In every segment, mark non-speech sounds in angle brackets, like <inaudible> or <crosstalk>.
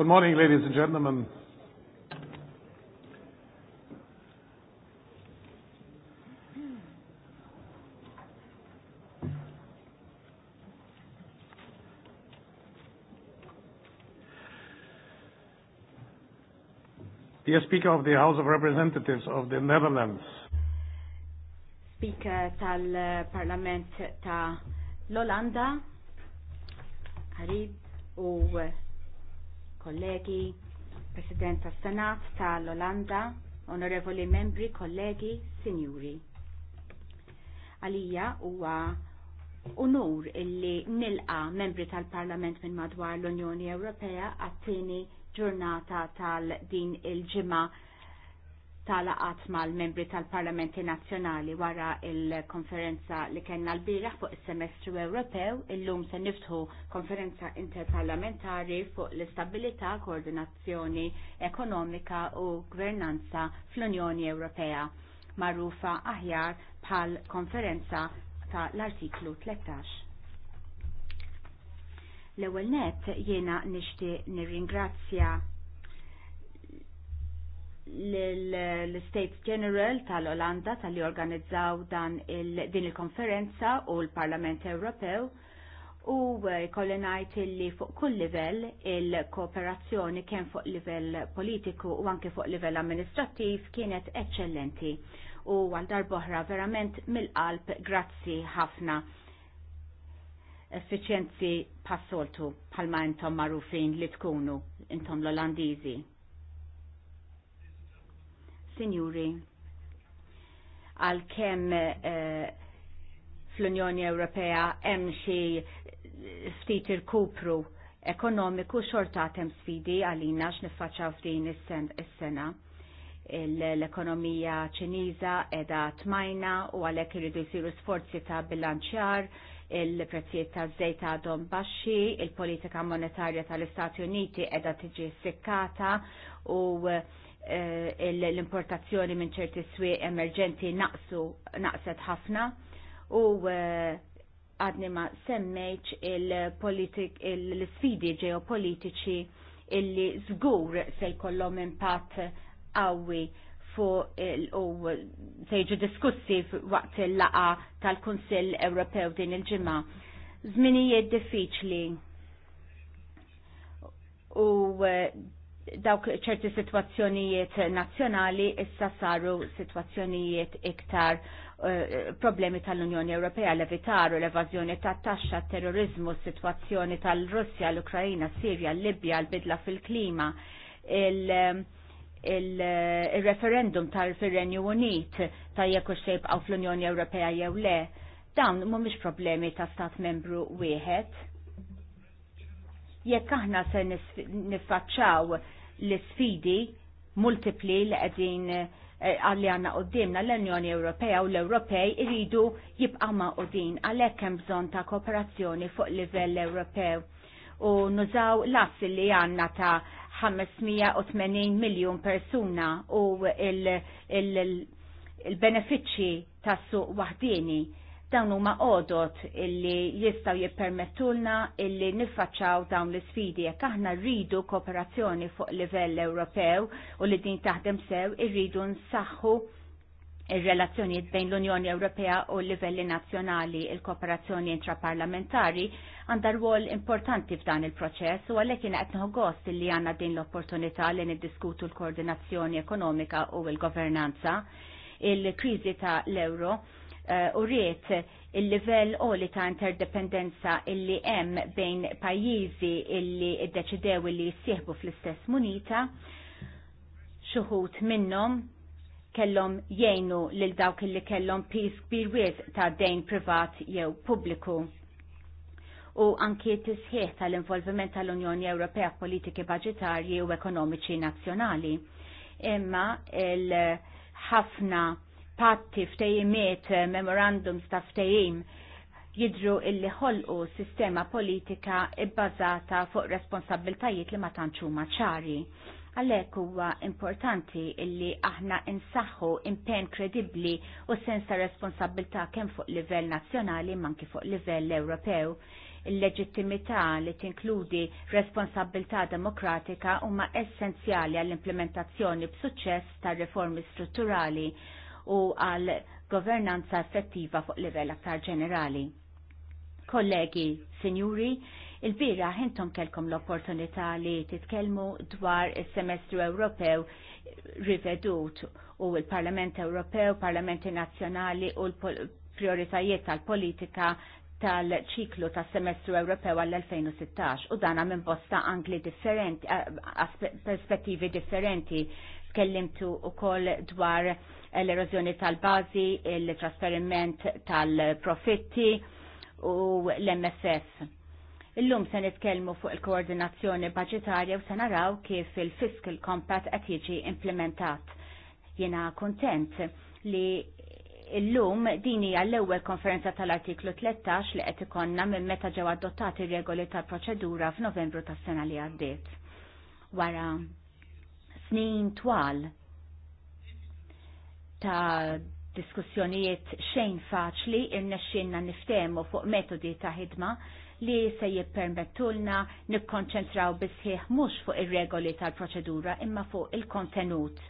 Good morning, ladies and gentlemen. Dear Speaker of the House of Representatives of the Netherlands. Speaker tal-Parlament eh, ta' l-Olanda, Harib u kollegi, President tas Senat tal-Olanda, onorevoli membri, kollegi, sinjuri. Għalija huwa unur illi nilqa membri tal-Parlament minn madwar l-Unjoni Ewropea għattini ġurnata tal-din il-ġimgħa Talaqat mal-membri tal-Parlamenti Nazzjonali wara il-konferenza li kellna l-biraħ fuq is-semestru il Ewropew, illum se niftħu konferenza interparlamentari fuq l-istabilità, koordinazzjoni ekonomika u gvernanza fl-Unjoni Ewropea, magħrufa aħjar bħal konferenza ta' l-artiklu 13. L-ewwel net jiena nixtieq nirringrazzja l-States General tal-Olanda tal-li organizzaw dan il din il-konferenza u l-Parlament Ewropew u eh, jkolli ngħid li fuq kull livell il-kooperazzjoni kemm fuq livell politiku u anke fuq livell amministrattiv kienet eċċellenti u għal darboħra verament mill-qalb grazzi ħafna effiċjenzi passoltu bħalma intom magħrufin li tkunu intom l-Olandiżi sinjuri, għal kem uh, eh, fl-Unjoni Ewropea hemm xi ftit il-kupru ekonomiku xorta hemm sfidi għalina x'niffaċċaw f'din is-sena l-ekonomija ċiniża edha tmajna u għalhekk iridu jsiru sforzi ta' bilanċjar, il-prezzijiet ta' żejt għadhom baxxi, il-politika monetarja tal-Istati Uniti edha tiġi sikkata u Eh, l-importazzjoni minn ċerti swieq emerġenti naqsu naqset ħafna u eh, għadni ma semmejċ il-sfidi ġeopolitiċi illi zgur se jkollhom impatt qawwi fuq u se jiġu diskussi waqt il-laqa tal-Kunsill Ewropew din il-ġimgħa. Żminijiet diffiċli u eh, dawk ċerti situazzjonijiet nazzjonali issa saru situazzjonijiet iktar eh, problemi tal-Unjoni Ewropea levitaru l-evazjoni ta' taxxa, terrorizmu, situazzjoni tal-Russja, l-Ukrajina, Sirja, Libja, l-bidla fil-klima, il-referendum tal firenju Unit ta' jekku xejb għaw fl-Unjoni Ewropea jew le. Dawn mhumiex problemi ta' stat membru wieħed Jekk aħna se niffaċċaw l-sfidi multipli li qegħdin eh, għalli għanna qoddimna l-Unjoni Ewropea u l-Ewropej iridu jibqa' ma' qudin għalhekk hemm bżonn ta' kooperazzjoni fuq livell Ewropew u nużaw l-ass li għanna ta' 580 miljon persuna u il-benefiċċji il, il, il ta' suq wahdini dawn huma qodot illi jistgħu jippermettulna illi niffaċċaw dawn l isfidi jekk aħna rridu kooperazzjoni fuq livell Ewropew u li din taħdem sew irridu nsaħħu ir-relazzjonijiet bejn l-Unjoni Ewropea u l-livelli nazzjonali il-kooperazzjoni intraparlamentari għandha rwol importanti f'dan il-proċess u għalhekk kien qed gost li għandna din l-opportunità li niddiskutu l-koordinazzjoni ekonomika u l-governanza il-kriżi ta' l-euro Eh, u riet il-livell oli ta' interdependenza illi hemm bejn pajjiżi illi iddeċidew illi jissieħbu fl-istess munita, xuħut minnhom kellhom jgħinu lil dawk illi kellhom pis kbir ta' dejn privat jew pubbliku. U anki tisħiħ tal-involviment tal-Unjoni Ewropea politiki baġitarji u ekonomiċi nazzjonali. Imma il-ħafna patti ftejimiet, eh, memorandums ta' ftejim jidru illi ħolqu sistema politika ibbażata fuq responsabiltajiet li ma tantxuma ċari. Għalhekk huwa importanti illi aħna insaħħu impenn kredibbli u sens ta' responsabilità kemm fuq livell nazzjonali manki fuq livell Ewropew. Il-leġittimità li tinkludi responsabilità demokratika huma essenzjali għall-implementazzjoni b'suċċess tar-riformi strutturali u għal governanza effettiva fuq livell aktar ġenerali. Kollegi, sinjuri, Il-bira ħintom kelkom l-opportunità li titkelmu dwar il-semestru Ewropew rivedut u il-Parlament Ewropew, Parlamenti Nazzjonali u l-prioritajiet tal-politika tal-ċiklu tas semestru Ewropew għall-2016 u dana minn bosta angli differenti, eh, perspettivi differenti tkellimtu u koll dwar l-erozjoni tal-bazi, il-trasferiment tal-profitti u l msf Illum se nitkellmu fuq il-koordinazzjoni budgetarja u se naraw kif il-fiscal compact qed jiġi implementat. Jiena kontent li illum din hija l-ewwel konferenza tal-artiklu 13 li qed ikonna minn meta ġew adottati regoli tal-proċedura f'Novembru tas-sena li għaddiet. Wara snin twal ta' diskussjonijiet xejn faċli irnexxinna niftehmu fuq metodi ta' ħidma li se jippermettulna nikkonċentraw bisħieħ mhux fuq ir-regoli tal-proċedura imma fuq il-kontenut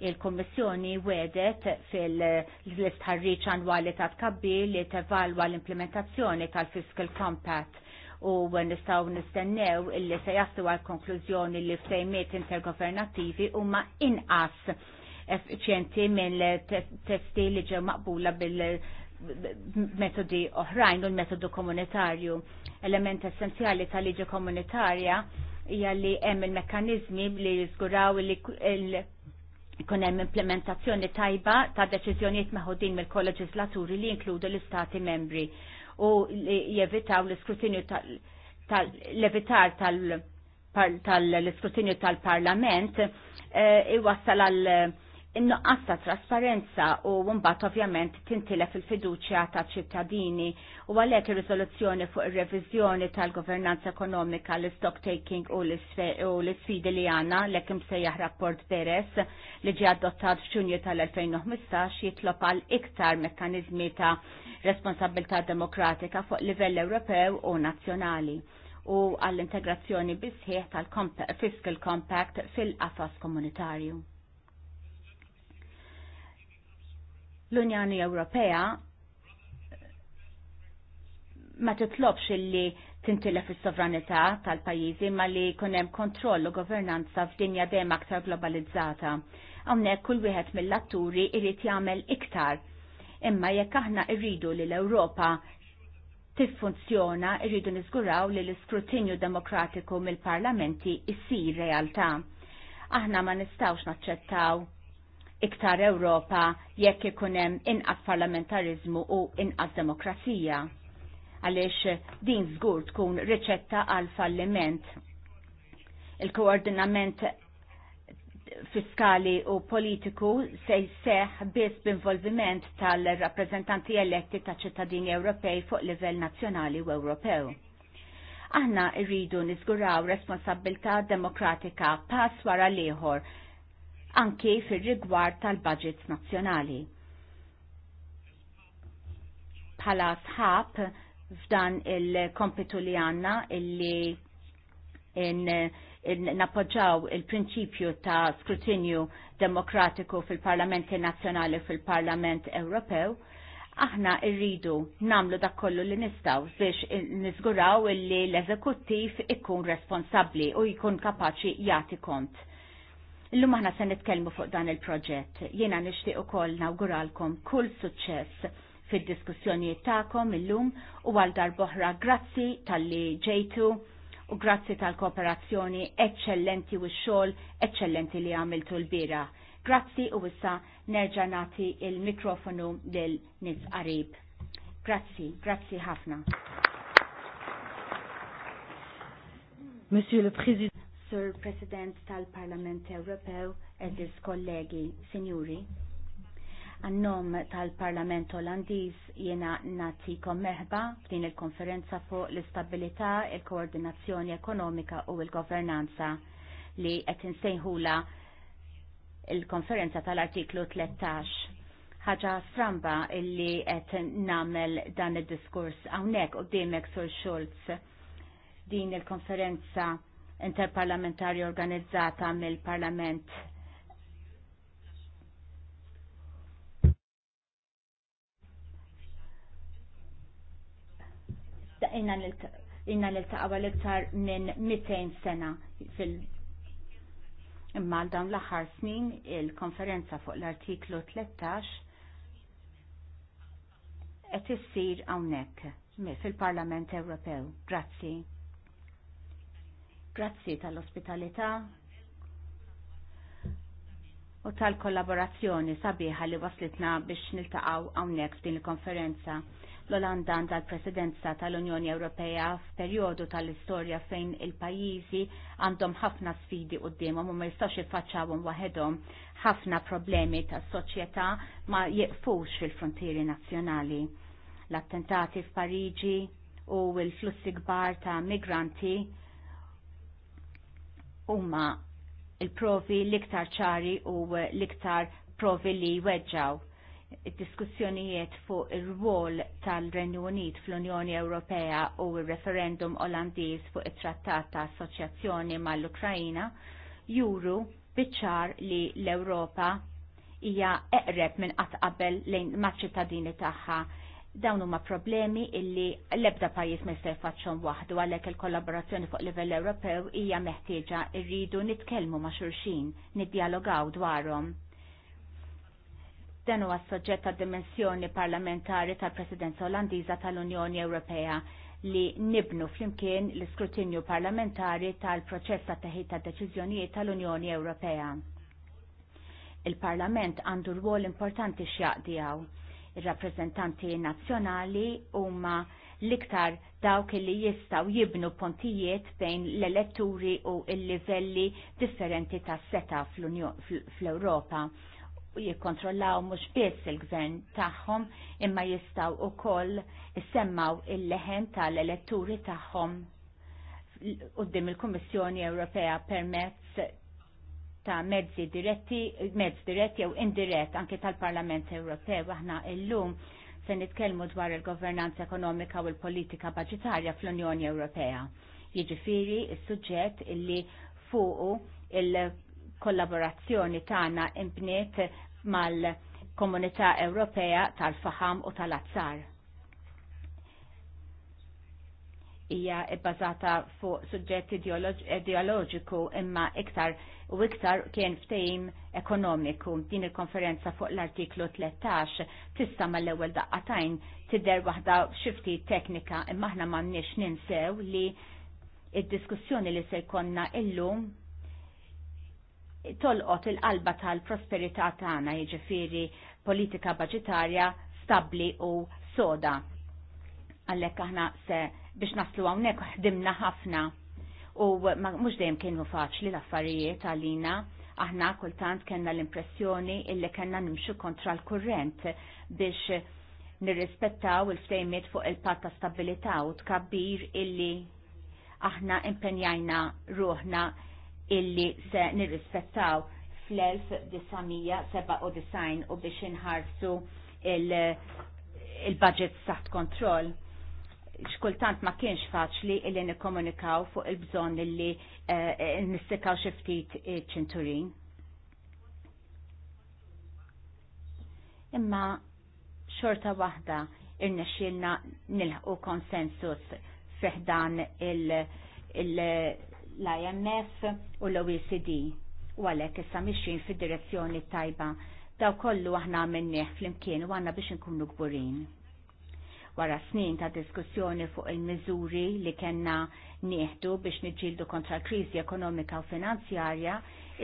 il-Kommissjoni wedet fil-list ħarriċ annwali ta' tkabbi li tevalwa l-implementazzjoni tal-Fiscal Compact u nistaw nistennew illi se jaslu għal konklużjoni li f'sejmiet intergovernattivi huma inqas effiċjenti minn testi li ġew maqbula bil metodi oħrajn u l-metodu komunitarju. Element essenzjali tal-liġi komunitarja hija li hemm il-mekkaniżmi li jiżguraw li kun hemm implementazzjoni tajba ta' deċiżjonijiet meħudin mill-kolleġislaturi li jinkludu l-istati membri u jevitaw l-iskrutinju tal-levitar tal-iskrutinju tal-parlament eh, iwassal għal innuqqas ta' trasparenza u mbagħad ovvjament tintilef il-fiduċja ta' ċittadini u għalhekk ir-riżoluzzjoni fuq ir-reviżjoni tal-governanza ekonomika l stock taking u l-sfidi li għandna l-ekim sejjaħ rapport Beres li ġie adottat f'Ġunju tal-2015 jitlob għal iktar mekkaniżmi ta' responsabilità demokratika fuq livell Ewropew u nazzjonali u għall-integrazzjoni bisħieħ tal-Fiscal Compact fil-qafas komunitarju. l-Unjoni Ewropea ma titlobx illi tintilef is-sovranità tal-pajjiżi ma li jkun hemm kontroll u governanza f'dinja dejjem aktar globalizzata. Hawnhekk kull wieħed mill-atturi irid jagħmel iktar. Imma jekk aħna rridu li l-Ewropa tiffunzjona, irridu niżguraw li l-iskrutinju demokratiku mill-parlamenti issir realtà. Aħna ma nistgħux naċċettaw iktar Ewropa jekk ikun hemm inqas parlamentarizmu u inqas demokrazija. Għaliex din żgur tkun riċetta għal falliment. Il-koordinament fiskali u politiku se jseħ biss b'involviment tal-rappreżentanti eletti ta' ċittadini Ewropej fuq livell nazzjonali u Ewropew. Aħna rridu niżguraw responsabilità demokratika pass wara l-ieħor anki fir-rigward tal-budgets nazzjonali. Bħala sħab f'dan il-kompitu li għanna illi n in nappoġġaw il-prinċipju ta' skrutinju demokratiku fil-Parlamenti Nazzjonali fil-Parlament Ewropew, aħna irridu namlu dak kollu li nistaw biex nizguraw illi l-eżekuttiv ikun responsabli u jkun kapaċi jati kont Illum aħna se nitkellmu fuq dan il-proġett. Jiena nixtieq ukoll nawguralkom kull suċċess fid-diskussjonijiet tagħkom illum u għal darboħra grazzi tal-li ġejtu u grazzi tal-kooperazzjoni eċċellenti u x-xogħol eċċellenti li għamiltu l-bira. Grazzi u issa nerġa' nagħti il-mikrofonu lil nies qarib. Grazzi, grazzi ħafna. Monsieur le Président. Sur President tal-Parlament Ewropew, eżis kollegi, sinjuri, għannom tal-Parlament Olandiż jiena natikom meħba f'din il-konferenza fuq l-istabilità, il-koordinazzjoni ekonomika u l-governanza li qed insejħula il-konferenza tal-artiklu 13 ħaġa stramba illi qed namel dan id-diskurs hawnhekk qudiemek sur Schulz din il-konferenza interparlamentari organizzata mill-Parlament inna nil taqawa l-iktar minn 200 sena fil- Imma dawn l-aħħar snin il-konferenza fuq l-artiklu 13 qed issir hawnhekk fil-Parlament Ewropew. Grazzi. Grazzi tal-ospitalità u tal-kollaborazzjoni sabiħa li waslitna biex niltaqgħu hawnhekk f'din il-konferenza. L-Olanda għandha l-Presidenza tal-Unjoni Ewropea f'perjodu tal-istorja fejn il-pajjiżi għandhom ħafna sfidi qudiemhom u ma jistgħux jiffaċċawhom waħedhom ħafna problemi tas-soċjetà ma jieqfux fil-frontieri nazzjonali. L-attentati f'Pariġi u l-flussi kbar ta' migranti huma il-provi l-iktar ċari u l-iktar provi li jweġġaw id-diskussjonijiet fuq ir-rwol tal-Renju Unit fl-Unjoni Ewropea u r-referendum Olandiż fuq it-Trattat ta' Assoċjazzjoni mal-Ukrajina juru biċċar li l-Ewropa hija eqreb minn qatt qabel lejn maċ-ċittadini tagħha dawn huma problemi illi l-ebda pajjiż ma jista' jfaċċhom waħdu għalhekk il-kollaborazzjoni fuq livell Ewropew hija meħtieġa rridu nitkellmu ma' xulxin, niddjalogaw dwarhom. Dan huwa soġġett tad dimensjoni parlamentari tal-Presidenza Olandiża tal-Unjoni Ewropea li nibnu flimkien l-iskrutinju parlamentari tal-proċess ta' teħid ta' deċiżjonijiet tal-Unjoni Ewropea. Il-Parlament għandu rwol importanti x'jaqdijaw Ir-rappreżentanti nazzjonali huma l-iktar dawk li jistaw jibnu pontijiet bejn l-elettori u l-livelli differenti ta' seta fl-Europa u jikkontrollaw mhux biss il-gvern tagħhom imma jistaw koll jissemmaw il-leħen tal-elettori tagħhom d-dim il-Kummissjoni Ewropea permezz ta' mezzi diretti, mezz diretti jew indirett anke tal-Parlament Ewropew aħna illum se nitkellmu dwar il-governanza ekonomika u l-politika budgetarja fl-Unjoni Ewropea. Jiġifieri is-suġġett illi fuqu il-kollaborazzjoni tagħna imbniet mal-Komunità Ewropea tal-Faham u tal-Azzar hija bbażata fuq suġġett ideoloġiku eh, imma iktar u iktar kien ftehim ekonomiku. Din il-konferenza fuq l-artiklu 13 tista' mal-ewwel daqqatajn tidher waħda xifti teknika imma aħna m'għandniex ninsew li id-diskussjoni li se jkollna illum tolqot il-qalba tal-prosperità tagħna jiġifieri politika baġitarja stabbli u soda. Għallek aħna se biex naslu hawnhekk ħdimna ħafna u mhux dejjem kienu faċli l-affarijiet għalina aħna kultant kellna l-impressjoni illi kellna nimxu kontra l-kurrent biex nirrispettaw il-ftejmiet fuq il-patta stabilità u tkabbir illi aħna impenjajna ruħna illi se nirrispettaw fl-1997 u biex inħarsu il-budget il saħt kontroll xkultant ma kienx faċli li nikkomunikaw fuq il-bżon li eh, eh, nistikaw xiftit ċinturin. Imma xorta wahda irnexilna nilħu konsensus fiħdan l-IMF u l-OECD u għalek issa mixin fid-direzzjoni tajba daw kollu aħna minniħ fl-imkien u għanna biex nkunu gburin wara snin ta' diskussjoni fuq il-miżuri li kellna nieħdu biex niġġieldu kontra l-kriżi ekonomika u finanzjarja,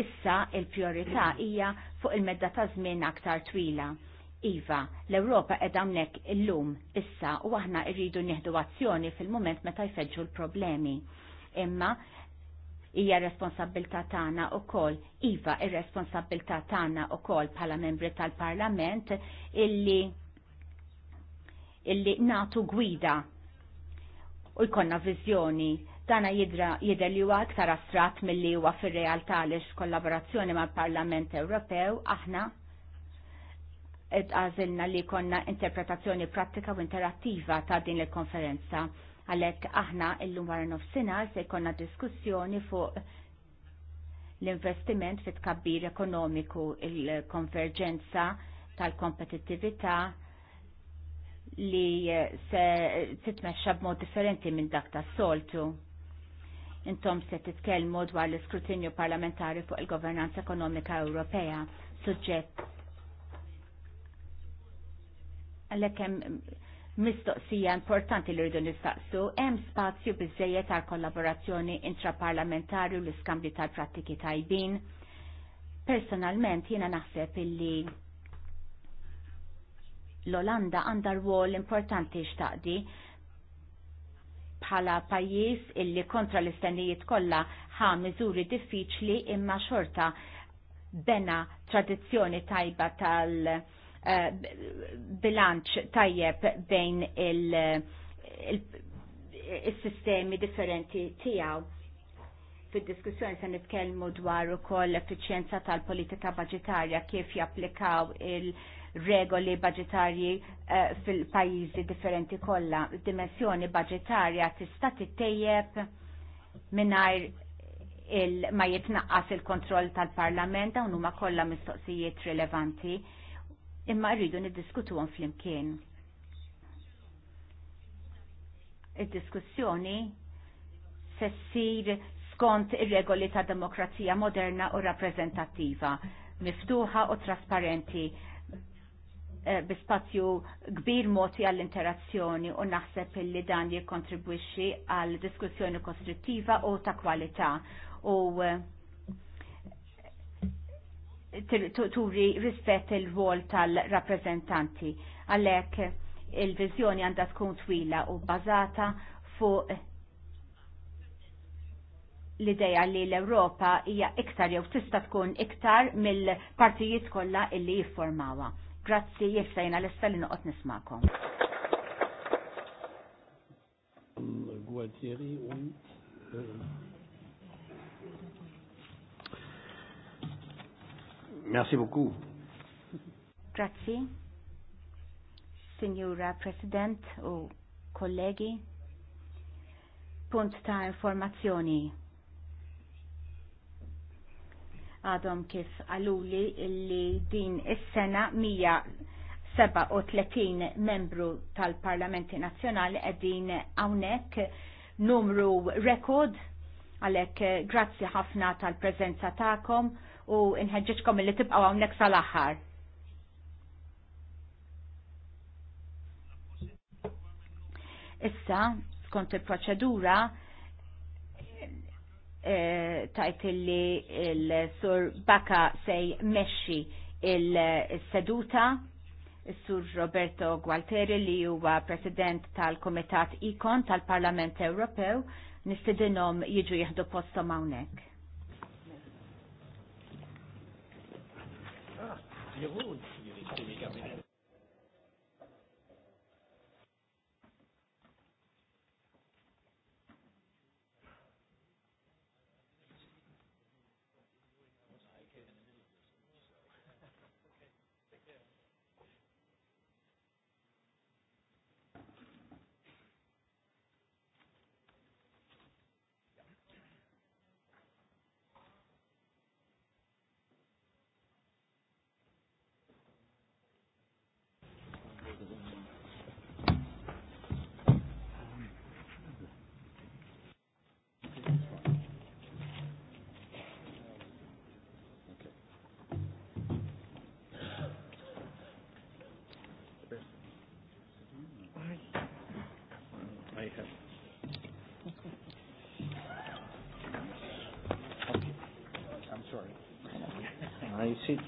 issa il-priorità hija fuq il-medda ta' żmien aktar twila. Iva, l-Ewropa qed hawnhekk illum issa u aħna rridu nieħdu azzjoni fil-mument meta jfeġġu l-problemi. Imma hija responsabilità tagħna wkoll, iva ir-responsabilità tagħna wkoll bħala membri tal-Parlament illi illi natu gwida u jkonna vizjoni. Dana jidra jidher li huwa aktar astrat milli huwa fir-realtà għaliex kollaborazzjoni mal-Parlament Ewropew aħna għazilna li konna interpretazzjoni pratika u interattiva ta' din il-konferenza. Għalek aħna illum wara nofsina se jkollna diskussjoni fuq l-investiment fit tkabbir ekonomiku, il-konverġenza tal-kompetittività, li eh, se titmexxa b'mod differenti minn dak tas soltu. Intom se titkellmu dwar l-iskrutinju parlamentari fuq il-governanza ekonomika Ewropea, suġġett għalhekk hemm mistoqsija importanti li rridu nistaqsu, hemm spazju biżejjed għal kollaborazzjoni intraparlamentari u l-iskambju tal-prattiki tajbin. Personalment jiena naħseb illi l-Olanda għandha rwol importanti xtaqdi bħala pajjiż illi kontra l-istennijiet kollha ħa miżuri diffiċli imma xorta bena tradizzjoni tajba tal eh, bilanċ tajjeb bejn il-sistemi differenti tiegħu fid diskussjoni se nitkellmu dwar ukoll l-effiċjenza tal-politika baġitarja kif japplikaw il- regoli budgetarji eh, fil-pajjiżi differenti kollha. Dimensjoni budgetarja tista' tittejjeb mingħajr il ma jitnaqqas il-kontroll tal-Parlament dawn huma kollha mistoqsijiet rilevanti imma rridu niddiskutuhom flimkien. Id-diskussjoni se ssir skont ir-regoli ta' demokrazija moderna u rappreżentattiva, miftuħa u trasparenti Eh, bi spazju kbir moti għall-interazzjoni u naħseb li dan jikkontribwixxi għal diskussjoni kostruttiva u ta' kwalità u eh, turi rispett il-rwol tal-rappreżentanti għalhekk il-viżjoni għandha tkun twila u bbażata fuq l-ideja li l-Ewropa hija iktar jew tista' tkun iktar mill-partijiet kollha illi jifformawha Grazzi jessajna l-esta li noqot nismakom. Gualtieri und eh. Merci beaucoup. Grazzi, Signora President u kollegi. Punt ta' informazzjoni għadhom kif għaluli li din is-sena 137 membru tal-Parlamenti Nazzjonali qegħdin hawnhekk numru rekord għalek eh, grazzi ħafna tal-prezenza ta'kom u nħedġiċkom li tibqaw għawnek sal-axar. Issa, skont il-proċedura, Eh, tajt illi il-sur Baka sej meċi il-seduta il-sur Roberto Gualteri li huwa president tal-Komitat Ikon tal-Parlament Ewropew nistidinom jiġu jihdu postom hawnhekk. Ah,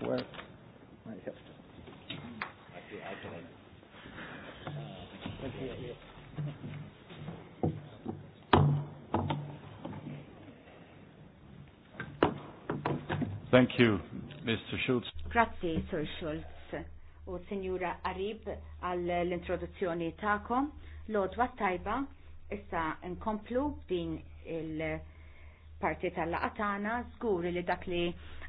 where Thank you, Mr. Schultz. Grazie, Sir Schultz, u Signora Arib għall-introduzzjoni ta'kom. Lodwa tajba, issa nkomplu din il- parti tal-laqatana, zguri li dak li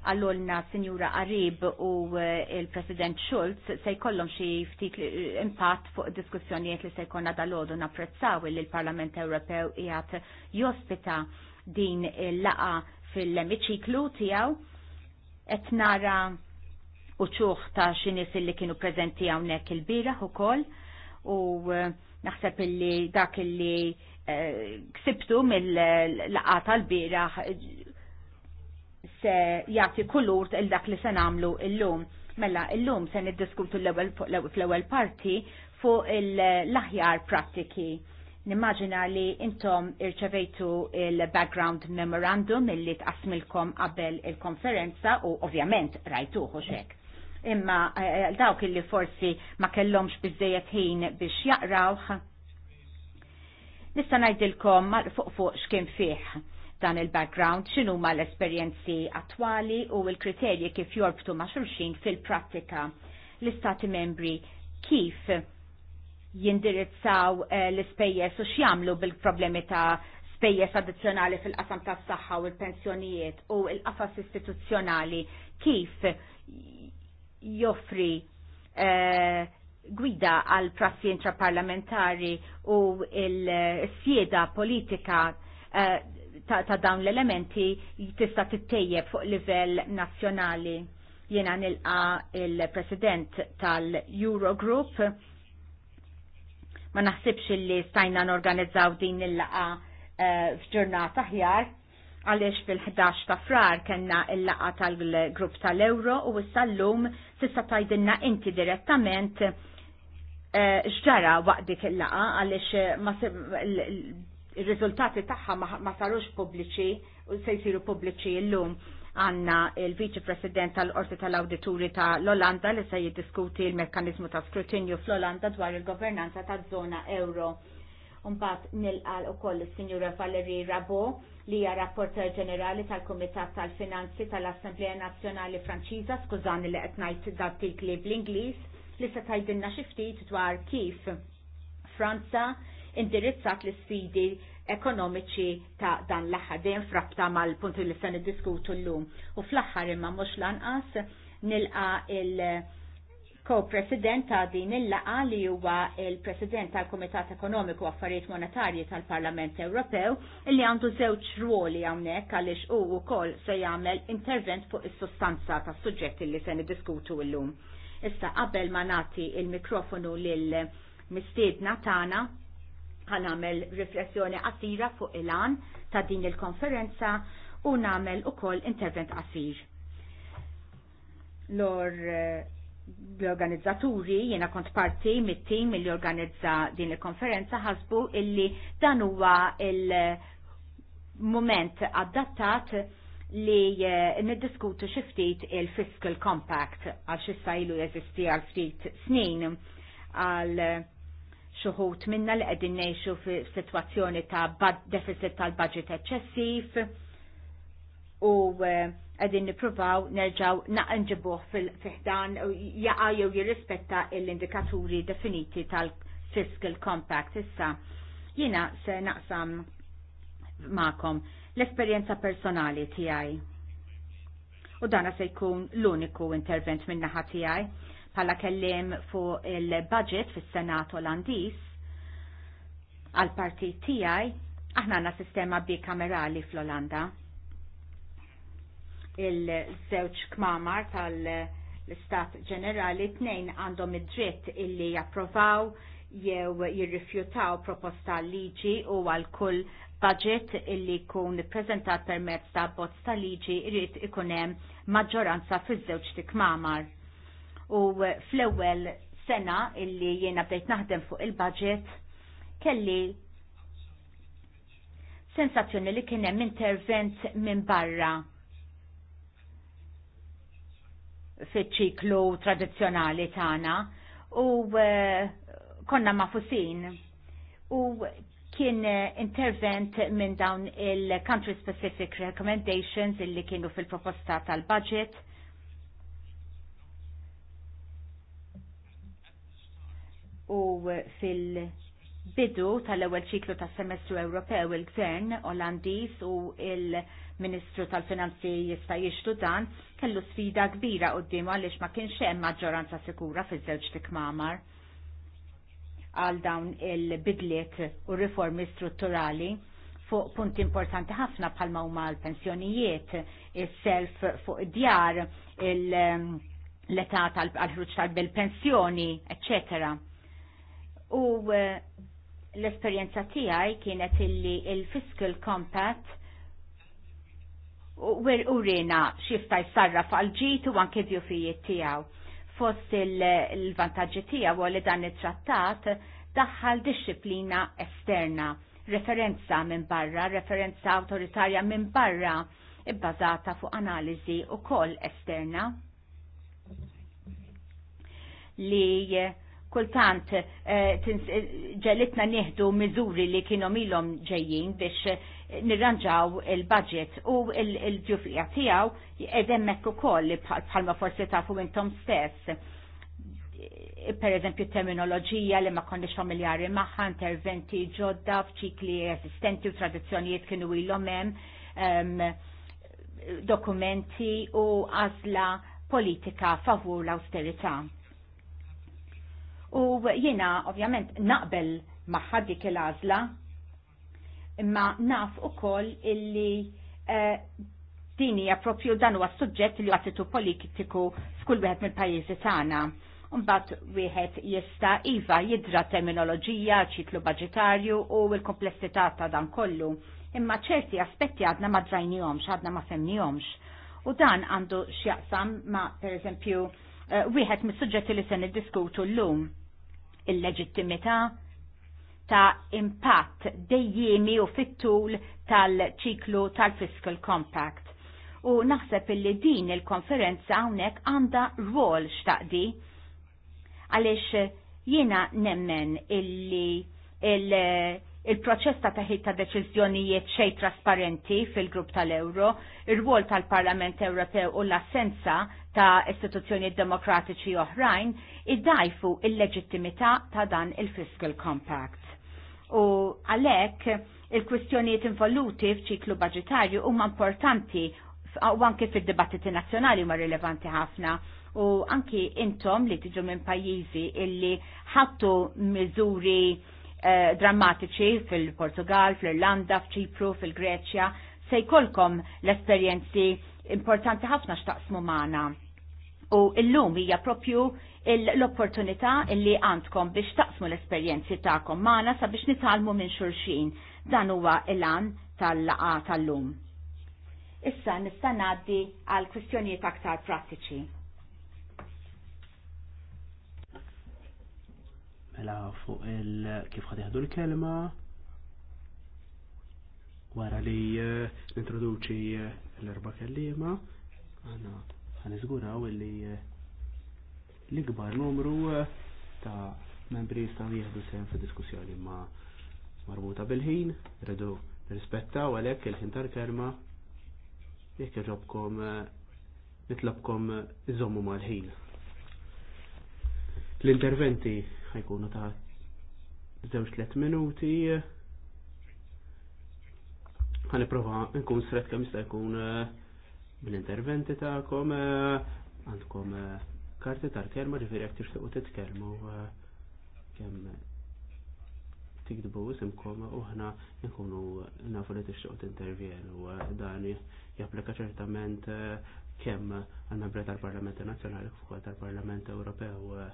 għallolna Sinjura Arib u eh, il-President Schulz se jkollhom xi ftit eh, impatt fuq diskussjonijiet li se jkollna dal-għodu napprezzaw li l-Parlament Ewropew qiegħed jospita din il-laqa fil-emiċiklu tiegħu qed nara uċuħ ta' xinis li kienu preżenti hawnhekk il-bieraħ ukoll u eh, naħseb illi dak illi ksibtu mill laqata l biraħ se jagħti kulur il dak li se nagħmlu illum. Mela il-lum se niddiskutu l-ewwel parti fuq l-aħjar prattiki. Nimmaġina li intom irċevejtu il-background memorandum illi tqasmilkom qabel il-konferenza u ovvjament rajtuħu xek imma eh, dawk illi forsi ma kellhomx bizzejet ħin biex jaqrawh Nista' ngħidilkom fuq fuq x'kien fih dan il-background, x'inhu ma l-esperjenzi attwali u l-kriterji kif jorbtu ma' xulxin fil-prattika l-istati membri kif jindirizzaw eh, l-ispejjeż u x'jamlu bil-problemi ta' spejjeż addizzjonali fil-qasam tas-saħħa u l-pensjonijiet u l-qafas istituzzjonali kif joffri eh, gwida għal prassi intraparlamentari u il-sjeda politika eh, ta' dawn l-elementi tista' tittejjeb fuq livell nazzjonali. Jena nilqa il-president tal-Eurogroup ma naħsibx li stajna norganizzaw din il-laqa eh, f'ġurnata ħjar għaliex fil-11 ta' frar kena il-laqa tal-grupp tal-Euro u issa sallum tista' tajdinna inti direttament Eh, xġara waqt dik il-laqa għaliex eh, il-riżultati tagħha ma sarux pubbliċi u se jsiru pubbliċi llum għanna il-Viċi President tal-Orti tal-Awdituri ta' l-Olanda li se jiddiskuti il-mekkanizmu ta' skrutinju fl-Olanda dwar il-governanza ta' zona euro. nil nilqal u koll il-Sinjura Valerie Rabo li hija rapporter ġenerali tal-Komitat tal-Finanzi tal-Assemblea Nazzjonali Franċiża, skużani li qed ngħid dat bl-Ingliż, li se tajdinna xiftit dwar kif Franza indirizzat l sfidi ekonomiċi ta' dan l-aħħar dejjem frabta mal-punti li se niddiskutu llum. U fl-aħħar imma mhux lanqas nilqa il- ko-president ta' din il-laqa li huwa il-president tal-Komitat Ekonomiku Affarijiet Monetarji tal-Parlament Ewropew li għandu żewġ ruoli hawnhekk għaliex hu wkoll se jagħmel intervent fuq is-sustanza tas-suġġetti li se niddiskutu llum. Issa qabel ma nagħti il-mikrofonu lil mistiedna tagħna għamel riflessjoni qasira fuq il-an ta' din il-konferenza u namel ukoll intervent qasir. Lor eh, l-organizzaturi jiena kont parti mit-tim li organizza din il-konferenza ħasbu illi dan huwa il-moment adattat li eh, niddiskutu xiftit il-Fiscal Compact għal xissajlu jeżisti għal ftit snin għal eh, xuħut minna li għedin neħxu fi situazzjoni ta' deficit tal-budget eċċessiv u eh, għedin niprofaw nerġaw naqnġibuħ fil-fihdan jaqajju jew jirrispetta l-indikaturi definiti tal-Fiscal Compact issa jina se naqsam ma'kom l-esperjenza personali tiegħi. U dana se jkun l-uniku intervent minna naħa tiegħi bħala kellim fuq il-budget fis-Senat Olandiż għal partit tiegħi aħna għandna sistema bikamerali fl-Olanda. Il-żewġ kmamar tal-Istat Ġenerali tnejn għandhom id-dritt illi japprovaw jew jirrifjutaw proposta liġi u għal kull budget illi kun prezentat permezz ta' bozz ta' liġi irrit ikunem maġġoranza fiż-żewġ tikmamar. U fl-ewwel sena illi jiena bdejt naħdem fuq il-budget kelli sensazzjoni li kien hemm intervent minn barra fiċ-ċiklu tradizzjonali tagħna u eh, konna mafusin u kien eh, intervent minn dawn il-country specific recommendations illi kienu fil-proposta tal-budget. U fil-bidu tal-ewwel ċiklu tas semestru Ewropew il-Gvern Olandiż u il-Ministru tal-Finanzi jista' jixtu dan kellu sfida kbira qudiemu għaliex ma kienx hemm maġġoranza sikura fiż-żewġ tikmamar għal dawn il-bidliet u riformi strutturali fuq punti importanti ħafna bħalma huma l-pensjonijiet, il-self fuq id-djar, ehm, l-età tal-ħruġ tal-bil-pensjoni, etc. U eh, l-esperjenza tiegħi kienet illi il-Fiscal Compact u rina xifta jisarra fuq għal-ġitu u anke fijiet tiegħu Fost il-vantaġġi tiegħu li dan it-trattat daħħal disċiplina esterna, referenza minn barra, referenza autoritarja minn barra, ibbażata fuq analiżi u kol esterna li kultant eh, ġelitna nieħdu miżuri li kienu milhom ġejjin biex nirranġaw il-budget u il-ġufija tijaw edemmek u koll li bħalma forsi tafu intom stess per eżempju terminoloġija li ma konniex familjari maħħa, interventi ġodda f'ċikli assistenti u tradizzjonijiet kienu ilhom hemm dokumenti u għażla politika favur l-austerità. U jiena ovvjament naqbel maħħa dik il-għażla imma naf ukoll illi dini eh, din hija propju dan huwa suġġett li għatitu politiku f'kull wieħed mill-pajjiżi tagħna. Unbat wieħed jista' iva jidra terminoloġija, ċiklu budgetarju u l-komplessità ta' dan kollu. Imma ċerti aspetti għadna ma drajnihomx, għadna ma femmihomx. U dan għandu x'jaqsam ma' pereżempju eżempju, eh, wieħed mis-suġġetti li se niddiskutu llum il-leġittimità ta' impatt dejjimi u fit-tul tal-ċiklu tal-Fiscal Compact. U naħseb illi din il-konferenza hawnhekk għandha rwol xtaqdi għaliex jiena nemmen illi il-proċess ta' taħid ta' deċiżjonijiet xej trasparenti fil-grupp tal-Euro, ir-rwol tal-Parlament Ewropew u l-assenza ta' istituzzjoni demokratiċi oħrajn iddajfu il-leġittimità ta' dan il-Fiscal Compact u għalhekk il-kwistjonijiet involuti f'ċiklu budġetarju huma importanti u anke fil dibattiti nazzjonali huma rilevanti ħafna u anki intom li tiġu minn pajjiżi illi ħattu miżuri eh, drammatiċi fil-Portugal, fl-Irlanda, f'Ċipru, fil-Greċja, se jkollkom l-esperjenzi importanti ħafna x'taqsmu maħna. U illum hija propju l-opportunità illi għandkom biex taqsmu l-esperjenzi ta'kom maħna sabiex nitalmu minn xurxin dan huwa il-għan tal-laqa tal-lum. Issa nista' ngħaddi għal kwistjonijiet aktar prattiċi. Mela fuq il kif ħad l-kelma wara li eh, nintroduċi eh, l-erba' kelliema għandna ħanizguraw illi eh, l-ikbar numru eh, ta' membri sta' jihdu sen fi diskussjoni ma' marbuta bil-ħin, rridu nirrispettaw għalhekk il-ħin tal-kelma jekk irrobkom eh, nitlobkom eh, iżommu mal-ħin. L-interventi ħajkunu ta' żewġ tliet minuti. prova nkun sret kemm jista' jkun bl-interventi tagħkom għandkom uh, karti tal-kelma ġifiri għak tixtiqu titkelmu eh, kemm tikdbu isimkom u ħna nkunu nafu li tixtiqu tintervjenu eh, dan japplika ċertament eh, kemm għandna bret tal-Parlament Nazzjonali fuq tal-Parlament Ewropew.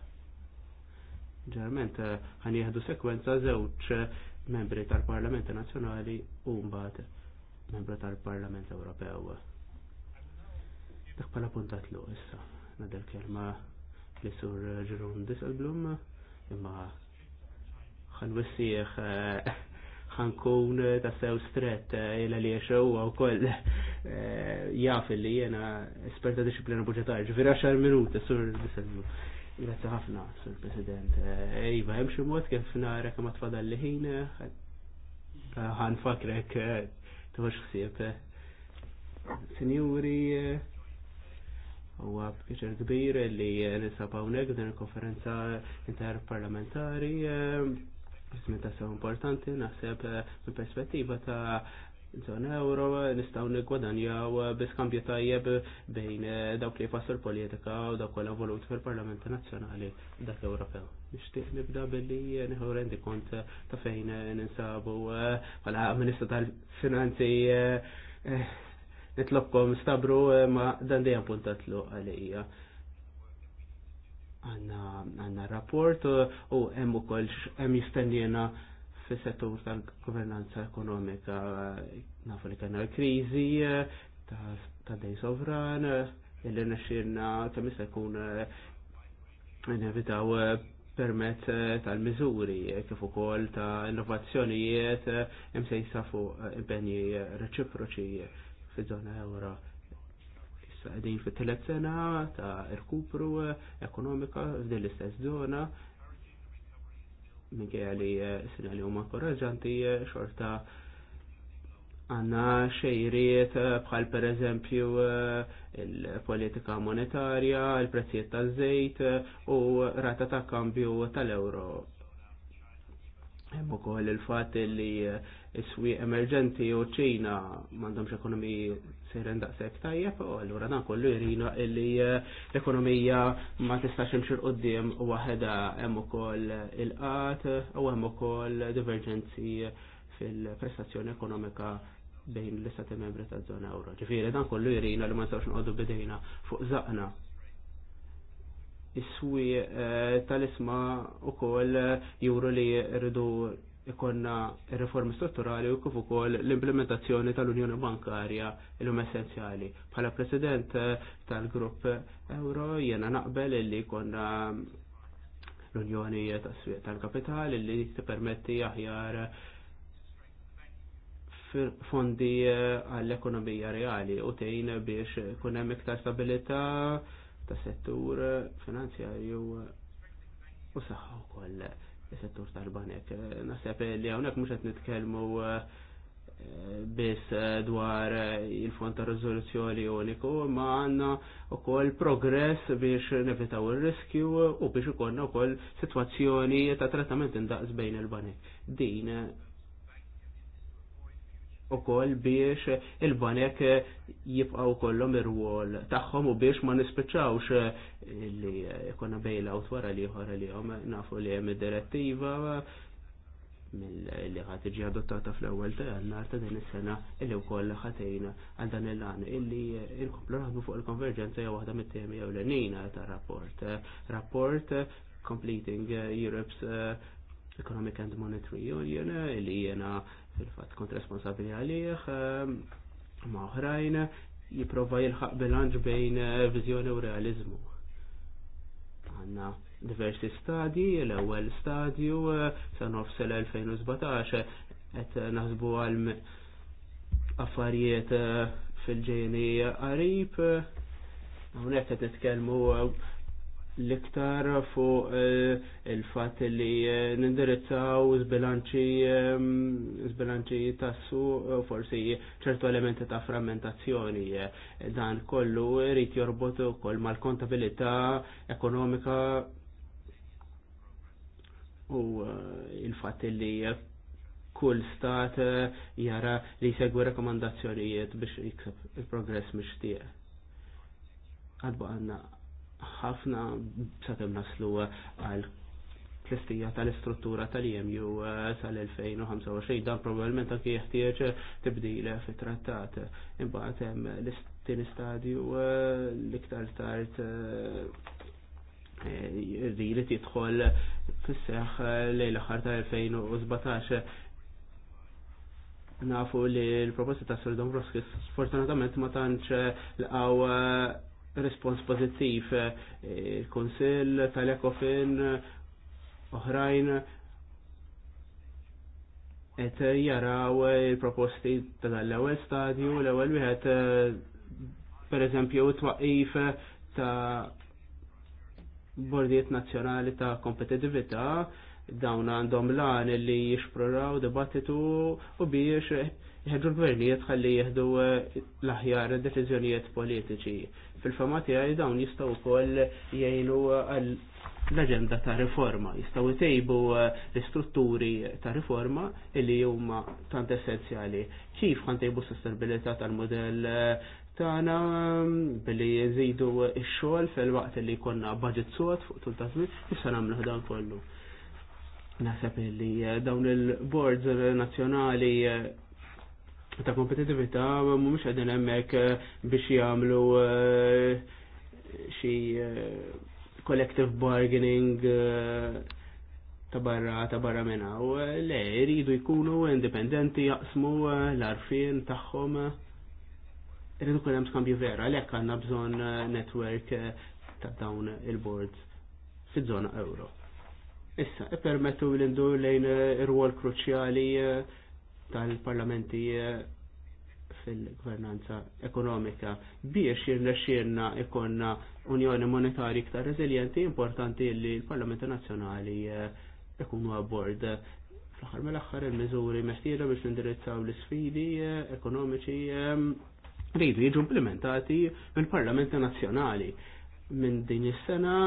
Ġerment ħan jieħdu sekwenza żewġ membri tal-Parlament Nazzjonali u mbagħad membru tal-Parlament Ewropew. Dak bħala puntat lu issa nadel kelma li sur ġerun diselblum imma ħan wissieħ eh, kun eh, ta' sew stret eh, il li xew u koll jaf li jena esperta disciplina budgetarja ġifira xar minut sur diselblum. Grazie ħafna, sur President. Iva, hemm xi mod kif narek ma tfadal li ħin ħan fakrek tuħax ħsieb. Sinjuri, U għabkiċer kbir li nisabaw nek din il-konferenza interparlamentari, eh, jismin ta' sew importanti, naħseb eh, minn perspettiva ta' zona euro nistaw nigwadanjaw biskambju tajjeb bejn eh, dawk li jfassu l-politika u dawk kolla volut fil parlamenti nazjonali dak Ewropew. Nixtieq nibda billi nħu rendi kont ta' fejn ninsabu bħala Ministru tal-Finanzi nitlobkom stabru eh, ma dan puntat lu għalija. Għanna għanna rapport eh, u hemm ukoll hemm jistennina fis-settur tal-governanza ekonomika nafu li kena l-kriżi eh, ta' dej sovran illi nexxirna kemm jista' jkun nevitaw permezz tal-miżuri kif ukoll ta' innovazzjonijiet imsejsa fuq impenji reċiproċi fi zona euro. Issa qegħdin fit telet sena ta' rkupru ekonomika f'din l-istess zona minkejja li eh, sina li huma korraġanti eh, xorta għanna xejriet eh, bħal per eżempju il-politika monetarja, il-prezzijiet tal-żejt u rata ta' kambju tal-euro Hemm ukoll il-fatt li eh, s-swieq emerġenti u ċina m'għandhomx ekonomiji sejren daqshekk tajjeb, u allura dan kollu jrina li eh, l-ekonomija ma tistax imxir qudiem waħda hemm ukoll il-qat u hemm ukoll divergenzi fil-prestazzjoni ekonomika bejn l-istati membri ta' zona euro. Ġifieri dan kollu jrina li ma nistgħux noqogħdu bidejna fuq zaqna iswi eh, tal-isma u koll juru li rridu ikonna reformi strutturali u kif ukoll l-implementazzjoni tal-Unjoni Bankarja illum essenzjali. Bħala President eh, tal-Grupp Euro jena naqbel li konna l-Unjoni tas-Swieq tal kapitali li tippermetti aħjar fondi eh, għall-ekonomija reali u tgħin biex ikun hemm iktar stabilità ta' settur finanzjarju u saħħa wkoll is-settur tal-banek. Naħseb li hawnhekk mhux qed nitkellmu eh, biss dwar il-fond ta' rizoluzzjoni uniku, ma għanna u koll progress biex nevitaw il-riskju u biex u konna u koll situazzjoni ta' trattament indaqs bejn il-banek. Din u koll biex il-banek jibqaw kollom ir-wol taħħom u biex ma nispiċawx eh, li bejla eh, u wara li ħora li jom nafu li jem direttiva mill-li ħat iġi adottata fl-ewwel ta' jannar ta' din is-sena illi koll ħatejna għal dan il-għan illi eh, inkomplu naħdmu fuq il-konverġenza hija waħda mit-temi l-nina ta' rapport. Rapport Completing Europe's Economic and Monetary Union li jena fil-fat kont responsabili għalih ehm, ma' oħrajn jiprofa jilħaq bilanġ bejn eh, viżjoni u realizmu. Għanna diversi stadji, l-ewwel stadju eh, sa nofs l-2017 qed naħsbu għal affarijiet eh, fil-ġejni qarib. Hawnhekk qed nitkellmu l-iktar fuq eh, il-fat li eh, nindirizzaw zbilanċi ehm, tassu eh, forsi ċertu elementi ta' frammentazzjoni. Dan kollu rrit jorbotu ukoll mal-kontabilità ekonomika u il-fat li kull stat jara li jsegwi rekomandazzjonijiet biex jikseb il-progress mixtieq. Għadba għanna ħafna satem naslu għal tlestija tal-istruttura tal-EMU eh, sal-2025 dan probabilment anke jeħtieġ tibdil fit-trattat. Imbagħad hemm l-istin stadju eh, l-iktar tard rili eh, tidħol fis-seħħ lejl aħħar tal-2017 nafu li l-proposta ta' Sir Dombrovskis sfortunatament ma tantx laqgħu respons pozittiv eh, il-Konsil tal-Ekofin oħrajn et jaraw il-proposti tal-ewwel stadju l-ewwel wieħed eh, per eżempju twaqif ta' bordiet nazzjonali ta' kompetitività dawn għandhom lan li jixproraw dibattitu u biex jħedġu l-gvernijiet ħalli jieħdu eh, l-aħjar deċiżjonijiet politiċi fil famati tiegħi dawn jistgħu wkoll jgħinu eh, l-aġenda ta' riforma, jistgħu jtejbu eh, l-istrutturi ta' riforma illi huma tant essenzjali. Kif tejbu s-sostenibilità tal-modell eh, tagħna mm, billi jżidu il xogħol fil-waqt li jkollna budget sod fuq tul ta' żmien, issa nagħmlu dan kollu. Naħseb li dawn il-boards nazzjonali ta' kompetitività mhumiex qegħdin hemmhekk eh, biex jagħmlu eh, xi eh, collective bargaining ta' barra ta' barra minna u le jridu jkunu indipendenti jaqsmu l-arfin tagħhom irridu kull hemm skambju vera għalhekk għandna bżonn network ta' dawn il-boards fiż-żona euro. Issa, ippermettu l ndur lejn ir-rwol kruċjali tal-parlamenti eh, fil-gvernanza ekonomika biex jirnexxirna ikonna unjoni monetari iktar reżiljenti importanti li l-Parlamenti Nazzjonali eh, ikunu abbord. Fl-aħħar mill-aħħar il-miżuri meħtieġa biex nindirizzaw l-isfidi eh, ekonomiċi rridu jiġu implementati mill-Parlamenti Nazzjonali. Minn din is-sena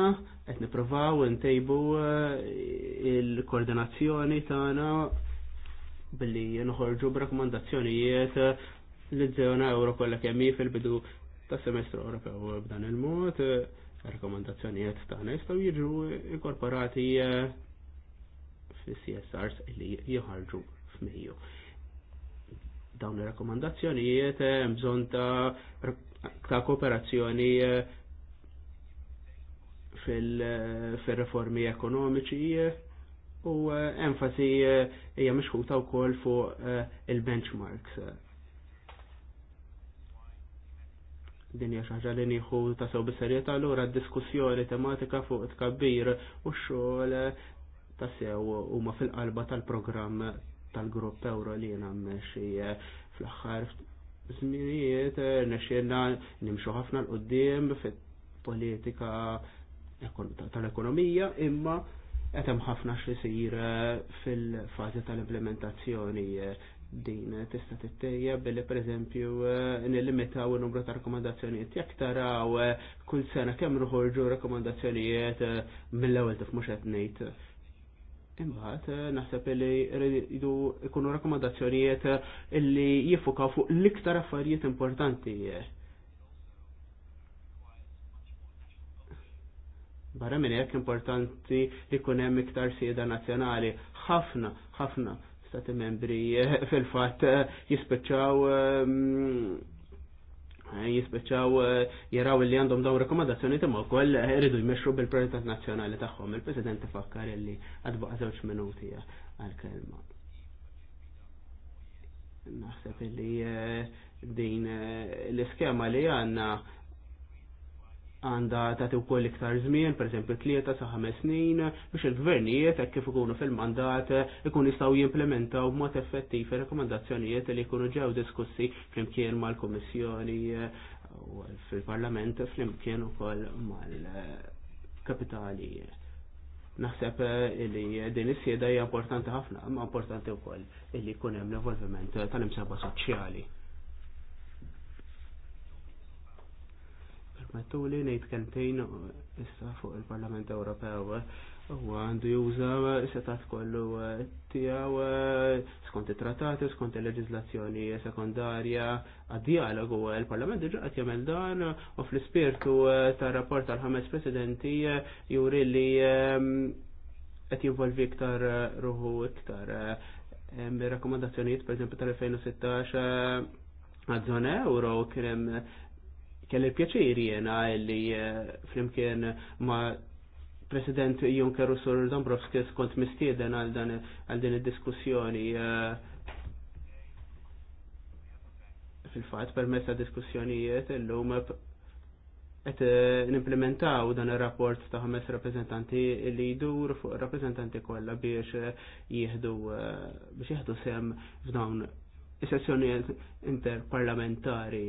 qed nippruvaw ntejbu il-koordinazzjoni tagħna billi nħorġu b'rakkomandazzjonijiet l-żona euro kollha kemm fil-bidu tas semestru Ewropew b'dan il-mod, rakkomandazzjonijiet tagħna jistgħu jiġu inkorporati eh, fis-CSRs li jħarġu f'Mejju. Dawn ir-rakkomandazzjonijiet eh, hemm bżonn ta' ta' kooperazzjoni eh, fil-reformi ekonomiċi u eh, enfasi eh, hija mixħuta wkoll fuq eh, il-benchmarks. Din hija xi ħaġa li nieħu tasew bis-serjetà allura d-diskussjoni tematika fuq tkabbir u x-xogħol tasew huma fil-qalba tal-programm tal-grupp Ewro li jiena mmexxi fl-aħħar żminijiet nexxielna nimxu ħafna l-qudiem fit-politika tal-ekonomija imma hemm ħafna xi sir eh, fil-fażi tal-implementazzjoni eh, din tista' tittejja billi pereżempju eh, nillimitaw in-numru ta' rakkomandazzjonijiet jekk taraw kull sena kemm noħorġu rakkomandazzjonijiet mill-ewwel tif mhux qed ngħid. Imbagħad naħseb li jridu jkunu rakkomandazzjonijiet illi jiffukaw fuq l-iktar affarijiet importanti Barra minn hekk importanti li jkun hemm iktar sieda nazzjonali. Ħafna, ħafna stati membri eh, fil-fatt jispiċċaw eh, jispeċaw eh, mm, jaraw li għandhom dawn rekomendazzjoni imma wkoll iridu jmexru bil-prioritat nazzjonali tagħhom. Il-President ifakkar li għadbaqa' żewġ minuti għall-kelma. Naħseb li din l-iskema li għandna għanda tagħti wkoll iktar żmien, esempio, tlieta sa ħames snin, biex il-gvernijiet hekk kif ikunu fil-mandat ikun jistgħu jimplementaw b'mod effettiv ir-rakkomandazzjonijiet li jkunu ġew diskussi flimkien mal-Kummissjoni u fil-Parlament flimkien ukoll mal-kapitali. Naħseb li din is-sieda hija importanti ħafna, ma importanti wkoll li jkun hemm l-evolviment tal-imsebba soċjali. permettu li ngħid kentejn uh, issa fuq il-Parlament Ewropew uh, u għandu juża uh, setat kollu tiegħu skont it-trattati, skont il-leġiżlazzjoni sekondarja għad-dialogu il-Parlament diġà għat jagħmel dan u fl-ispirtu tar-rapport tal-ħames presidenti juri li um, qed jinvolvi iktar ruħu iktar rakkomandazzjonijiet per tal-2016 għad-żona euro kien hemm kelli pjaċiri jena li eh, flimkien ma' President Juncker u Sur Dombrovskis kont mistieden għal din id-diskussjoni eh, fil-fat permezz ta' diskussjonijiet illum qed eh, nimplementaw dan ir-rapport ta' ħames rappreżentanti li jdur fuq rappreżentanti kollha biex jieħdu biex jieħdu sem f'dawn is-sessjonijiet interparlamentari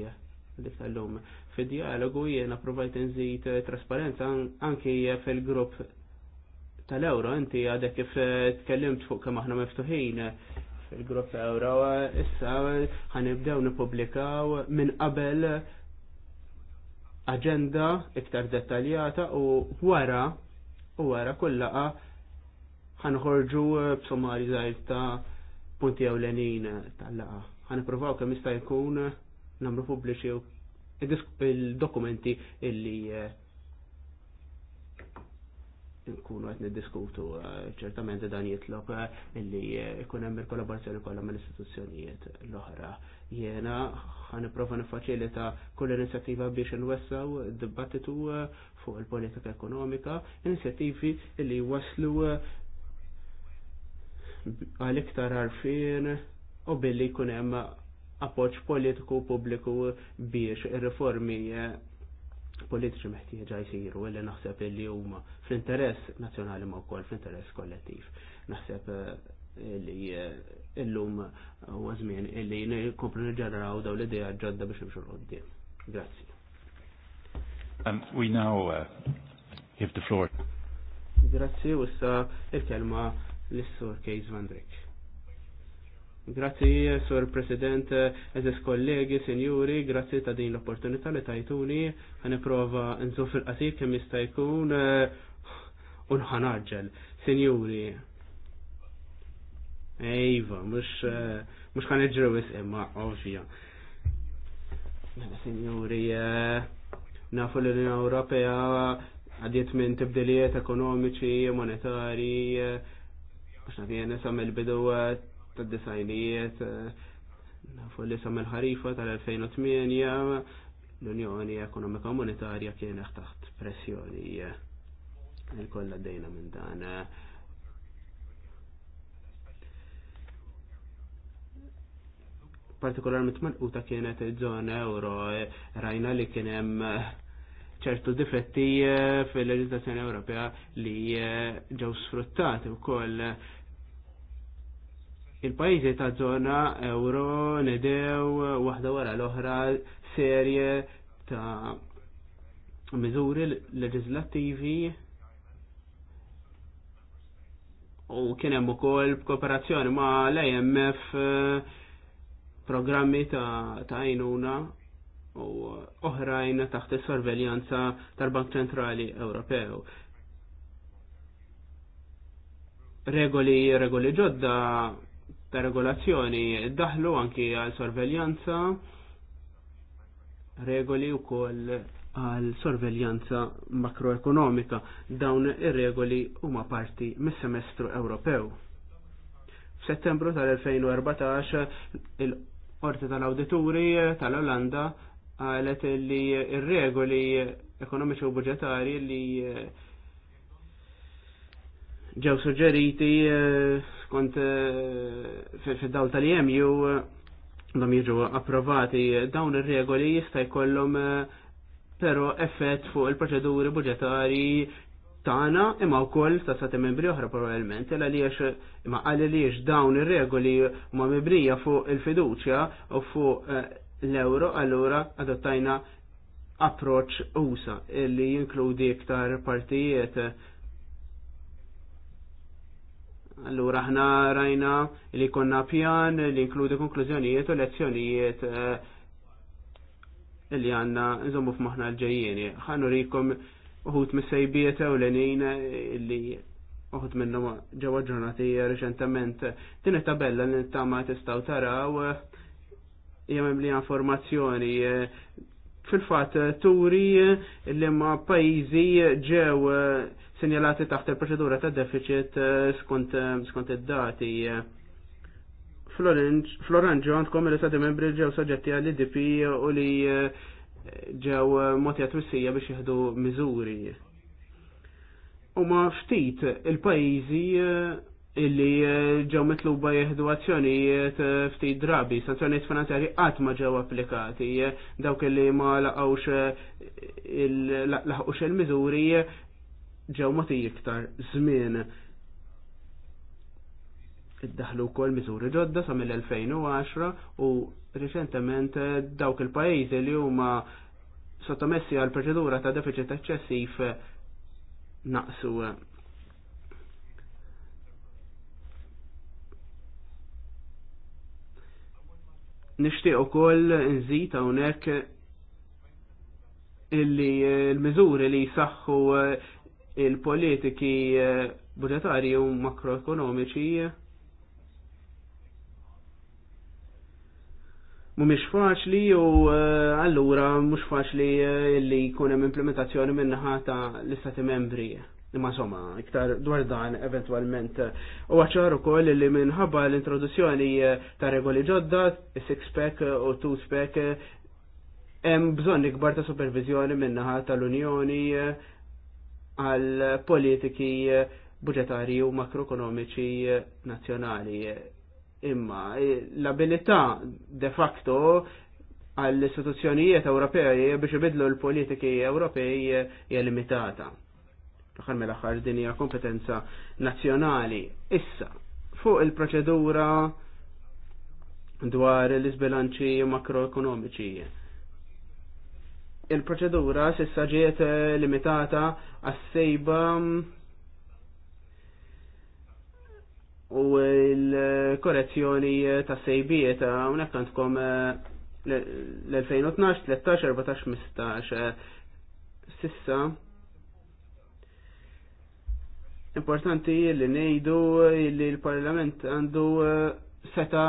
li sallum. Fid-dialogu jiena provajt nżid eh, trasparenza anki fil-grupp tal-euro, inti għadek kif eh, tkellimt fuq kemm aħna miftuħin fil-grupp euro, eh, issa ħanibdew nipublikaw minn qabel agenda iktar dettaljata u wara u wara kullaqa ħanħorġu b'summari zaħir ta' punti ewlenin tal-laqa. ħanipruvaw kemm jista' jkun namlu pubbliċi il-dokumenti illi eh, nkunu għetni diskutu eh, ċertament dan jitlob eh, illi ikun hemm il-kollaborazzjoni kollha mill-istituzzjonijiet l-oħra. Jiena ħan nipprova nifaċilita kull inizjattiva biex inwessaw dibattitu fuq il-politika ekonomika, inizjattivi illi waslu għal iktar għarfien u billi jkun hemm appoġġ politiku pubbliku biex ir-riformi eh, politiċi meħtieġa jsiru illi naħseb illi huma fl-interess nazzjonali ma wkoll fl-interess kollettiv. Naħseb eh, li eh, illum huwa żmien illi nkomplu niġġeneraw dawn l-idea ġodda biex nimxu l-qoddim. Grazzi. And um, we now uh, give the floor. Grazzi, wissa il-kelma l-Sur Case Van Grazzi, Sur President, eżis kollegi, senjuri, grazzi ta' din l-opportunità li tajtuni, għan prova nżu fil-qasib kemm jista' jkun unħanarġel. Uh, senjuri, Ejva, mux uh, mux kan iġrewis imma, ovvija. Mela, uh, nafu nafu l-Unjoni Ewropea għadiet minn tibdilijiet ekonomiċi, monetari, għax nagħti nisa mill-bidu ta' disajnijiet eh, nafu li sam ħarifa tal-2008 l-Unjoni Ekonomika Monetarja kienet taħt pressjoni eh, il-kolla dejna minn dan. Eh. Partikolarment malquta kienet il-żona euro, rajna li kienem ċertu difetti fil-leġislazzjoni Ewropea li ġew sfruttati wkoll il-pajizi ta' zona euro nedew waħda wara l-oħra serje ta' miżuri leġislattivi u kien hemm ukoll kooperazzjoni ma' l-IMF programmi ta' għajnuna u oħrajn taħt is-sorveljanza tal-Bank Ċentrali Ewropew regoli regoli ġodda ta' regolazzjoni daħlu anki għal sorveljanza regoli u koll għal sorveljanza makroekonomika dawn ir-regoli huma parti mis-semestru Ewropew. F'Settembru tal-2014 il-Qorti tal-Awdituri tal-Olanda għalet li ir-regoli ekonomiċi u budġetari li ġew suġġeriti eh, skont eh, fid-dawl tal-EMU eh, dom jiġu approvati dawn ir-regoli jista' jkollhom però effett fuq il-proċeduri budġetari tagħna imma wkoll ta' stati membri oħra probabbilment illa li imma għaliex dawn ir-regoli huma mibrija fuq il-fiduċja u fuq l-euro allura adottajna approċ usa illi jinkludi iktar partijiet Allura ħna rajna li konna pjan li inkludi konklużjonijiet u lezzjonijiet eh, li għanna nżommu f'maħna l-ġejjeni. ħannu rikom uħut mis-sejbiet u l-enin eh, li uħut minnu ġewa ġurnati reċentament. Din tabella li nittama tistaw taraw eh, jemem li informazzjoni fil-fat eh, turi eh, li ma pajizi eh, ġew segnalati taħt il-proċedura ta' deficit skont id-dati. Floranġo għandkom il stati membri ġew soġġetti għall idp u li ġew moti twissija biex jihdu miżuri. U ma ftit il-pajizi illi eh, ġew mitluba jieħdu azzjonijiet eh, ftit drabi, sanzjonijiet finanzjarji qatt ma ġew applikati, dawk illi ma laqgħux eh, laħqux il-miżuri ġew mati iktar żmien. Iddaħlu wkoll miżuri ġodda sa mill-2010 u riċentement dawk il-pajjiżi li huma sottomessi għal proċedura ta' deficit eċċessiv naqsu Nishtiq u koll nżid hawnhekk illi eh, l-miżuri li jsaħħu eh, il-politiki eh, budgetari u makroekonomiċi mumiex faċli u allura mhux faċli li jkun hemm implementazzjoni minnaħa ta' l-istati membri. Imma somma, iktar dwar dan eventualment. Eh, u għacħar ukoll li minħabba l-introduzzjoni eh, ta' regoli ġodda, six-pack eh, u two-pack, hemm bżonn ikbar ta' supervizjoni minnaħa tal-Unjoni għal politiki budgetari u makroekonomiċi nazzjonali. Imma l-abilità de facto għall istituzzjonijiet Ewropej biex ibidlu l-politiki Ewropej hija limitata l-aħħar mela aħħar din hija kompetenza nazzjonali. Issa, fuq il-proċedura dwar l-isbilanċi makroekonomiċi. Il-proċedura s'issa ġiet limitata għas-sejba u l-korrezzjoni ta' sejbiet hawnhekk għandkom l-2012, 13, 14, 15 sissa Importanti li nejdu li l-Parlament għandu eh, seta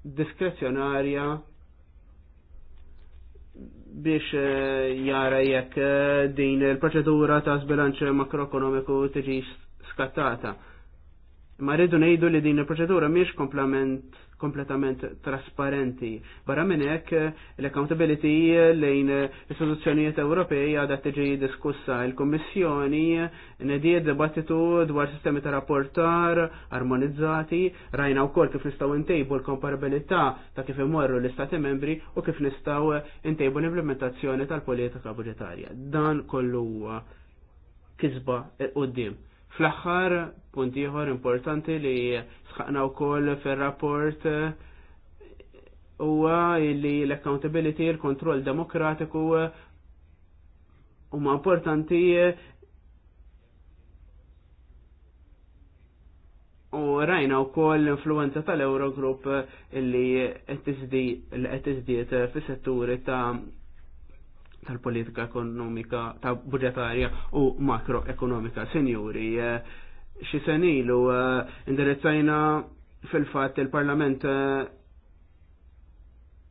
diskrezjonarja biex eh, jara jekk eh, din il-proċedura ta' sbilanċ makroekonomiku tiġi skattata. Ma rridu ngħidu li din il-proċedura miex komplement kompletament trasparenti. Barra minn hekk l-accountability lejn l-istituzzjonijiet Ewropej għadha tiġi diskussa il-Kummissjoni nediet dibattitu dwar sistemi ta' rapportar armonizzati, rajna wkoll kif nistgħu ntejbu l-komparabilità ta' kif imorru l-Istati membri u kif nistgħu ntejbu l-implementazzjoni tal-politika budgetarja. Dan kollu u d e qudiem. Fl-axħar, punt ieħor importanti li sħaqna wkoll fir-rapport eh, huwa li l-accountability, l-kontroll demokratiku huma importanti eh, u rajna u koll l-influenza tal-Eurogroup illi għetizdiet fis setturi ta' tal-politika ekonomika, ta' budgetarja u makroekonomika. Senjuri, eh, xi senilu eh, indirizzajna fil-fatt il-Parlament eh,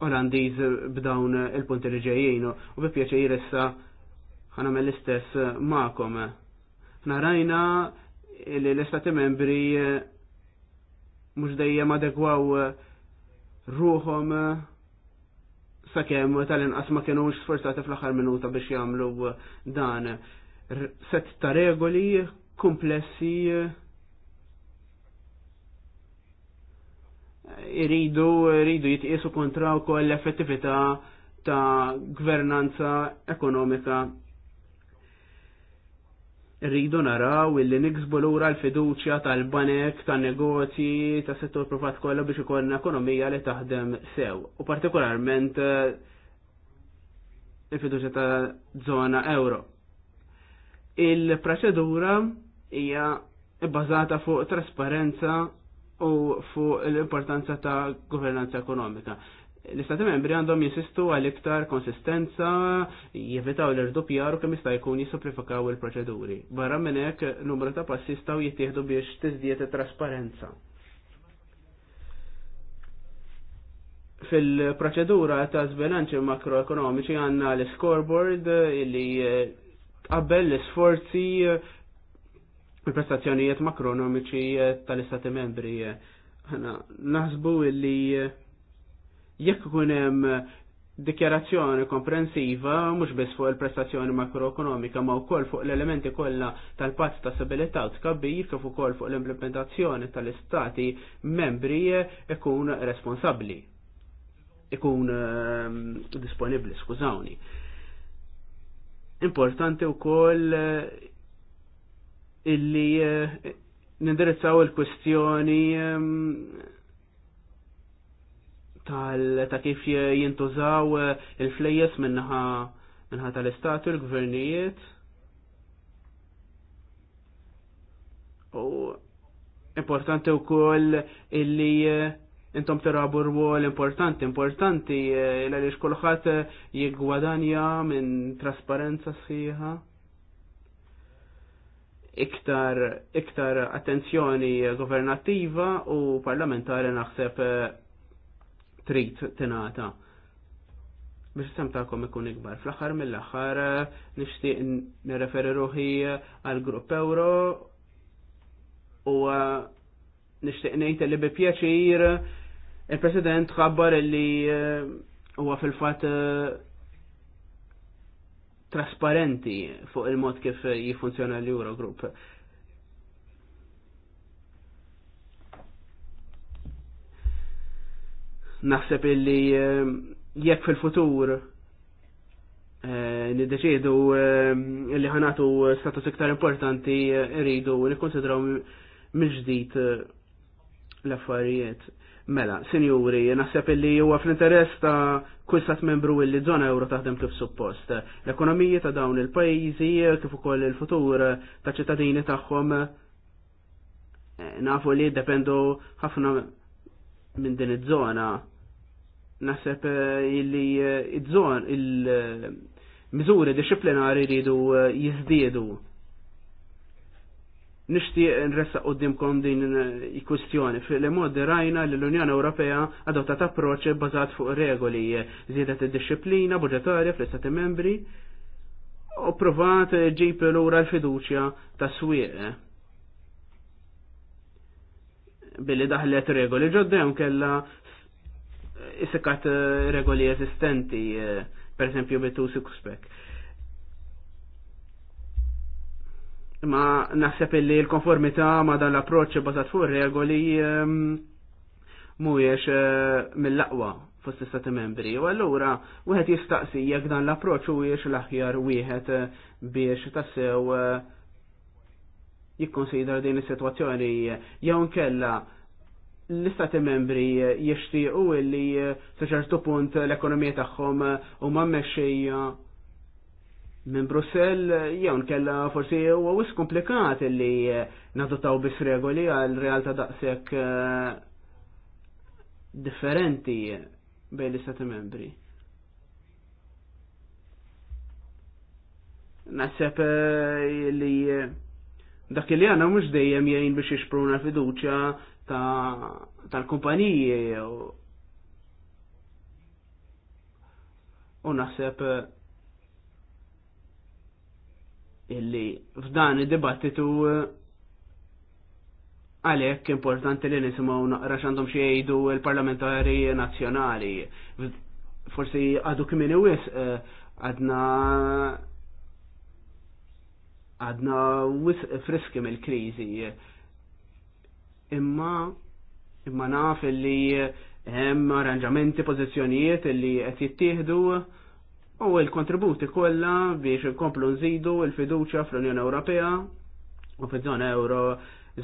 Olandiż b'dawn il-punti li ġejjin u bi pjaċir issa ħanamel l-istess ma'kom. Narajna li l-istati membri mhux dejjem adegwaw ruhom sakemm tal-inqas ma kienux sforzati fl-aħħar minuta biex jagħmlu uh, dan set ta' regoli komplessi uh, iridu iridu jitqiesu kontra wkoll l-effettività ta' gvernanza ekonomika rridu naraw illi niksbu lura l-fiduċja tal-banek, tan-negozji, tas settur privat kollha biex ikollna ekonomija li taħdem sew. U partikolarment eh, il-fiduċja ta' zona euro. Il-proċedura hija bbażata fuq trasparenza u fuq l-importanza ta' governanza ekonomika l-istati membri għandhom jisistu għal-iktar konsistenza jivitaw l-irdupjar u kemm jista' jkun jisimplifikaw il-proċeduri. Barra minn hekk numru ta' passi jistgħu jittieħdu biex tiżdiet it-trasparenza. Fil-proċedura ta' zbilanċi makroekonomiċi għandna l-scoreboard li tqabbel eh, l-sforzi eh, il-prestazzjonijiet makronomiċi eh, tal-istati membri. Ħana naħsbu illi jekk ikun hemm eh, dikjarazzjoni komprensiva mhux biss fuq il-prestazzjoni makroekonomika ma wkoll fuq l-elementi kollha tal-pazz ta' stabilità u tkabbir kif ukoll fuq l-implementazzjoni tal-istati membri eh, ikun responsabbli. Ikun eh, disponibbli, skużawni. Importanti wkoll illi nindirizzaw il-kwestjoni tal ta' kif jintużaw eh, il-flejjes minnaħa minnaħa tal-istatu l-gvernijiet. U importanti wkoll illi eh, intom tirabu rwol importanti, importanti eh, l-għaliex kulħadd jiggwadanja minn trasparenza sħiħa. Iktar, iktar attenzjoni governattiva u parlamentari naħseb Trit tingħata biex sem ikun ikbar. Fl-axar mill-axar eh, nishtiq nireferi ruħi eh, għal grupp euro u eh, nishtiq nejt li bi pjaċir il-president ħabbar li huwa fil-fat trasparenti fuq il-mod kif jifunzjona l-Eurogroup. naħseb illi ehm, jekk fil-futur eh, niddeċidu ehm, li ħanatu status iktar importanti eh, rridu nikkonsidraw minn ġdid eh, l-affarijiet. Mela, sinjuri, naħseb illi huwa fl-interess ta' kull stat membru illi żona euro taħdem kif suppost. L-ekonomija ta' dawn il-pajjiżi kif ukoll il-futur ta' ċittadini tagħhom nafu li dependu ħafna minn din iż-żona naħseb eh, illi eh, id-żon il-miżuri disciplinari rridu eh, jizdiedu. Nishtiq nressa qoddimkom din il-kwistjoni fil-modi rajna li l-Unjoni Ewropea adottat approċċ bazat fuq regoli żiedet id-disciplina budgetarja fl-Istati membri u provat ġib lura l-fiduċja ta' swieq. Billi daħlet regoli ġoddem kella isikat eh, regoli eżistenti, eh, per esempio bitu sikuspek. Ma naħseb illi l-konformità ma dan l-approċċ bazat fuq regoli ehm, mhuwiex eh, mill laqwa fost istati membri. U allura wieħed jistaqsi jekk dan l-approċċ huwiex l-aħjar wieħed biex tassew jikkonsidra din is-sitwazzjoni jew nkella l-istati membri jishtiqu illi saċertu eh, punt l-ekonomija tagħhom eh, u ma minn Brussell eh, jew nkella forsi huwa wis komplikat illi nadottaw biss regoli għal realtà daqshekk differenti bejn l-istati membri. Naħseb li dak li għana mux dejjem jgħin biex jixpruna fiduċa tal-kumpaniji u naħseb illi f'dan id-dibattitu għalek importanti li nisimaw naqra xie jgħidu il-parlamentari nazjonali. Forsi għadu kmini wis għadna għadna wis friski mill-krizi imma imma naf illi hemm arranġamenti pożizzjonijiet li qed jittieħdu u l-kontributi kollha biex inkomplu nżidu l-fiduċja fl-Unjoni Ewropea u fiż-żona euro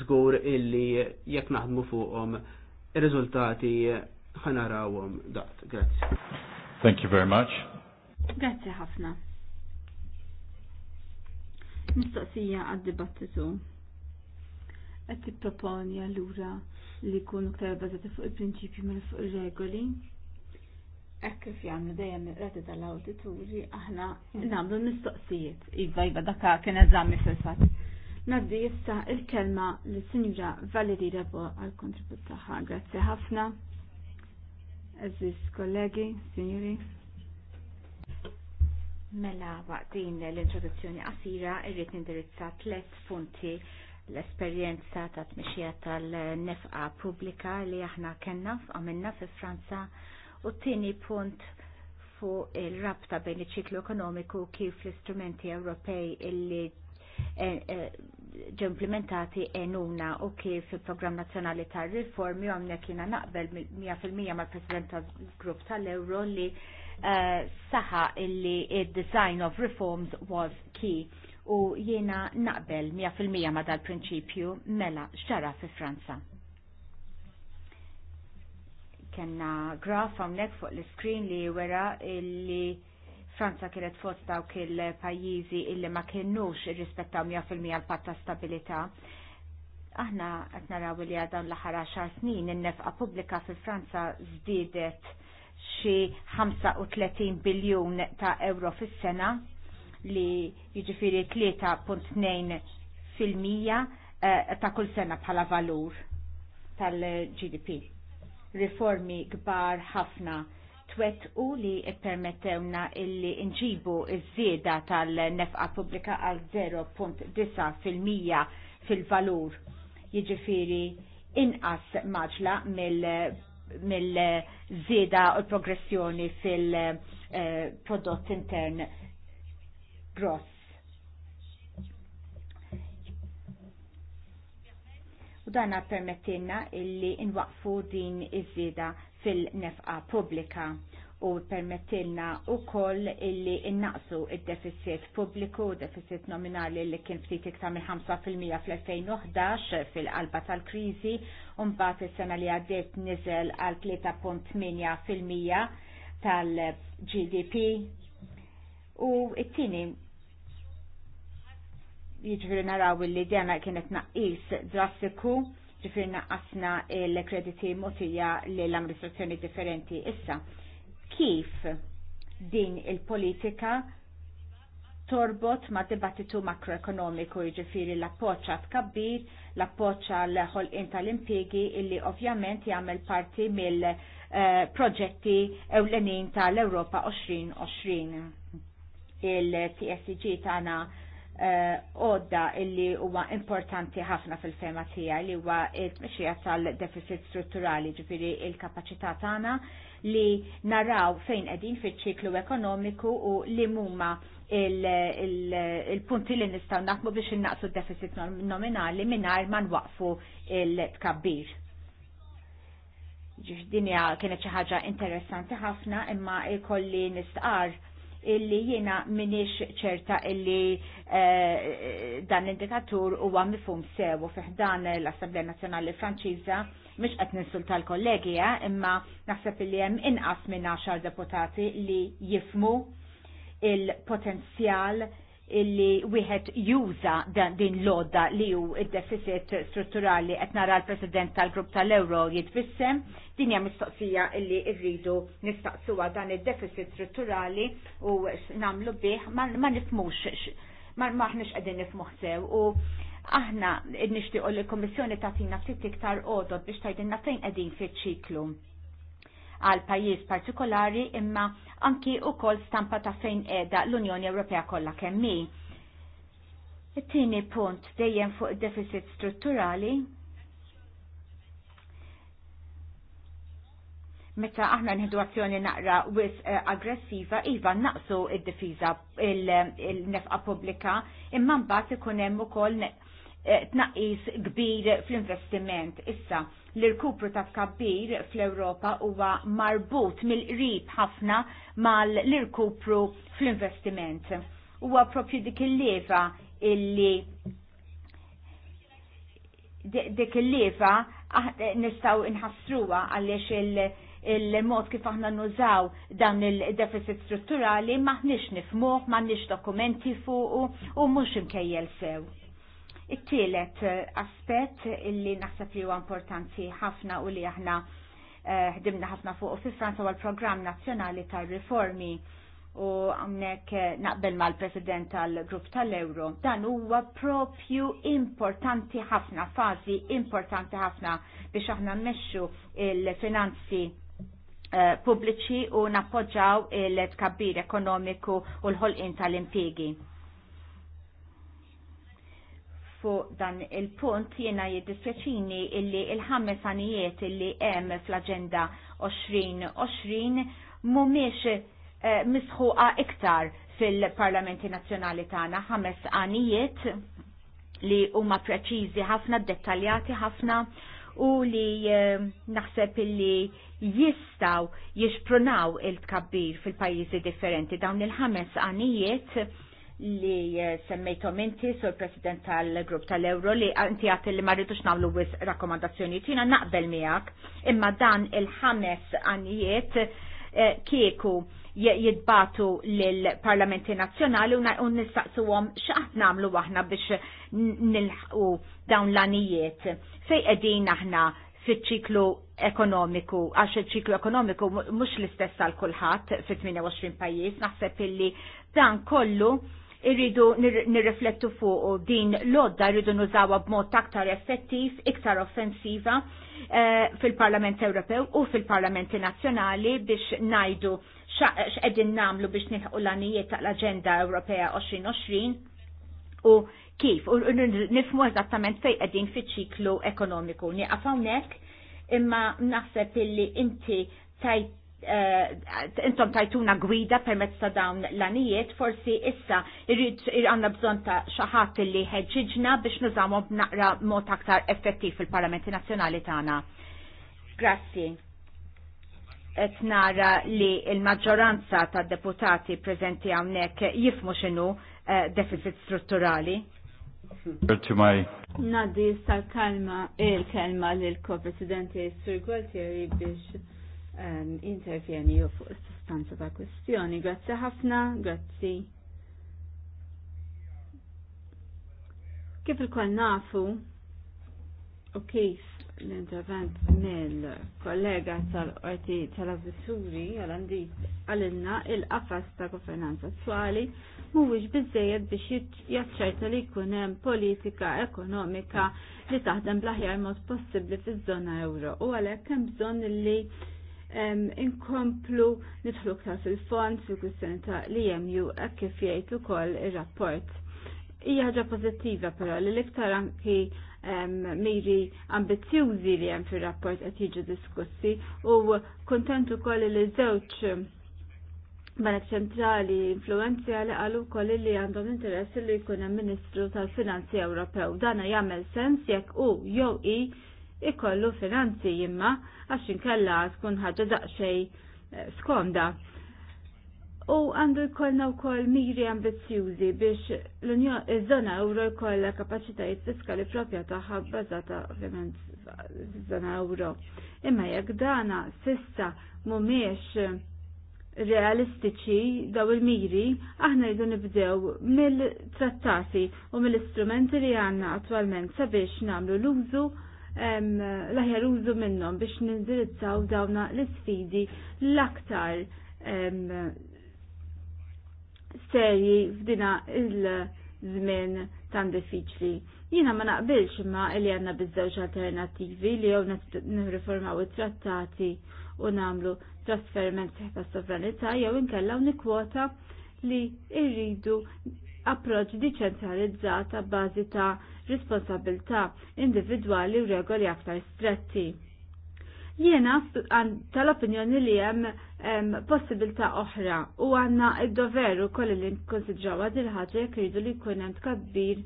żgur illi jekk naħdmu fuqhom ir-riżultati ħanarawhom dat. Grazzi. Thank you very much. Grazzi ħafna. Mistoqsija għad-dibattitu qed tipproponi allura li jkunu ktar bazzati fuq il prinċipju minn fuq ir-regoli. Hekk kif jagħmlu dejjem ir tal-awdituri aħna nagħmlu mistoqsijiet. Iva iva dakka kien eżami fil-fatt. Naddi issa il-kelma li sinjura Valeri Rebo għal kontribut tagħha. Grazzi ħafna. Eżis kollegi, sinjuri. Mela, waqtin din l-introduzzjoni qasira irrit nindirizza tliet punti l-esperjenza ta' tmixija tal-nefqa pubblika li aħna kenna f'għamilna fi Franza u t-tieni punt fuq il-rabta bejn iċ-ċiklu ekonomiku kif l-istrumenti Ewropej illi eh, eh, implementati enuna u kif il-Programm Nazzjonali tar riformi u għamnek jina naqbel 100% mal president tal-Grupp tal-Euro li eh, saħa illi il-Design of Reforms was key u jiena naqbel 100% ma dal-prinċipju mela xara fi Franza. Kenna graf hawnhekk fuq l screen li wera illi Franza kienet fost dawk il-pajjiżi illi ma kienux irrispettaw 100% l-patt ta' stabilità. Aħna qed naraw li għadan l-aħħar xar snin in-nefqa pubblika fi Franza żdiedet xi 35 biljun ta' euro fis-sena li jiġifieri 3.2 fil-mija eh, ta' kull sena bħala valur tal-GDP. Riformi kbar ħafna twet u li permettewna illi nġibu iż-żieda tal-nefqa pubblika għal 0.9% fil-valur. Jiġifieri inqas maġla mill-żieda u l-progressjoni fil-prodott eh, intern Gross. U danna permettinna illi inwaqfu din iż-żieda fil-nefqa pubblika u permettilna u koll illi innaqsu il-deficit publiku, deficit nominali li kien ftit iktar minn 5% fl-2011 fil-qalba tal-krizi, u bat il-sena li għaddiet nizel għal 3.8% tal-GDP U it-tieni jiġifieri naraw li djana kienet naqis drastiku ġifiri naqasna l-krediti motija l-amministrazzjoni differenti. Issa, kif din il-politika torbot ma' dibattitu makroekonomiku ġifiri l-appoċa tkabbir, l-appoċa l-ħolqin tal-impiegi illi ovvjament jagħmel parti mill-proġetti eh, ewlenin tal-Europa 2020 il-TSG tagħna eh, odda uh, illi huwa importanti ħafna fil-fema tiegħi li huwa t-tmexxija tal-deficit strutturali, ġifiri il-kapaċità tagħna li naraw fejn qegħdin fiċ-ċiklu ekonomiku u li huma il-punti li nistgħu naqmu biex innaqsu d-deficit nominali mingħajr ma nwaqfu il-tkabbir. Ġifieri kienet xi ħaġa interessanti ħafna imma il-kolli nistqar illi jiena minix ċerta illi eh, dan l-indikatur huwa mifhum sewu fiħdan l-Assemblea Nazzjonali Franċiża mhux qed ninsulta tal kollegi eh, imma naħseb illi hemm inqas minn 10 deputati li jifmu il-potenzjal il potenzjal illi wieħed juża din l-odda li hu id-deficit strutturali qed nara l-President tal-Grupp tal ewro jitfissem, din hija mistoqsija illi rridu nistaqsuha dan id-deficit strutturali u nagħmlu bih ma nifmux ma maħniex qegħdin nifmuh sew u aħna nixtiequ li l-Kummissjoni tagħtina ftit iktar qodod biex tgħidilna fejn qegħdin fiċ-ċiklu għal pajjiż partikolari imma anki u kol stampa ta' fejn edha l-Unjoni Ewropea kollha kemmi. It-tieni punt dejjem fuq deficit strutturali meta aħna nħidu azzjoni naqra wis eh, aggressiva, iva naqsu id-difiża il-nefqa pubblika, imma mbagħad ikun hemm ukoll Eh, tnaqqis kbir fl-investiment. Issa, l-irkupru ta' kabir fl-Europa huwa marbut mill-qrib ħafna mal-irkupru fl-investiment. Huwa propju dik il-leva illi dik il-leva ah, nistaw inħassruha għaliex il- il-mod kif aħna nużaw dan il-deficit strutturali maħnix nifmuħ, maħnix dokumenti fuq u mux imkejjel sew. It-tielet eh, aspett illi naħseb li huwa importanti ħafna u li aħna eh, ħdimna ħafna fuq fi Franza għal programm nazzjonali tal-riformi u għamnek eh, naqbel mal president tal-grupp tal-Euro. Dan huwa propju importanti ħafna, fazi importanti ħafna biex aħna mmexxu il-finanzi pubbliċi u nappoġġaw il-tkabbir ekonomiku u l-ħolqin tal impjiegi fuq dan il-punt jiena jiddispjaċini illi il-ħames anijiet illi hemm fl-Aġenda 2020 mhumiex eh, misħuqa iktar fil-Parlamenti Nazzjonali tagħna ħames sanijiet li huma preċiżi ħafna, dettaljati ħafna u li eh, naħseb illi jistaw jixprunaw il-tkabbir fil-pajjiżi differenti dawn il-ħames sanijiet li eh, semmejtom inti sur president tal-grupp tal-Euro li inti għat li marritux namlu wis rakomandazzjoni. tina naqbel miegħek imma dan il-ħames għanijiet eh, kieku jidbatu lill-parlamenti nazzjonali u nistaqsuhom x'qatt namlu għahna biex nilħqu dawn l għanijiet Fej qegħdin aħna fiċ-ċiklu ekonomiku, għax il-ċiklu ekonomiku mhux l-istess għal kulħadd fit-28 pajjiż, naħseb illi dan kollu irridu nirriflettu fuq din l-odda irridu nużawa b'mod aktar effettiv, iktar offensiva eh, fil-Parlament Ewropew u fil-Parlamenti Nazzjonali biex najdu x'qegħdin namlu biex nilħqu l-anijiet tal-Aġenda Ewropea 2020 u kif u nifmu eżattament fejn qegħdin fiċ-ċiklu ekonomiku. Nieqaf hawnhekk imma naħseb illi inti tajt Eh, intom tajtuna gwida permezz ta' dawn l-anijiet, forsi issa irrid bżon ta' xaħat li ħedġiġna biex nużamu b'naqra mod aktar effettiv fil-Parlamenti Nazzjonali tagħna. Grazzi. Et nara li il-maġġoranza ta' deputati prezenti hawnhekk jifmu x'inhu eh, deficit strutturali. Nadi sal-kalma il-kelma lill ko-presidenti Sir Gualtieri biex intervjeni ju fuq is-sustanza ta' kwestjoni. Grazzi ħafna, grazzi. Kif il-kol nafu u kif l-intervent mill-kollega tal orti tal-avvisuri għal-għandit inna il-qafas ta' governanza attuali mhuwiex biżejjed biex jaċċerta li jkun hemm politika ekonomika li taħdem bl-aħjar mod possibbli fiż-żona euro u għalhekk hemm bżonn li inkomplu nidħlu ktar fil-fond fil-kwistjoni ta' li emu hekk eh, kif jgħid ukoll ir-rapport. Hija ħaġa pożittiva però li l-iktar anki miri ambizzjużi li hemm fir-rapport qed jiġu diskussi u kuntent ukoll li żewġ Banek ċentrali influenzja li għalu koll li għandhom interess li jkun hemm Ministru tal-Finanzi Ewropew. Dana jagħmel sens jekk u jow i ikollu finanzi jimma għax inkella tkun ħaġa daqxej eh, skonda. U għandu jkollna u koll miri ambizjużi biex l-zona euro jkollha kapacitajiet fiskali propja taħħa bbażata ovvjament zona euro. Imma jekk dana sissa mhumiex realistiċi daw il-miri, aħna jdu nibdew mill-trattati u mill-istrumenti li għanna attualment sabiex namlu l-użu l użu minnhom biex nindirizzaw dawna l-isfidi l-aktar serji f'dina il-żmien tan diffiċli. Jiena ma naqbilx imma li għanna biżewġ alternattivi li jew nirriformaw it-trattati u nagħmlu trasferiment seħta sovranità jew inkella nikwota li irridu approċ diċentralizzata bazi ta' responsabilità individwali u regoli aktar stretti. Jiena tal-opinjoni li hemm possibilità oħra u għandna id-doveru kolli li nkonsidrawha dil ħaġa jekk jridu li jkun hemm tkabbir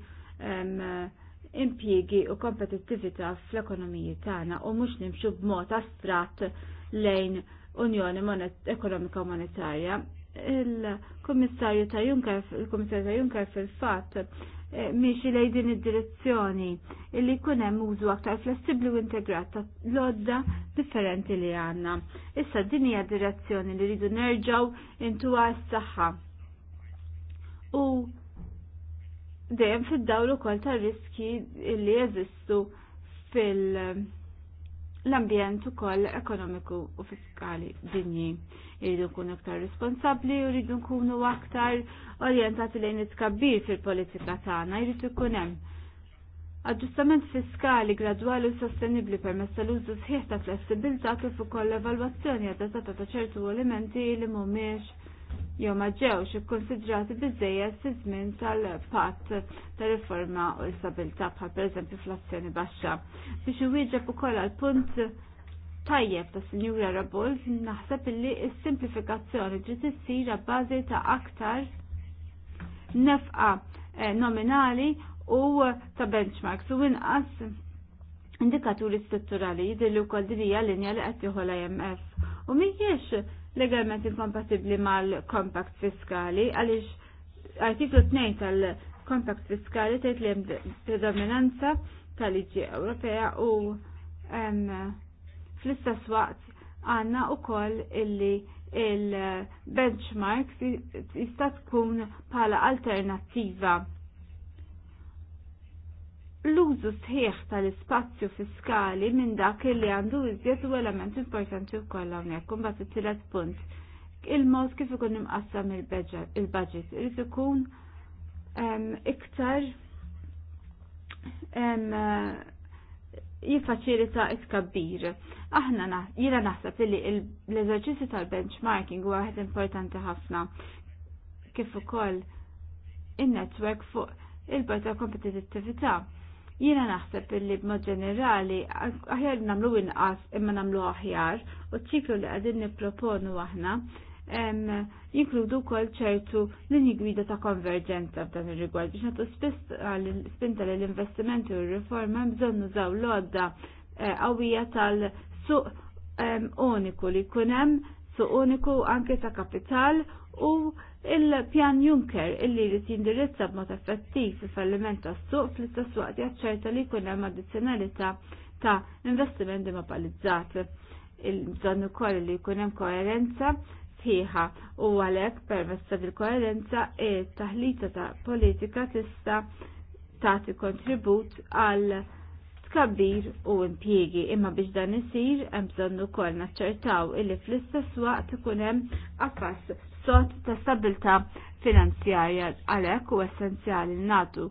impjiegi u kompetittività fl-ekonomiji tagħna u mhux nimxu b'mod astratt lejn Unjoni Ekonomika Monetarja. Il-Kummissarju ta' Juncker, il-Kummissarju ta' Juncker fil-fatt Eh, miexi lej din id-direzzjoni illi jkun hemm użu aktar flessibbli u integrat ta' lodda differenti li għandna. Issa din hija direzzjoni li rridu nerġgħu intu s-saħħa. U dejjem fid-dawl ukoll tar-riski li jeżistu fil- l-ambjent ukoll ekonomiku u fiskali dinji. Irridu nkunu aktar responsabbli u nkunu aktar orjentati lejn it-tkabbir fil-politika tagħna, jridu jkun hemm Aġġustament fiskali gradwali u sostenibli permess tal-użu sħiħ ta' flessibilità kif ukoll l-evalwazzjoni adattata ta' ċertu elementi li mhumiex jew ma ġewx ikkonsidrati biżejjed fi żmien tal-patt ta' riforma u l-stabilità bħal pereżempju fl-azzjoni baxxa. Biex iwieġeb ukoll għal punt tajjeb ta' Sinjura Rabol naħseb illi s-simplifikazzjoni ġiet issir bażi ta' aktar nefqa eh, nominali u ta' benchmarks u inqas indikaturi strutturali jidillu wkoll dinija linja li qed jieħu l-IMF u mhijiex legalment inkompatibbli mal-kompakt fiskali għaliex artiklu 2 tal-kompakt fiskali tgħid li hemm predominanza tal-liġi Ewropea u fl-istess waqt għandna wkoll illi il-benchmark jista' tkun bħala alternattiva l-użu sħiħ tal-ispazju fiskali minn dak li għandu iżjed u element importanti wkoll hawnhekk imbagħad it-tielet punt. Il-mod kif ikun imqassam il-budget irid ikun iktar jiffaċilita it Aħna jiena naħseb li l-eżerċizzju tal-benchmarking huwa waħed importanti ħafna kif ukoll in-netwerk fuq il bajta kompetittività Jiena naħseb illi b'mod ġenerali aħjar namlu inqas imma namlu aħjar u ċiklu li qegħdin nipproponu aħna jinkludu kol ċertu linji gwida ta' konverġenza f'dan ir-rigward biex nagħtu spiss spinta l investimenti u r-riforma bżonn nużaw l-għodda eh, qawwija tal-suq uniku li jkun hemm suq uniku anke ta' kapital u il-pjan Juncker illi li tindirizza b'mod effettiv fi falliment tas suq fl-istess jaċċerta li jkun hemm addizzjonalità ta' investiment demapalizzat. Il-bżonn ukoll li jkun hemm koerenza sħiħa u għalhekk permezz ta' koerenza e taħlita ta' politika tista' tagħti kontribut għal tkabbir u impjiegi imma biex dan isir hemm bżonn ukoll naċċertaw illi fl-istess waqt ikun hemm affass sot ta' stabilta finanzjarja għalek u essenzjali natu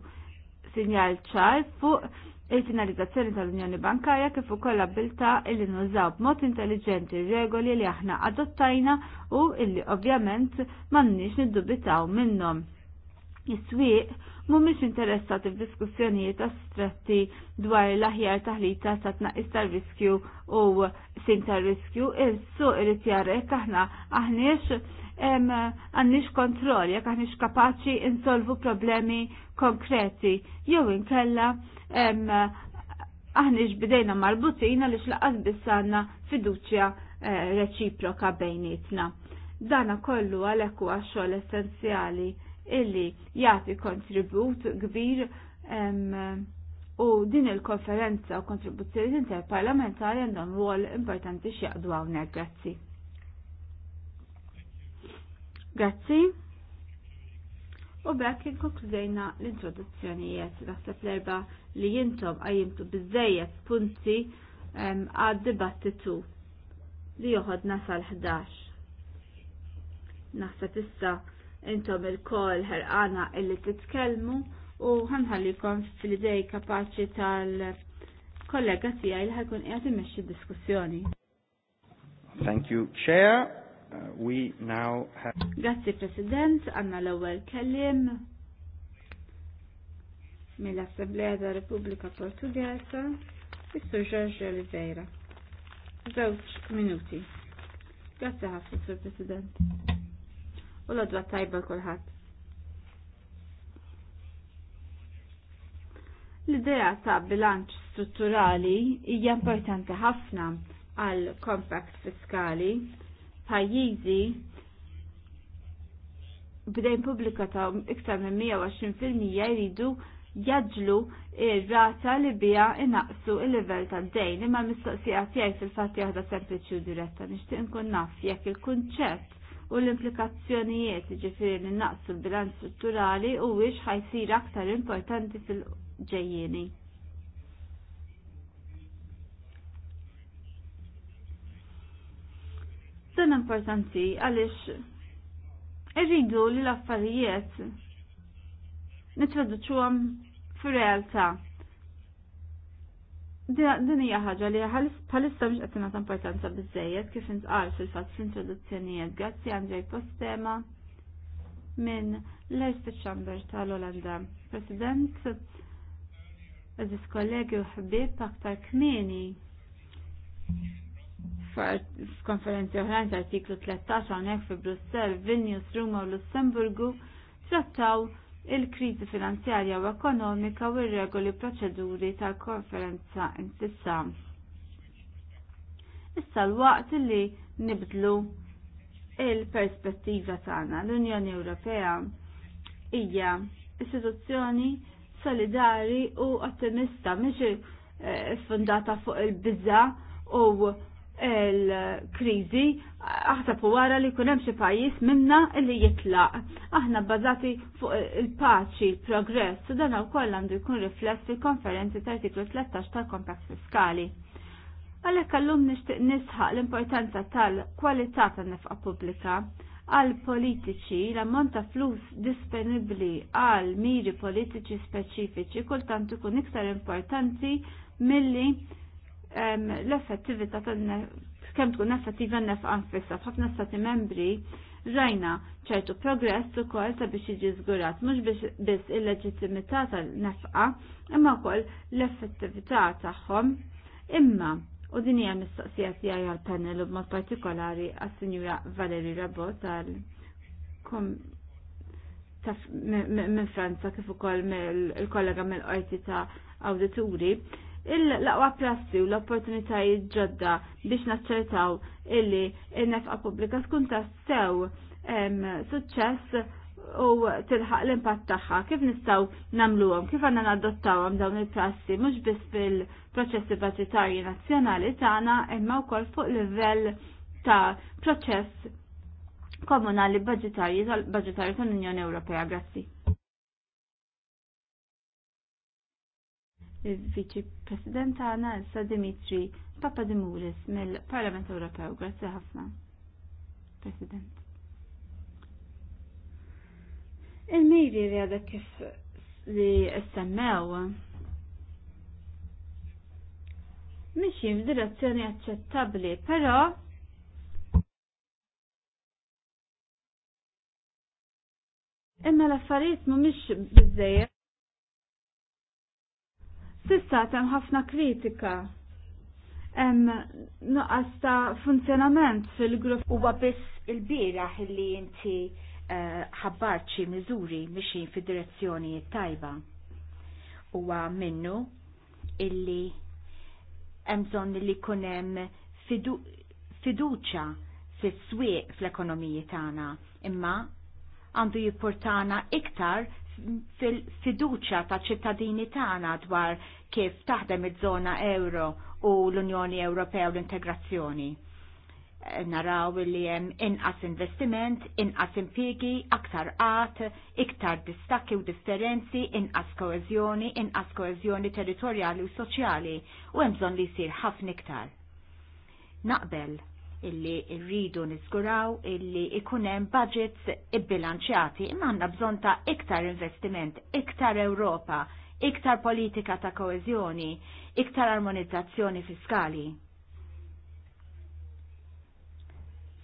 sinjal ċar fuq il-finalizzazzjoni tal-Unjoni Bankarja kif ukoll abilta illi nużaw b'mod intelligenti regoli li aħna adottajna u illi ovvjament m'għandniex niddubitaw minnhom. Is-swieq mhumiex interessati f'diskussjonijiet astretti dwar l-aħjar taħlita sa tnaqqis tar-riskju u sin tar-riskju, il-suq irid jarek aħna aħniex għannix kontrol jek għannix kapaċi insolvu problemi konkreti. Jew inkella għannix bidejna marbutina li xlaqas bissanna fiduċja eh, reċiproka bejnietna. Dana kollu għaleku huwa xogħol essenzjali illi jagħti kontribut kbir u din il-konferenza u kontribuzzjoni interparlamentari għandhom rwol importanti xieqdu hawnhekk. Grazzi. Grazzi. U bekk inkonkludejna l-introduzzjonijiet naħseb l-erba li jintom għajimtu bizzejiet punti għad dibattitu li joħodna sal-11. Naħseb issa intom il-kol ħerqana illi titkellmu u ħanħallikom fil-idej kapaċi tal-kollega tijaj li ħakun jgħati meċi diskussjoni. Thank you, Chair. Uh, we now have... Grazzi President, għanna l-ewel kellim mill-Assemblea ta' Repubblika Portugesa, Mr. Jorge Oliveira. Żewġ minuti. Grazzi ħafna, Sir President. U l-adwa tajba kulħadd. L-idea ta' bilanċ strutturali hija importanti ħafna għal kompakt fiskali pajjiżi bdejn pubblika ta' iktar minn 120% jridu jaġlu ir-rata li bija inaqsu il-livell ta' dejn imma l-mistoqsija tiegħi fil-fatt jaħda sempliċi u diretta nixtieq inkun naf jekk il-kunċett u l-implikazzjonijiet ġifieri li naqsu l-bilanċ strutturali u ħajsir aktar importanti fil-ġejjieni. Dan importanti għaliex irridu li l-affarijiet għam fir-realtà. Din hija ħaġa li bħalissa mhux qed nagħta importanza biżejjed kif intqal fil-fatt fl-introduzzjonijiet grazzi Andrej Postema minn l-Erfit Chamber tal-Olanda. President, eżis kollegi u ħbib aktar kmieni f'konferenzi oħrajn tal artiklu 13 hawnhekk fi Brussell, Vilnius, Ruma u Lussemburgu trattaw il-kriżi finanzjarja u ekonomika u r-regoli proċeduri tal-konferenza intissa. Issa l-waqt li nibdlu il-perspettiva tagħna l-Unjoni Ewropea hija istituzzjoni solidari u ottimista mhix eh, fundata fuq il-biża' u l-krizi aħsab u wara li kunem xi pajjiż minna li jitlaq. Aħna bbażati fuq il-paċi, il-progress u dan għandu jkun rifless fil-konferenzi ta' artiklu 13 tal kompass Fiskali. Għalhekk allum nixtieq nisħaq l-importanza tal-kwalità tan-nefqa pubblika għal politiċi l-ammont ta' flus disponibbli għal miri politiċi speċifiċi kultant ikun iktar importanti milli l-effettività kem tkun effettiva nefqa nfissa f'ħafna stati membri rajna ċertu progress ukoll sabiex jiġi żgurat mhux biss il-leġittimità tal-nefqa imma wkoll l-effettività tagħhom imma u din hija mistoqsija tiegħi għall-panel u b'mod partikolari għas-Sinjura Valeri Rabot tal minn Franza kif ukoll il-kollega mill-qorti ta' awdituri il-laqwa prassi u l-opportunitajiet ġodda biex naċċertaw illi n nefqa pubblika tkun tassew suċċess u tilħaq l-impatt tagħha kif nistgħu nagħmluhom, kif għandna nadottawhom dawn il-prassi mhux biss fil-proċessi budġetarji nazzjonali tagħna imma wkoll fuq livell ta' proċess komunali budġetarji tal-Unjoni Ewropea. Grazzi. il-Viċi President għana issa Dimitri Papadimulis mill-Parlament Ewropew. Grazzi ħafna, President. il mejri li għadha kif li semmew mixi f'direzzjoni aċċettabbli, però imma l-affarijiet mhumiex biżejjed Sissa tem ħafna kritika hemm nuqqas ta' funzjonament fil-grupp. Huwa biss il-bieraħ li inti eh, ħabbarċi miżuri mixin fid-direzzjoni tajba. Huwa minnu illi hemm bżonn li jkun hemm fidu fiduċa fis-swieq fl-ekonomiji tagħna, imma għandu jipportana iktar fil-fiduċa ta' ċittadini tagħna dwar kif taħdem iż-żona euro u l-Unjoni Ewropea u l-integrazzjoni naraw li hemm inqas investiment, inqas impigi, aktar qat, iktar distakki u differenzi, inqas koeżjoni, inqas koeżjoni territorjali u soċjali u hemm bżonn li jsir ħafna iktar. Naqbel illi rridu niżguraw illi ikunem budgets ibbilanċjati imma għandna bżonn ta' iktar investiment, iktar Ewropa, iktar politika ta' koezjoni, iktar armonizzazzjoni fiskali.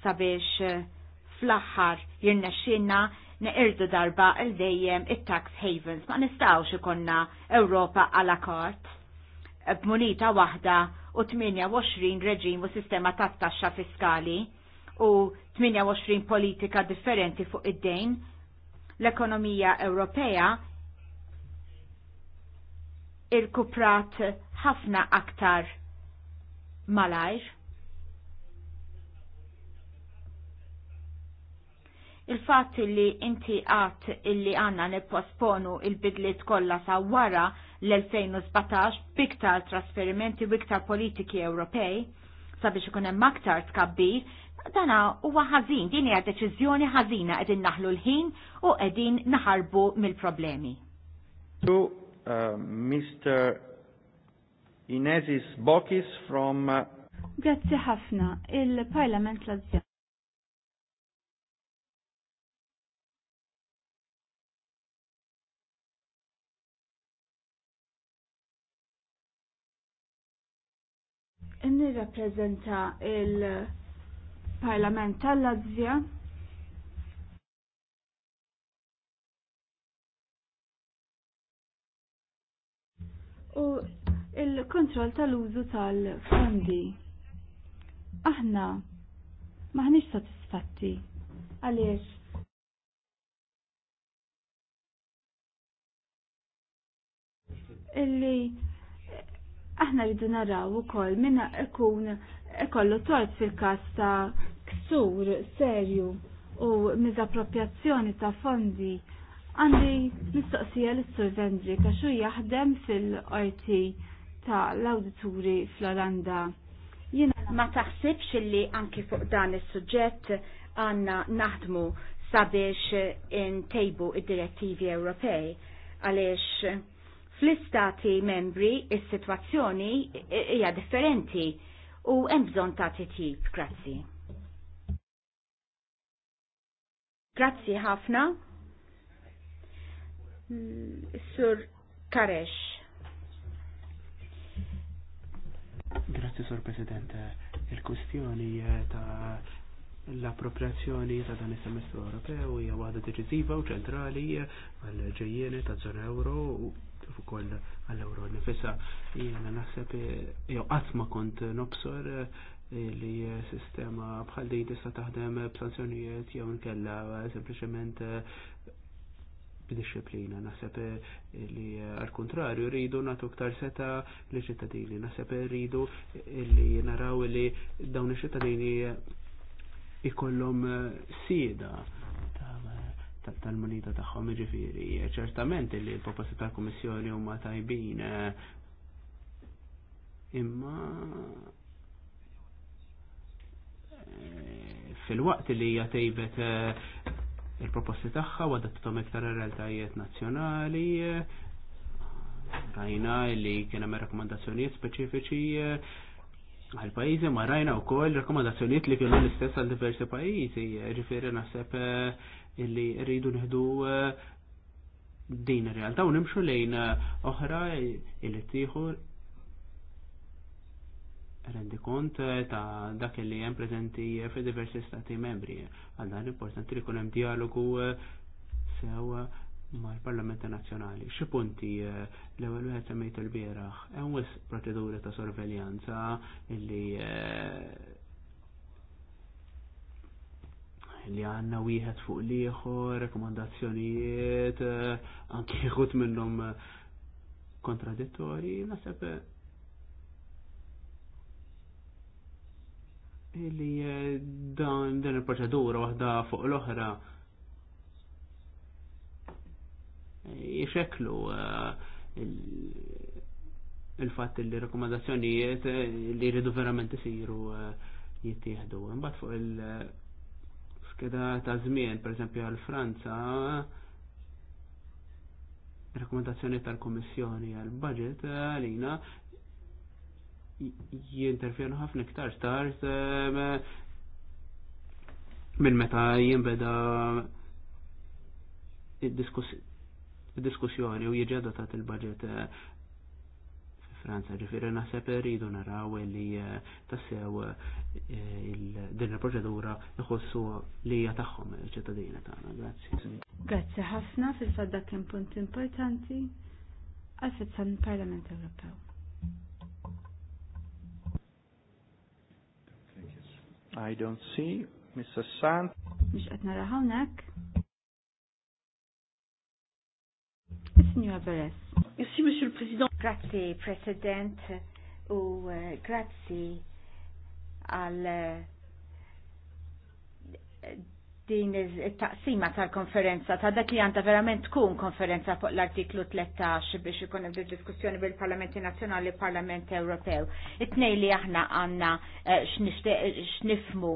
Sabiex eh, fl-aħħar jirnexxinna neqirdu darba il dejjem it-tax havens ma nistawx ikonna Ewropa għala kart b'munita waħda u 28 reġim u sistema ta' taxxa fiskali u 28 politika differenti fuq id-dejn, l-ekonomija Ewropea irkuprat ħafna aktar malajr il fat li inti għat illi għanna nipposponu il-bidliet kollha sa wara l-2017 biktar trasferimenti u iktar politiki Ewropej sabiex ikun hemm aktar tkabbir, dana huwa ħażin, din hija deċiżjoni ħażina qegħdin naħlu l-ħin u qegħdin naħarbu mill-problemi. To uh, Mr. Inezis Bokis from uh... Grazzi ħafna, il-Parlament Lazzjan. nirrappreżenta il-Parlament tal-Latvja u il-kontroll tal-użu tal-fondi. Aħna maħniex satisfatti għaliex illi aħna rridu naraw ukoll minna ikun ikollu tort fil-każ ta' ksur serju u miżappropjazzjoni ta' fondi għandi mistoqsija l-Sur Vendri għaxu jaħdem fil rt ta' l-awdituri fl-Olanda. Jina ma taħsibx li anki fuq dan is-suġġett għanna naħdmu sabiex intejbu id-direttivi Ewropej għaliex Fl-istati membri is-sitwazzjoni hija differenti u hemm bżonn ta' titjib, grazzi. Grazzi ħafna. Sur Karesh. Grazzi, Sur President. Il-kustjoni eh, ta' l-appropriazzjoni ta' dan is-semestru Ewropew hija waħda deċiżiva u ċentrali eh, għall ġejjieni ta' zona Ewro Fuq ukoll għall-euro fissa Jiena naħseb eh, jew qatt ma kont nobsor eh, li sistema bħal din tista' taħdem b'sanzjonijiet jew nkella sempliċement eh, b'disciplina. Naħseb li għal-kontrarju rridu natu ktar seta li ċittadini. Naħseb rridu li naraw li dawn iċ-ċittadini ikollhom sieda tal-monita tagħhom ġifieri. Ċertament li l-proposti tal-Kummissjoni huma tajbin eh, imma eh, fil-waqt li hija tejbet eh, il-proposti tagħha t-tom iktar realtajiet nazzjonali rajna li kien hemm rakkomandazzjonijiet speċifiċi għal pajjiżi ma rajna wkoll rakkomandazzjonijiet li kienu l-istess għal diversi pajjiżi, ġifiri naħseb illi rridu nħdu eh, din ir-realtà u nimxu lejn eh, oħra illi tieħu rendi kont eh, ta' dak li hemm preżenti fi diversi stati membri. Għal importanti li jkun hemm dialogu sew mal-Parlamenta Nazzjonali. Xi punti l-ewwel wieħed semmejt il-bieraħ hemm wis proċeduri ta' sorveljanza illi li għanna wieħed fuq liħor, rekomandazzjonijiet, eh, anki jħut <laughs> minnom eh, kontradittori, nasab eh, li dan din il-proċedura waħda fuq l-oħra jixeklu il fat li rekomandazzjonijiet li jridu verament isiru jittieħdu. Mbagħad fuq il- Keda ta' żmien, esempio, għal Franza, rekomendazzjoni tal-Kummissjoni għal budget eh, għalina jinterfjenu ħafna iktar stars eh, minn meta jinbeda id-diskussjoni u jieġi adottat il-budget eh, Franza. Ġifiri naħseb rridu naraw li eh, tassew eh, din il-proċedura jħossu li hija tagħhom il-ċittadini tagħna. Grazzi. Grazzi ħafna fil fadda dak kien punt importanti għal fitzan Parlament Ewropew. I don't see Mr. Sant. Mish qed nara hawnhekk. Is-Sinjura Beres. Merci, Monsieur le Président. Grazie, President, u eh, grazie għal eh, din il-taqsima tal-konferenza, ta' dak li għanda verament tkun konferenza fuq l-artiklu 13 biex ikun hemm diskussjoni bil-Parlamenti Nazzjonali u Parlament Ewropew. it tnejn li aħna għandna eh, x'nifmu.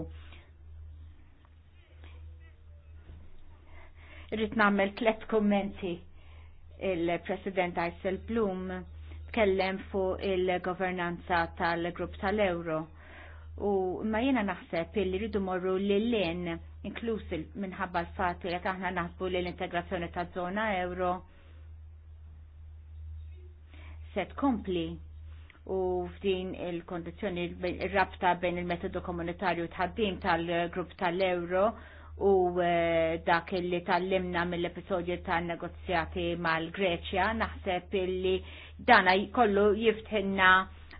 Rrid nagħmel tliet kummenti il-President Aysel Blum tkellem fuq il-governanza tal-grupp tal-Euro. U ma jena naħseb li rridu morru l-lin inklus minħabba l-fat li aħna naħsbu li l-integrazzjoni ta' zona euro se tkompli u f'din il-kondizjoni il-rabta bejn il-metodu komunitarju tħaddim tal-grupp tal-euro u eh, dak illi limna mill-episodju tan negozjati mal-Greċja, naħseb illi dana kollu jiftħinna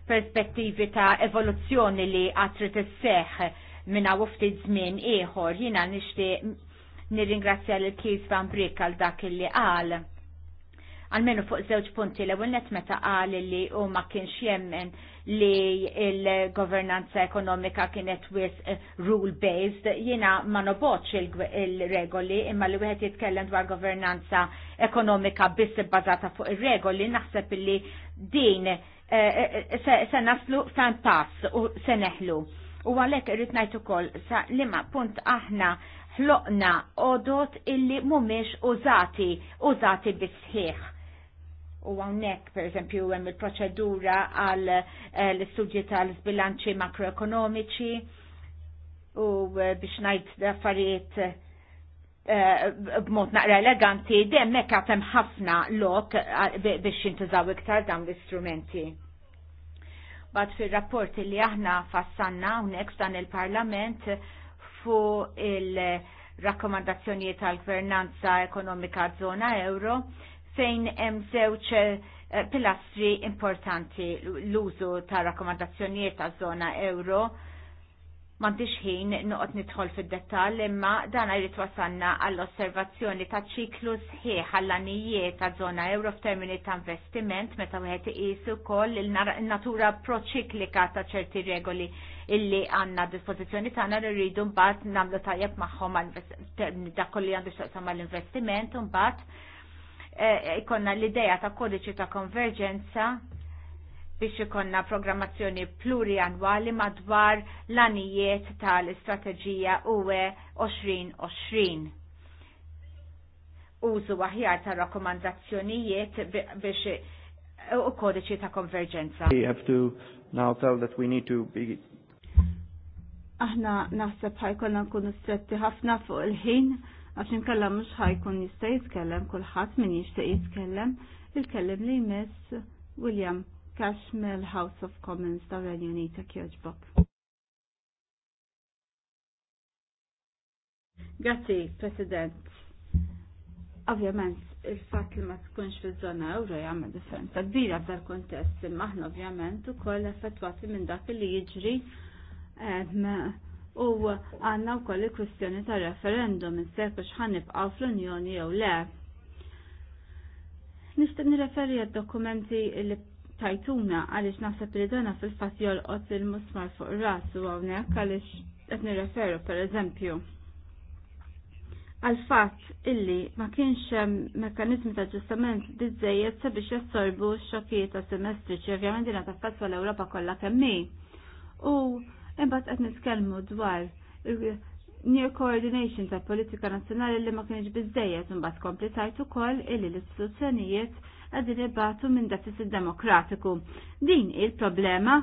perspettivi ta' evoluzzjoni li għatri t seħ minna wufti zmin ieħor. Jina nishti nirringrazzja l-Kis Van Brick għal dak illi għal għalmenu fuq żewġ punti l ewwel meta għal li u ma kienx jemmen li il-governanza ekonomika kienet wis eh, rule-based, jina ma noboċ il-regoli, imma li wieħed jitkellem dwar governanza ekonomika biss bazata fuq ir-regoli, naħseb li din eh, eh, se naslu san pass u se neħlu. U għalek irrit ngħid ukoll sa lima punt aħna ħloqna odot illi mhumiex użati, użati bisħiħ u għonek, per eżempju, hemm il-proċedura għal eh, l-istudji tal-sbilanċi makroekonomiċi u eh, biex najt affarijiet eh, b'mod naqra eleganti, demmek għatem ħafna lok biex jintużaw iktar dawn l-istrumenti. Bad fil rapporti li aħna fassanna unek f'dan il-parlament fu il rakkomandazzjoni tal-gvernanza ekonomika zona euro, fejn hemm żewġ eh, pilastri importanti l-użu ta' rakkomandazzjonijiet ta' zona euro m'għandix ħin noqgħod nidħol fid-dettall imma dan jrid wasanna għall-osservazzjoni ta' ċiklu sħiħ għall ta' zona euro f'termini ta' investiment meta wieħed iqis ukoll il-natura proċiklika ta' ċerti regoli illi għanna dispozizjoni tagħna li rridu mbagħad nagħmlu tajjeb magħhom dak kolli għandu x'taqsam mal-investiment u mbagħad Eh, eh, ikonna l-ideja ta' kodiċi ta' konverġenza biex ikonna programmazzjoni plurianwali madwar l-anijiet tal-istrateġija UE 2020. Użu aħjar ta' rakkomandazzjonijiet biex eh, u kodiċi ta' konverġenza. We have to now tell that we need to be Aħna naħseb ħajkonna nkunu stretti ħafna fuq il-ħin għax inkella mhux ħajkun jista' jitkellem kulħadd min jixtieq jitkellem il-kellem li jmiss William Cash mill-House of Commons tar-Renju Unita kjoġbok. Grazzi, President. Ovvjament, il-fat li ma tkunx fi zona euro jgħamil differenza kbira f'dal kontest imma aħna ovvjament ukoll effettwati minn dak li jiġri eh, u għanna u koll kwestjoni ta' referendum nsek biex ħanibqaw fl-Unjoni jew le. Nishtiq nireferi għad-dokumenti li tajtuna għalix naħseb li dana fil-fat jolqot il-musmar fuq ras u għawnek għalix qed nirreferu per eżempju għal fatt illi ma kienx mekanizmi mekkaniżmi ta' ġustament biżejjed sabiex jassorbu x-xokkijiet ta' semestri ċi ovvjament ta' taffettwa l europa kollha kemm U Imbagħad qed nitkellmu dwar near coordination ta' politika nazzjonali li ma kienx biżejjed imbagħad kompli tajt ukoll illi l-istituzzjonijiet qegħdin ibatu minn deficit demokratiku. Din il-problema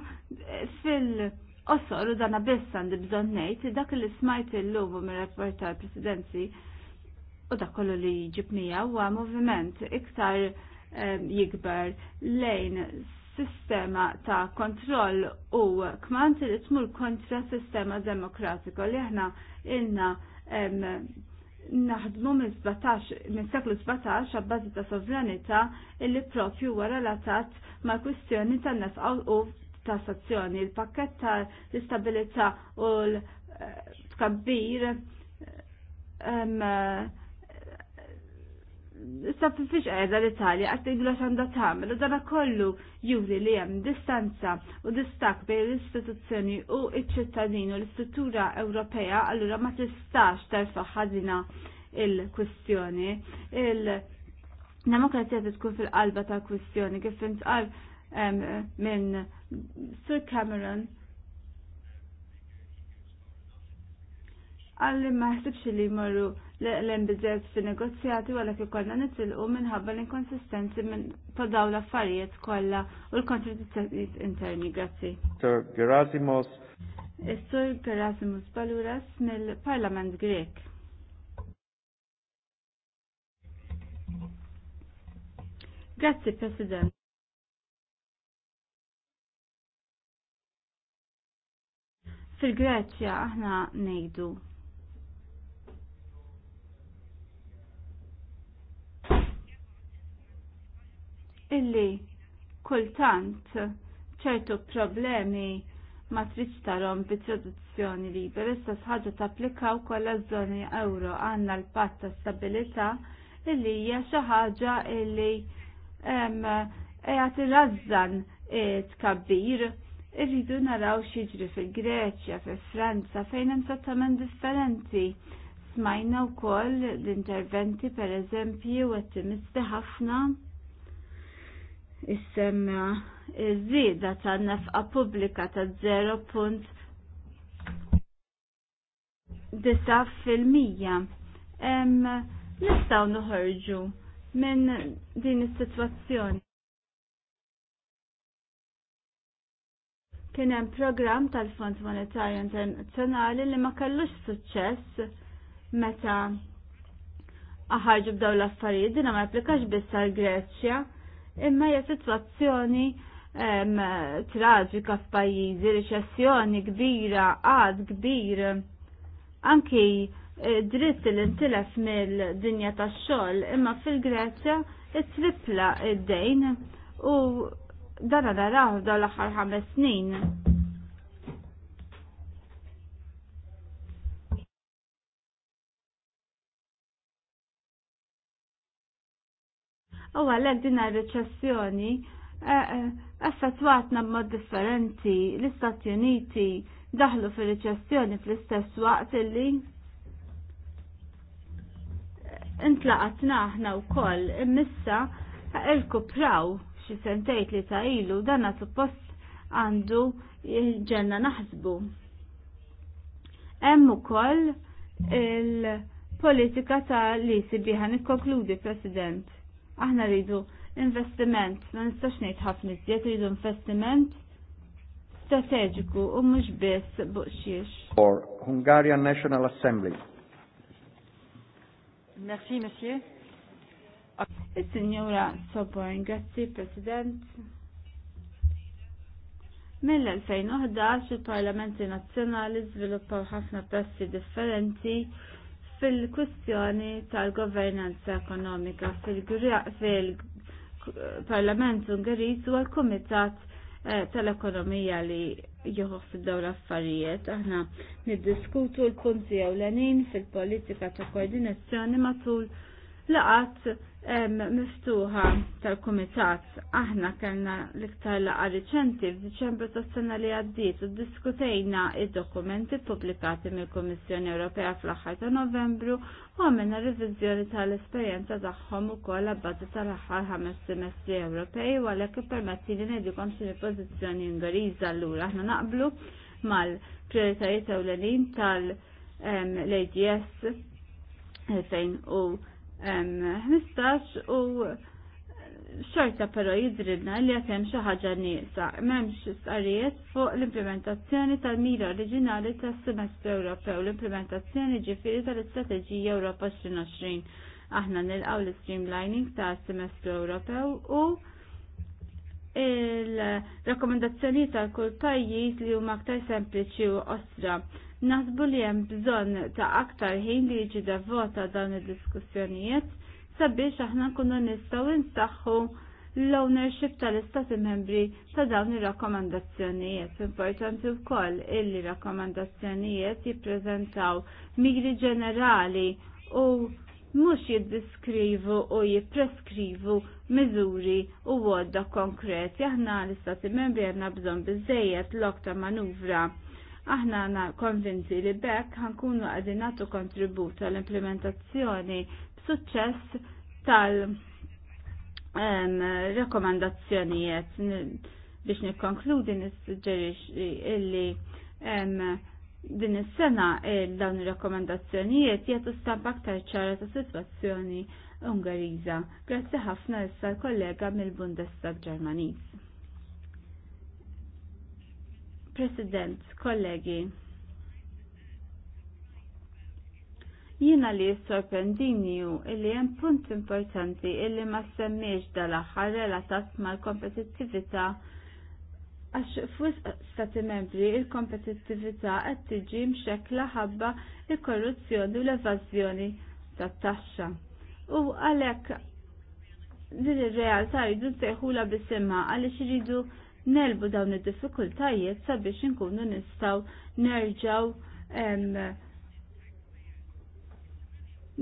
fil- Ossor u dana biss għandi bżon ngħid dak li smajt lubu mir rapport tal-Presidenzi u dak kollu li jġib mija huwa moviment iktar eh, jikber lejn sistema ta' kontroll u kmant li tmur kontra sistema demokratiko li aħna ilna naħdmu minn seklu 17 għabbażi ta' sovranità illi profju wara l-atat ma' kwistjoni ta' nefqa u ta' sazzjoni Il-pakket ta' l-istabilità u l-tkabbir eh, Issa fiex qiegħda l-Italja qed tgħidu għax għandha tagħmel u dan kollu juri li hemm distanza u distak bejn l-istituzzjoni u iċ ċittadin u l-istruttura Ewropea allura ma tistax terfa' ħażina il-kwistjoni. Il-demokrazija tkun fil-qalba tal-kwistjoni kif intqal minn Sir Cameron għalli ma ħsibx li jmorru l-embizzet fi negozjati kif konna nitilqu minħabba l-inkonsistenzi minn ta' daw l-affarijiet kollha u l-kontradizzjonijiet interni. Grazzi. Sir Gerasimos. Is-Sur Gerasimos Baluras mill-Parlament Grek. Grazzi, President. Fil-Greċja aħna nejdu illi kultant ċertu problemi ma tridx tarom bi traduzzjoni libera, issa sħaġa tapplikaw kollha żoni euro għandna l-patt ta' stabilità illi hija xi ħaġa illi qiegħed irrażżan tkabbir. Irridu naraw xiġri fil-Greċja, fil-Franza, fejn hemm trattament differenti. Smajna wkoll l-interventi pereżempju ottimisti ħafna issemma iż-żieda ta' nefqa pubblika ta' 0.9 fil-mija. Nistgħu noħorġu minn din is-sitwazzjoni. Kien hemm programm tal-Fond Monetarju Internazzjonali li ma kellux suċċess meta aħarġu b'daw l-affarijiet din ma applikax biss għal Greċja imma hija sitwazzjoni traġika f'pajjiżi, riċessjoni kbira, għad kbir, anki e, dritt li intilef mill-dinja tax-xogħol, imma fil-Greċja it-tripla id-dejn u dan naraw l aħħar ħames snin u għalhekk din ir-reċessjoni b eh, eh, b'mod differenti l-Istati Uniti daħlu fir-reċessjoni fl-istess waqt illi intlaqatna aħna wkoll immissa irku praw xi sentejt li ta' ilu danna suppost għandu ġenna naħsbu. Hemm ukoll il-politika ta' li sibiħa nikkonkludi President. Aħna rridu investiment, ma nistax ngħid ħafna iżjed rridu investiment strateġiku u mhux biss buqxiex. For Hungarian National Assembly. Merci, monsieur. Is-Sinjura Soborn, grazzi, President. Mill-2011 il-Parlamenti Nazzjonali żviluppaw ħafna prassi differenti fil-kwistjoni tal-governanza ekonomika fil-Parlament Ungeriż u l-Kumitat eh, tal-Ekonomija li joħof fil-dawra affarijiet Aħna niddiskutu l-punti għawlenin fil-politika ta' koordinazzjoni matul laqat miftuħa tal-Kumitat aħna kellna l-iktar laqa riċenti f'Diċembru tas-sena li għaddiet u diskutejna id-dokumenti pubblikati mill-Kummissjoni Ewropea fl-aħħar ta' Novembru u għamilna riviżjoni tal-esperjenza tagħhom ukoll abbażi tal-aħħar ħames semestri Ewropej u għalhekk ippermetti li ngħidilkom xi pożizzjoni Ingoriża allura aħna naqblu mal prioritajiet ewlenin tal ads 2000 u 15 u xorta pero jidrilna li għatem xaħġa nisa, memx starijiet fuq l-implementazzjoni tal-mira oriġinali tas semestru Ewropew, l-implementazzjoni ġifiri tal-Istrateġija Ewropa 2020. Aħna nilqaw l-streamlining tas semestru Ewropew u il rekomendazzjoni tal-kull pajjiż li huma aktar sempliċi u osra Naħsbu li hemm bżonn ta' aktar ħin li jiġi devota dawn id-diskussjonijiet sabiex aħna nkunu nistgħu nsaħħu l-ownership tal-istati membri ta' dawn ir-rakkomandazzjonijiet. Importanti wkoll illi rakkomandazzjonijiet jippreżentaw migri ġenerali u mhux jiddiskrivu u jippreskrivu miżuri u wodda konkreti aħna l-istati membri għandna bżonn biżejjed lok ta' manuvra Aħna għana konvinti li bekk ħankunu għadinatu kontribut għall-implementazzjoni b'suċċess tal-rekomandazzjonijiet biex nikkonkludi nissuġġerixxi illi din is-sena dawn ir-rakkomandazzjonijiet jagħtu stamp aktar ċara ta' sitwazzjoni Ungariża. Grazzi ħafna issa l-kollega mill-Bundestag Ġermaniż. President, kollegi, jina li sorprendini u illi jen punt importanti illi ma semmiġ dal-axar relatat ma l-kompetittivita għax fus stati membri il-kompetittivita għed tiġi mxekla ħabba il-korruzzjoni u l evazzjoni tat taxxa U għalek din il-realtà jridu teħula bisimha għaliex jridu nelbu dawn id-diffikultajiet sabiex inkunu nistaw nerġaw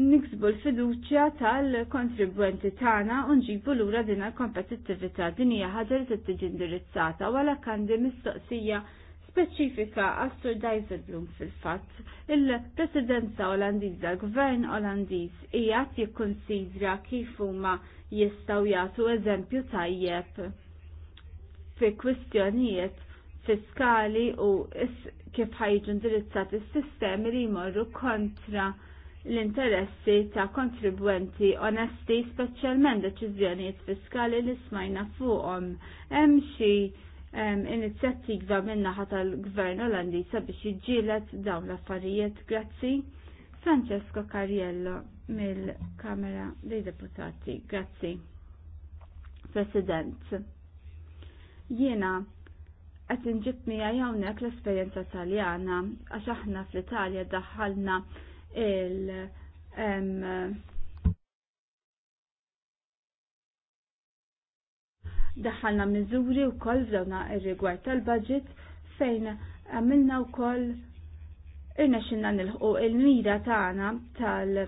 niksbu l-fiduċja tal-kontribwenti tagħna u nġibu lura din il-kompetittività din hija ħaġa li tiġi indirizzata wara kandi mistoqsija speċifika għas-Sur Dijsselbloem fil-fatt. Il-Presidenza Olandiża, l-Gvern Olandiż hija jikkunsidra kif huma jistgħu jagħtu eżempju tajjeb fi kwistjonijiet fiskali u kif ħajġu indirizzati s-sistemi li jmorru kontra l-interessi ta' kontribwenti onesti, speċjalment deċiżjonijiet fiskali li smajna fuqhom. Hemm xi inizjattiva min-naħa tal-Gvern Olandiża biex jiġġieled dawn l-affarijiet. Grazzi. Francesco Carriello mill-Kamera dei Deputati. Grazzi. President. Jiena qed inġib miegħi jawnek l-esperjenza Taljana għax aħna fl-Italja daħħalna il daħħalna miżuri wkoll f'dawna ir-rigward tal-budget fejn għamilna wkoll irnexxinna nilħu il-mira tagħna tal-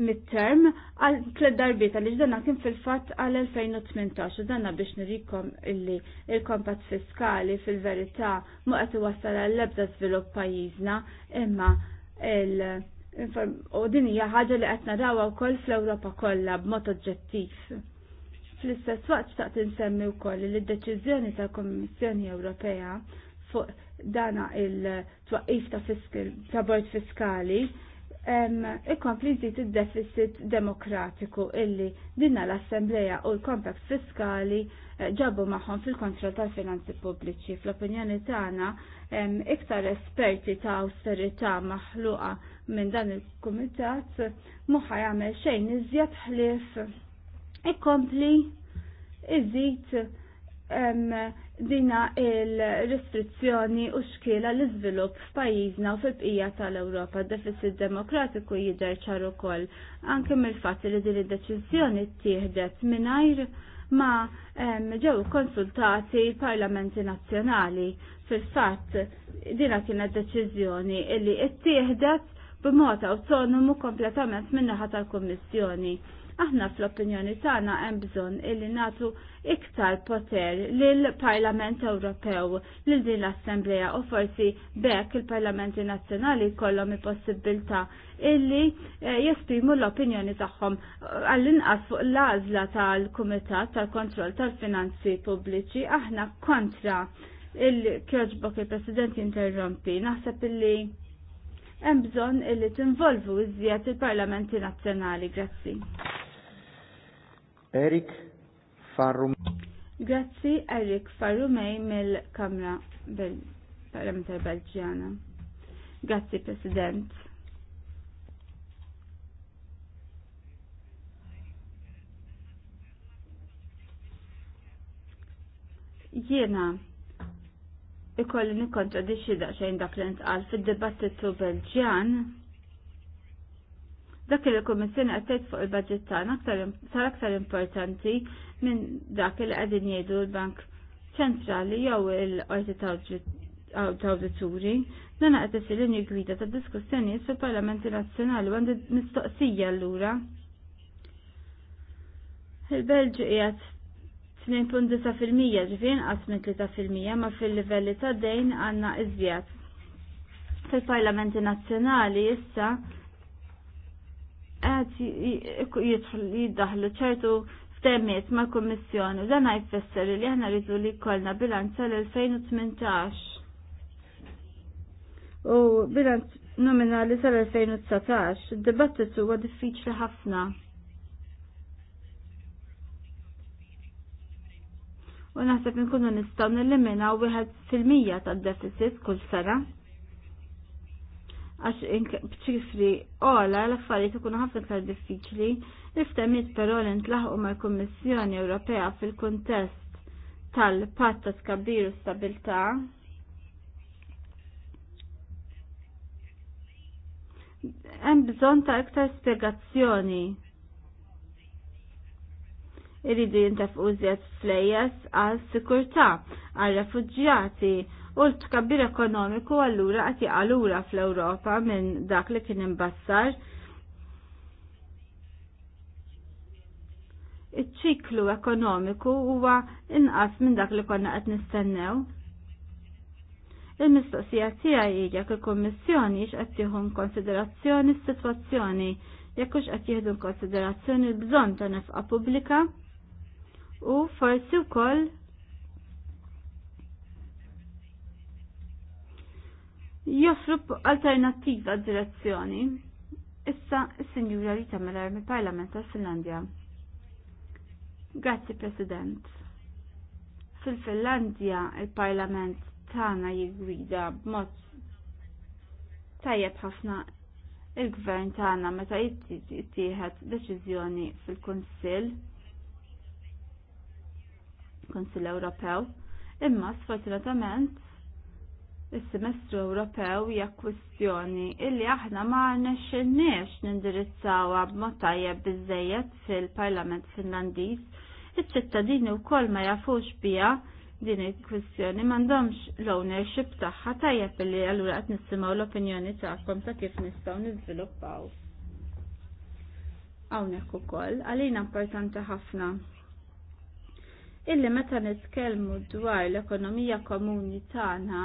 mid-term għal tled darbiet għal danna kien fil-fatt għal 2018 u danna biex nirikom illi il-kompat fiskali fil-verità muqet wassal għal lebda svilupp pajjiżna imma il- u din hija ħaġa li qed narawha wkoll fl-Ewropa kollha b'mod oġġettiv. Fl-istess waqt xtaqt insemmi wkoll li d-deċiżjoni tal-Kummissjoni Ewropea fuq dana il-twaqqif ta' bord fiskali ikompli jżid id-deficit demokratiku illi dinna l-Assembleja u l-Kompakt Fiskali eh, ġabu magħhom fil-kontroll tal-finanzi pubbliċi. Fl-opinjoni tagħna iktar esperti ta' austerità maħluqa minn dan il-Kumitat moħħa jagħmel xejn iżjed ħlief ikkompli iżid dina il-restrizzjoni u xkila l-izvilupp f'pajjiżna u fil-bqija tal-Ewropa deficit demokratiku jidher ċar ukoll anke mill fat li din id-deċiżjoni ttieħdet mingħajr ma ġew konsultati parlamenti nazzjonali fil-fatt dina kienet deċiżjoni li ttieħdet b'mod autonomu kompletament min-naħa tal-Kummissjoni Aħna fl-opinjoni tagħna hemm bżonn illi nagħtu iktar poter lil Parlament Ewropew lil din l-Assembleja u forsi bekk il-Parlamenti Nazzjonali kollhom il-possibilità illi eh, jesprimu l-opinjoni tagħhom eh, għall-inqas fuq l-għażla tal-Kumitat tal-Kontroll tal-Finanzi Pubbliċi aħna kontra il-kjoġbok il-President interrompi naħseb illi hemm bżonn illi tinvolvu iżjed il-Parlamenti Nazzjonali. Grazzi. Erik Farrum. Grazzi Erik Farrumej mill-Kamra Parlamentar Belġjana. Grazzi President. Jiena ikolli nikkontradixxi daqsxejn dak li ntqal fid-dibattitu Belġjan dak li l-Kummissjoni għattajt fuq il-budget tagħna sar aktar importanti minn dak li qegħdin jgħidu l-Bank Ċentrali jew il-Qorti tal-Awdituri. Dan qed isir linju gwida ta' diskussjonijiet fil-Parlamenti Nazzjonali għandi mistoqsija allura. Il-Belġu qiegħed 2.9% ġifien qas minn 3% ma fil-livelli ta' dejn għandna iżjed. Fil-Parlamenti Nazzjonali issa għad jiddaħlu ċertu f'temmiet ma' kommissjoni u dan għajfessar li aħna rridu li kollna bilanz tal 2018 u bilanz nominali sal-2019 id-dibattitu huwa diffiċli ħafna. U naħseb nkunu nistgħu nilliminaw wieħed fil-mija tad-deficit kull sena għax bċifri ola l-affarijiet ikunu ħafna iktar diffiċli, l però li ntlaħqu mal-Kummissjoni Ewropea fil-kuntest tal ta' tkabbir u stabilità. Hemm bżonn ta' iktar spjegazzjoni iridu jintafqu żjed flejjes għal sikurtà għal refuġjati u l-tkabbir ekonomiku allura qed għallura fl-Ewropa minn dak li kien imbassar. Iċ-ċiklu ekonomiku huwa inqas minn dak li konna qed nistennew. Il-mistoqsija tiegħi hija jekk il-Kummissjoni x'qed tieħu konsiderazzjoni s-sitwazzjoni jekk hux qed jieħdu konsiderazzjoni l-bżonn ta' nefqa pubblika u forsi wkoll joffru alternativa direzzjoni. Issa, s-Sinjura Rita tamela mill-Parlament tal-Finlandja. Grazzi, President. Fil-Finlandja, il-Parlament tana jigwida b'mod tajjeb ħafna il-gvern tagħna meta jittieħed deċiżjoni fil-Kunsill Kunsill Ewropew. Imma sfortunatament Is-semestru Ewropew hija kwistjoni illi aħna ma nexxinniex nindirizzawha b'mod tajjeb biżejjed fil-Parlament Finlandiż. Iċ-ċittadini wkoll ma jafux biha din il-kwistjoni m'għandhomx l-ownership tagħha tajjeb billi allura qed nisimgħu l-opinjoni tagħkom ta' kif nistgħu niżviluppaw. Hawnhekk ukoll għalina importanti ħafna illi meta nitkellmu dwar l-ekonomija komuni tagħna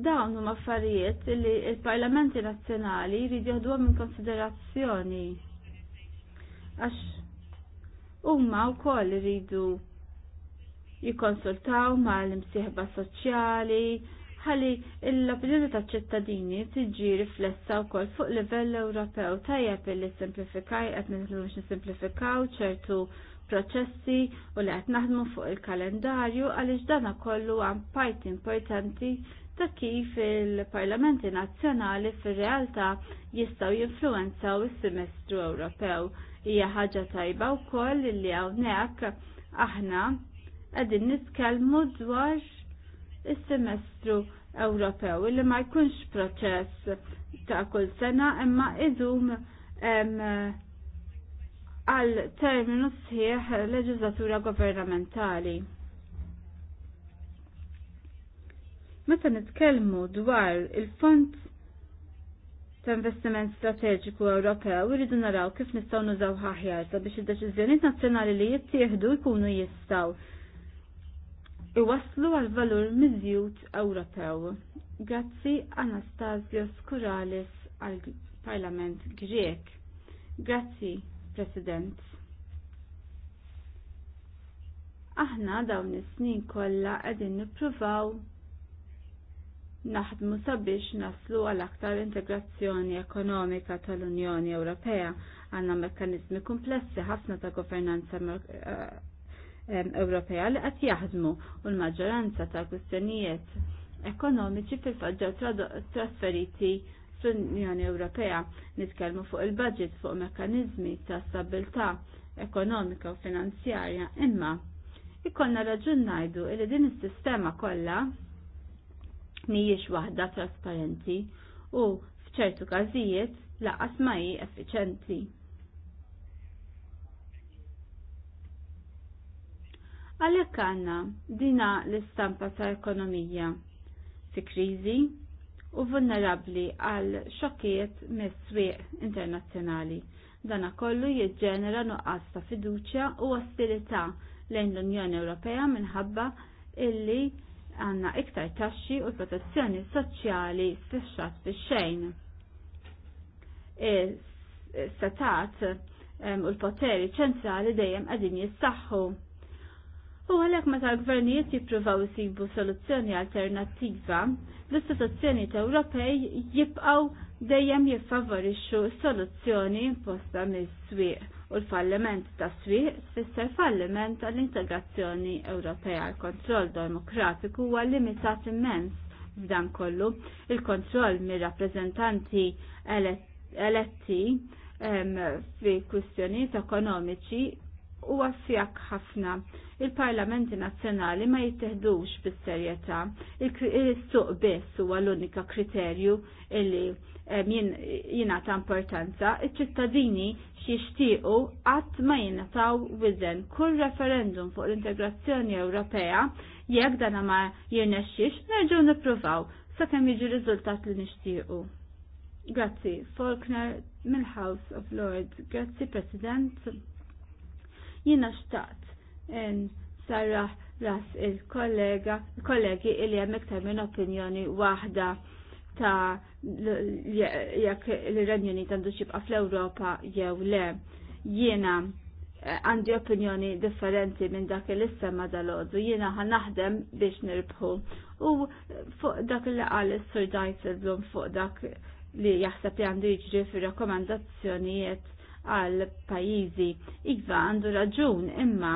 dawn huma affarijiet li l-parlamenti nazzjonali jridu jaħduhom minn konsiderazzjoni għax huma wkoll iridu jikkonsultaw mal-imsieħba soċjali ħalli l-opinjoni ta' ċittadini tiġi riflessa wkoll fuq livell Ewropew tajjeb li simplifikaj qed nitħlux simplifikaw ċertu proċessi u li qed naħdmu fuq il-kalendarju għaliex dan kollu għam parti importanti ta' kif il-parlamenti nazzjonali fir-realtà jistgħu jinfluwenzaw is-semestru Ewropew. Hija ħaġa tajba wkoll li hawnhekk aħna qegħdin nitkellmu dwar is-semestru Ewropew li ma jkunx proċess ta' kull sena imma idum għal terminu sħiħ leġislatura governamentali. Meta nitkellmu dwar il-Fond ta' Investiment Strateġiku Ewropew, irridu naraw kif nistgħu nużaw aħjar sabiex id-deċiżjonijiet nazzjonali li jittieħdu jkunu jistgħu iwaslu għal valur miżjud Ewropew. Grazzi Anastasio Skuralis għal Parlament Grek. Grazzi, President aħna dawn is-snin kollha qegħdin nippruvaw naħdmu sabiex naslu għal aktar integrazzjoni ekonomika tal-Unjoni Ewropea għandna mekkanizmi komplessi ħafna ta' governanza eh, eh, Ewropea li qed jaħdmu u l-maġġoranza ta' kwistjonijiet ekonomiċi fil-faġġa trasferiti fl-Unjoni Ewropea nitkellmu fuq il-budget fuq mekkanizmi ta' stabilità ekonomika u finanzjarja imma ikollna raġun ngħidu li din is-sistema kollha mhijiex waħda trasparenti u f'ċertu każijiet laqas ma hi effiċenti. Għalhekk għandna dina l-istampa ta' ekonomija fi kriżi u vulnerabbli għal xokkijiet mis-swieq internazzjonali. Dana kollu jiġġenera nuqqas ta' fiduċja u ostilità lejn l-Unjoni Ewropea minħabba illi għanna iktar taxxi u protezzjoni soċjali sfixxat fix xejn. Setat u l-poteri ċentrali dejjem qegħdin jissaħħu. U għalhekk meta l-gvernijiet jippruvaw isibu soluzzjoni alternattiva, l-istituzzjoni Ewropej jibqgħu dejjem jiffavorixxu soluzzjoni posta mis-swieq u l-falliment tas swieq tfisser falliment tal-integrazzjoni Ewropea. Il-kontroll demokratiku huwa limitat immens f'dan kollu. Il-kontroll mir rappreżentanti eletti fi kwistjonijiet ekonomiċi huwa fjak ħafna. Il-parlamenti nazzjonali ma jittihdux bis-serjetà. Il-suq biss huwa l-unika kriterju illi jina ta' importanza, iċ-ċittadini xiextiqu għat ma jinataw wizen kull referendum fuq l-integrazzjoni Ewropea jekk dan ma jirnexxix nerġgħu nippruvaw sakemm jiġi riżultat li nixtiequ. Grazzi, Faulkner mill-House of Lords, grazzi President. Jina xtaqt sarraħ ras il-kollega, il kollegi il-jem iktar minn opinjoni waħda ta' jekk l-Renju Unit għandu xibqa fl-Ewropa jew le. Jiena eh, għandi opinjoni differenti minn dak li semma dal-ħodu, jiena naħdem biex nirbħu. U fuq dak li għal Sir Dijsselblom fuq dak li jaħseb li għandu jiġri fir rakkomandazzjonijiet għal pajizi. Iva għandu raġun imma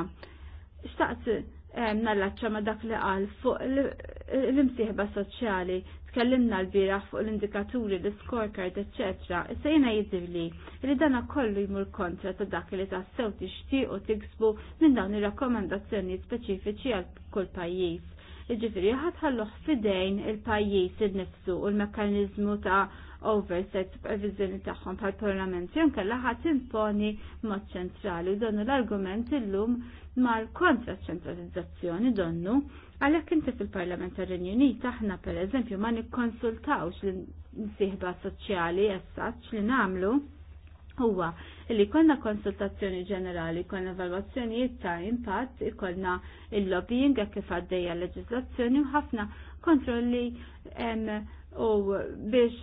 xtaqt eh, nallaċċa ma dak li għal fuq l-imsieħba soċjali tkellimna l-bira fuq l-indikaturi, l-scorecard, etc. Issa jena jidirli li dana kollu jmur kontra ta' dak li ta' sew tixtieq u tiksbu minn dawn ir-rakkomandazzjoni speċifiċi għal kull pajjiż. Iġifiri, ħatħalluħ fidejn il-pajjiż il-nifsu u l-mekkanizmu ta' oversight supervizjoni tagħhom bħal parlament jew kellha imponi mod ċentrali u dan l-argument illum Mal kontra ċentralizzazzjoni donnu għalhekk inti fil-Parlament tar-Renju Unit aħna pereżempju ma nikkonsultawx l-insieħba soċjali essaċ li nagħmlu huwa li konna konsultazzjoni ġenerali, konna evalwazzjonijiet ta' impatt, ikolna il-lobbying kif għaddejja l-leġislazzjoni u ħafna kontrolli u biex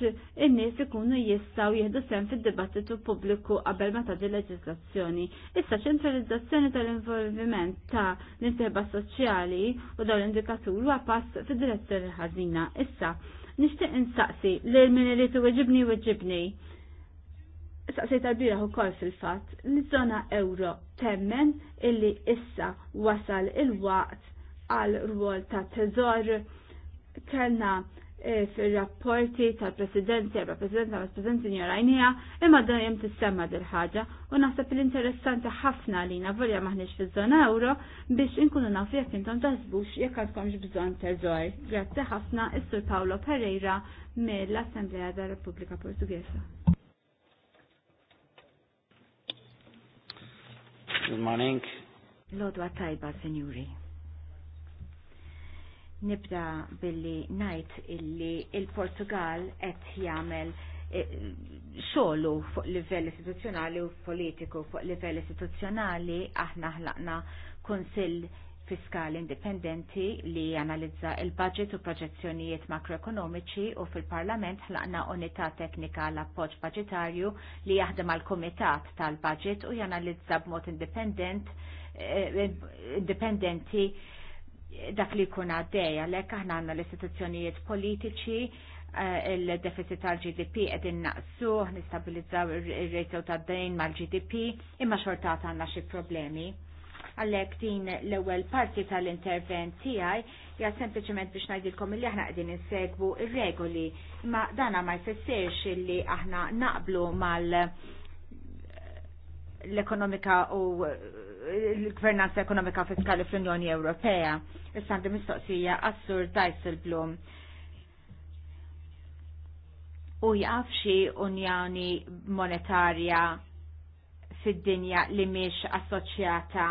in-nies ikunu jistgħu jieħdu sem fid-dibattitu pubbliku qabel ma tagħti leġiżlazzjoni. Issa ċentralizzazzjoni tal-involviment ta' l interba soċjali u dawn l-indikatur huwa pass fid-direzzjoni ħażina. Issa nixtieq insaqsi lil min irid iweġibni weġibni. Saqsejt għalbira ukoll fil-fatt, l-żona euro temmen illi issa wasal il-waqt għal rwol ta' teżor kellna Eh, fil-rapporti tal-presidenti, għal-presidenti, għal-presidenti njorajnija, imma t tissemma dil-ħagġa u naħseb l-interessanti ħafna li volja maħniġ fil-zona euro biex inkunu naf jek intom taħsbux jek għadkomx bżon terżor. Grazie ħafna is-Sur Paolo Pereira mill-Assemblea da Repubblika Portugiesa. Good morning. Lodwa tajba, senjuri. Nibda billi najt illi il-Portugal qed jagħmel e, xogħlu fuq livell istituzzjonali u politiku fuq livell istituzzjonali aħna ħlaqna kunsill fiskali indipendenti li analizza il-budget u proġezzjonijiet makroekonomiċi u fil-Parlament ħlaqna unità teknika l appoġġ budgetarju li jaħdem għal komitat tal-budget u janalizza b'mod indipendent e, indipendenti dak li jkun għaddej għalhekk aħna għandna l-istituzzjonijiet politiċi eh, il-deficit tal-GDP qed naqsu, nistabilizzaw ir-ratio tad-dejn mal-GDP, imma xortat għandna xi problemi għallek din l-ewel parti tal-intervent tijaj, ja sempliciment biex najdilkom li aħna għedin insegwu il-regoli, ma dana ma jfessirx li aħna naqblu mal- l-ekonomika u eh, l-gvernanza ekonomika fiskali fl-Unjoni Ewropea. Issa għandi mistoqsija għassur Dijsselblom. U jaf xi unjoni monetarja fid-dinja li miex assoċjata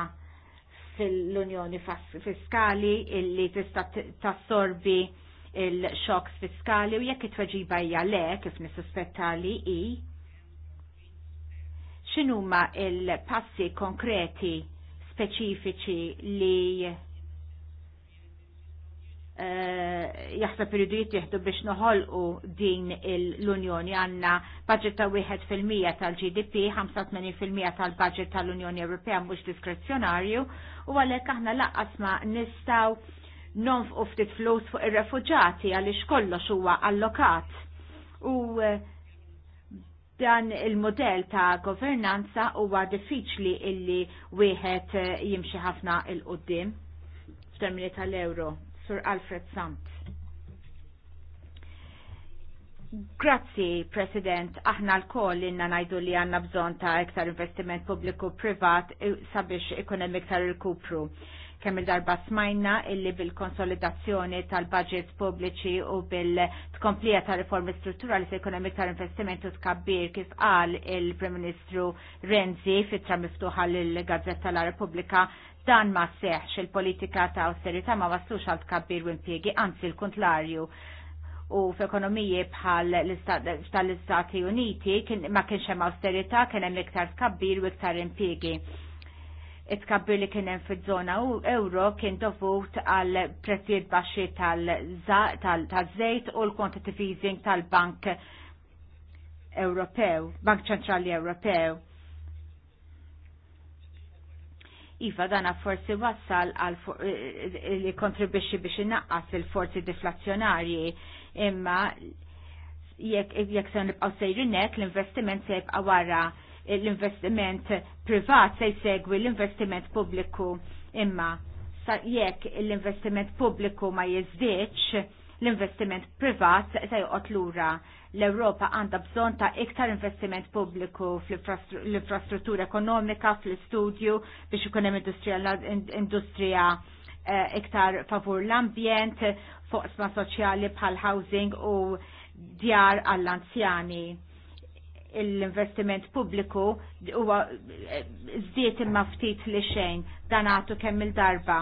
fil-Unjoni Fiskali illi tista' tassorbi il shocks fiskali u jekk it-tweġiba hija le kif li hi x'inhuma il-passi konkreti speċifiċi li uh, jaħseb iridu jittieħdu biex noħolqu din l-Unjoni għandna budget ta' wieħed fil-mija tal-GDP, 85% tal-budget tal-Unjoni Ewropea mhux diskrezzjonarju u għalhekk aħna laqqas ma nistgħu nonfqu ftit flus fuq ir-refuġati għaliex kollox huwa allokat. U uh, dan il-modell ta' governanza huwa diffiċli illi wieħed eh, jimxi ħafna il-qoddim f'termini tal-euro. Sur Alfred Sant. Grazzi, President. Aħna l-koll inna najdu li għanna bżon ta' iktar investiment pubbliku privat eh, sabiex ikun hemm iktar il-kupru. kupru kemm il-darba smajna illi bil-konsolidazzjoni tal-budgets pubbliċi u bil-tkomplija ta' riformi strutturali se jkun hemm iktar investimentu tkabbir kif qal il-Prim Ministru Renzi fitra miftuħa lill-Gazzetta tal repubblika dan ma seħx il-politika ta' austerita ma waslux għal tkabbir u impiegi, anzi l-kontlarju u f'ekonomiji bħal tal-Istati Uniti ma kienx hemm austerità kien hemm iktar tkabbir u iktar impiegi it-kabbir li kienem fil-zona euro kien dovut għal prezzijiet baxxi tal-żejt u l-quantitative easing tal-Bank Ewropew, Bank Ċentrali Ewropew. Iva dana forsi wassal għal eh, eh, li kontribixi biex inaqqas il-forzi deflazzjonarji imma jekk jekk se nibqgħu sejrinek l-investiment se jibqa' wara l-investiment privat se jsegwi l-investiment pubbliku imma jekk l-investiment pubbliku ma jiżdiex l-investiment privat se joqgħod lura. L-Ewropa għandha bżonn ta' iktar investiment pubbliku fl-infrastruttura ekonomika, fl-istudju biex ikun hemm industrija eh, iktar favur l-ambjent, foqsma soċjali bħal housing u djar għall-anzjani l-investiment pubbliku huwa eh, żdiet imma ftit li xejn dan għatu kemm il-darba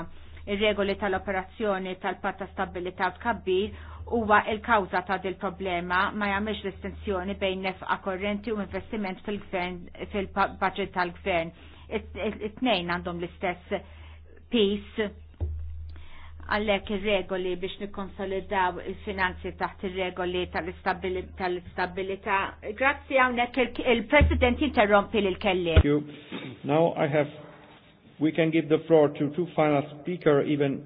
ir-regoli tal-operazzjoni tal-patta stabilità tkabbir huwa l kawża ta' dil problema ma jagħmilx distinzjoni bejn nefqa korrenti u investiment fil-gvern fil-budget tal-gvern. It-tnejn għandhom l-istess peace għallek il-regoli biex nikonsolidaw il-finanzi taħt il-regoli tal-istabilita. Grazzi għawnek il-President interrompi l-kelli. Now I have, we can give the floor to two final speaker, even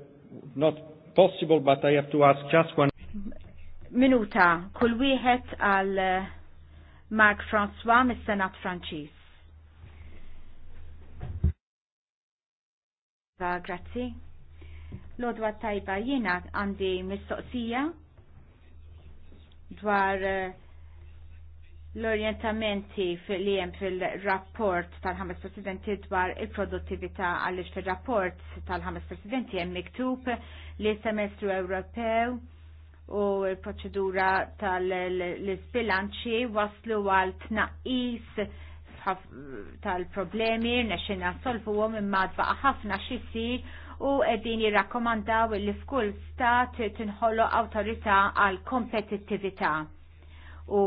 not possible, but I have to ask just one. Minuta, kull wieħed għal eh, Mark François mis-Senat Franċis. Grazie. Lodwa tajba jiena għandi mistoqsija dwar eh, l-orientamenti li jem fil-rapport tal-ħames presidenti dwar il-produttività għalix fil-rapport tal-ħames presidenti jem miktub li semestru Ewropew u il-proċedura tal-sbilanċi waslu għal tnaqis tal-problemi, nexxina solvu għom imma dbaqa ħafna xisir u qegħdin jirrakkomandaw li f'kull stat tinħollu awtorità għal kompetittività u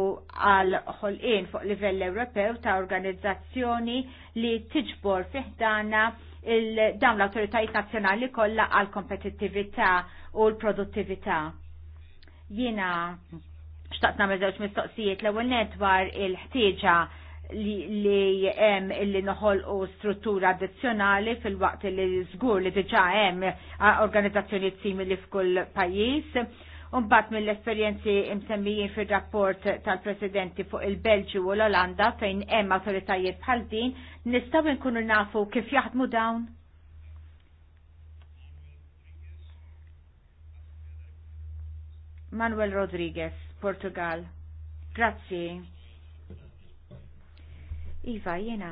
għal ħolqien fuq livell Ewropew ta' organizzazzjoni li tiġbor fiħdana dawn l-autoritajiet nazzjonali kollha għal kompetittività u l-produttività. Jiena xtaqt nagħmel żewġ mistoqsijiet l-ewwel netwar il-ħtieġa li hemm illi u struttura addizzjonali fil-waqt li żgur li diġa' hemm organizzazzjoni simili f'kull pajjiż. Umbat mill-esperienzi imsemmijin fil-rapport tal-presidenti fuq il-Belġu u l-Olanda fejn hemm autoritajiet bħal din, nistgħu nkunu nafu kif jaħdmu dawn? Manuel Rodriguez, Portugal. Grazie. Iva, jena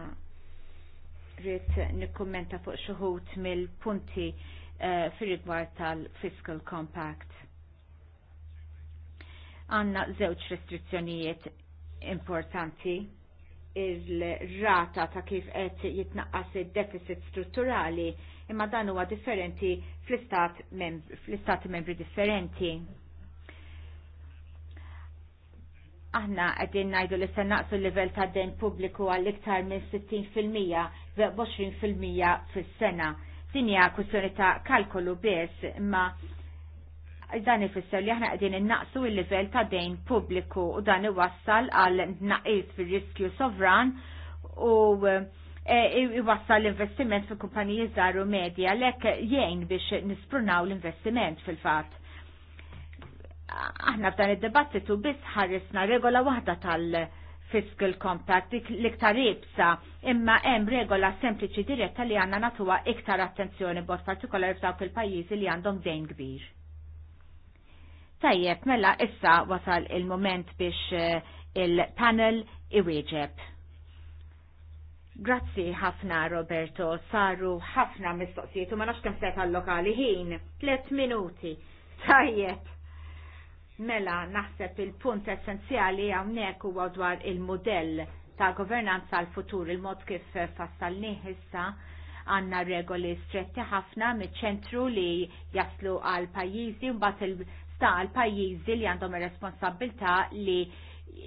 rrit nikkommenta fuq xuħut mill-punti eh, fir-rigward tal-Fiscal Compact. Għanna zewċ restrizzjonijiet importanti il-rata ta' kif qed jitnaqqas id-deficit strutturali imma dan huwa differenti fl-istat membri, fl-istat membri differenti aħna għedin najdu li sen naqsu l-level ta' den publiku għall-iktar minn 60% 20% fis-sena. Din hija kwistjoni ta' kalkolu biss, imma dan ifisser li aħna qegħdin innaqsu l-livell ta' dejn pubbliku u dan iwassal għal naqis fir-riskju sovran u e, iwassal l-investiment fil kumpaniji żgħar u medja lek jgħin biex nisprunaw l-investiment fil-fatt aħna f'dan id-dibattitu biss ħarrisna regola waħda tal-fiscal compact l-iktar ibsa imma hemm regola sempliċi diretta li għandna natuwa iktar attenzjoni b'mod partikolari f'dawk il-pajjiżi li għandhom dejn kbir. Tajjeb, mela issa wasal il-moment biex eh, il-panel iwieġeb. Grazzi ħafna Roberto, saru ħafna mistoqsijiet u ma nafx kemm se lokali ħin, tliet minuti. Tajjeb. Mela naħseb il-punt essenzjali hawnhekk huwa dwar il-modell ta' governanza għal futur il-mod kif fassalni issa għanna regoli stretti ħafna mit-ċentru li jaslu għal pajjiżi mbagħad il-sta għal pajjiżi li għandhom ir-responsabilità li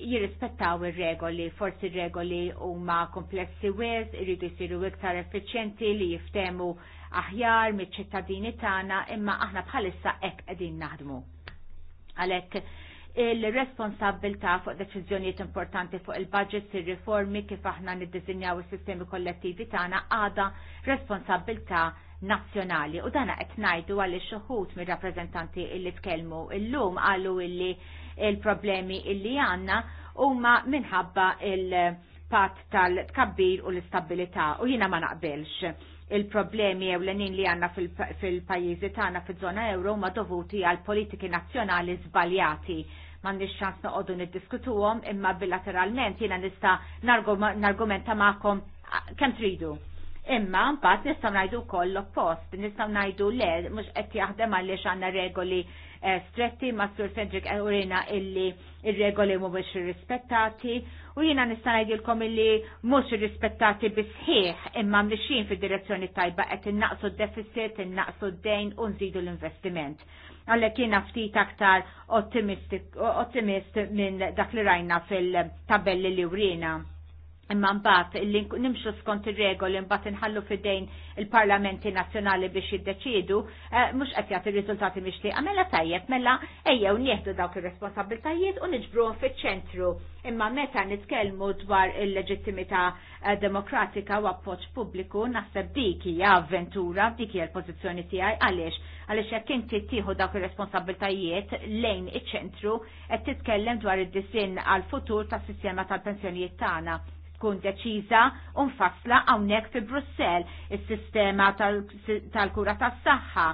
jirrispettaw ir-regoli, forsi regoli huma komplessi wez, irridu jisiru iktar effiċjenti li jiftemu aħjar miċ-ċittadini tagħna, imma aħna bħalissa hekk qegħdin naħdmu għalek il-responsabilta fuq deċiżjonijiet importanti fuq il-budgets, il-riformi kif aħna niddisinjaw is-sistemi kollettivi tagħna għada responsabilta nazzjonali. U dana qed ngħidu għalli xuħut mir-rappreżentanti illi tkellmu illum qalu illi il-problemi illi għandna huma minħabba il-patt tal-tkabbir u l-istabilità u jiena ma naqbilx il-problemi ewlenin li għanna fil-pajizi tagħna fiż-żona euro ma dovuti għal politiki nazzjonali żbaljati. M'għandix ċans noqogħdu niddiskutuhom imma bilateralment jiena nista' nargumenta magħkom kemm tridu. Imma mbagħad nistgħu ngħidu wkoll l-oppost, nistgħu ngħidu le mhux qed jaħdem għaliex għandna regoli eh, stretti ma' Sur Cedric Urina illi ir-regoli mhumiex irrispettati u jiena nista' ngħidilkom illi mhux irrispettati bisħiħ imma mixin fid-direzzjoni tajba qed innaqsu d-deficit, innaqsu d-dejn u nżidu l-investiment. Għalhekk jiena ftit aktar ottimist minn dak li rajna fil-tabelli li urina. Imma mbagħad li nimxu skont ir-regoli mbagħad inħallu fidejn il-Parlamenti Nazzjonali biex jiddeċiedu, eh, mhux qed jagħti r-riżultati mixtieqa mela tajjeb mela ejjew nieħdu dawk ir-responsabbiltajiet u niġbruhom fiċ-ċentru. Imma meta nitkellmu dwar il-leġittimità eh, demokratika u appoġġ pubbliku naħseb dik hija avventura, dik hija l-pożizzjoni tiegħi għaliex għaliex jekk inti tieħu dawk ir-responsabbiltajiet lejn iċ-ċentru qed titkellem dwar id-disinn għal futur tas-sistema tal-pensjonijiet tagħna tkun deċiża u nfassla hawnhekk fi Brussell is-sistema tal-kura tas-saħħa. tal kura tas saħħa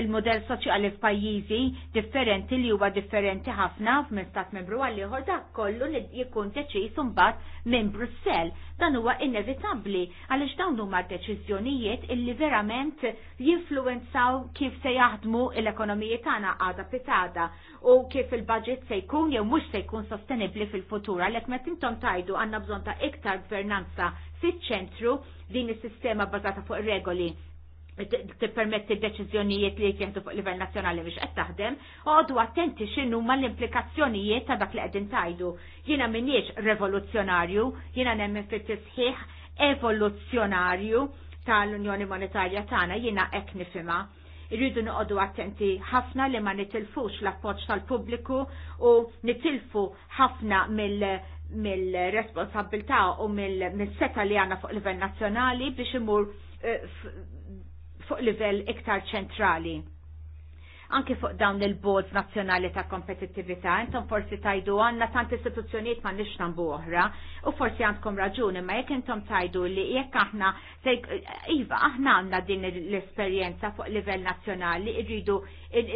il-modell soċjali f'pajjiżi differenti li huwa differenti ħafna minn stat membru għal ieħor dak kollu li jkun deċiż imbagħad minn Brussell. Dan huwa inevitabbli għaliex dawn huma deċiżjonijiet illi verament jinfluwenzaw kif se jaħdmu l-ekonomiji tagħna għada pitada u kif il-budget se jkun jew mhux se jkun sostenibbli fil-futur għalhekk meta intom tajdu għandna bżonn ta' iktar gvernanza fiċ-ċentru din is-sistema bbażata fuq regoli tippermetti deċiżjonijiet li jtieħdu fuq livell nazzjonali biex qed taħdem, għodu attenti x'inhu ma l-implikazzjonijiet ta' dak li qegħdin tajdu. Jiena minniex revoluzzjonarju, jiena nemmen fit-tisħiħ evoluzzjonarju tal-Unjoni Monetarja tagħna jiena hekk nifhimha irridu noqogħdu attenti ħafna li ma nitilfux l-appoġġ tal-pubbliku u nitilfu ħafna mill mill-responsabilità u mill-seta li għanna fuq livell nazzjonali biex imur eh, fuq livell iktar ċentrali. Anki fuq dawn il-boards nazzjonali ta' kompetittività, intom forsi tajdu għanna tant istituzzjonijiet ma' nishtan tambu oħra, u forsi għandkom raġuni, ma' jek intom tajdu li jekk aħna, iva, aħna għanna din l-esperienza fuq livell nazzjonali, irridu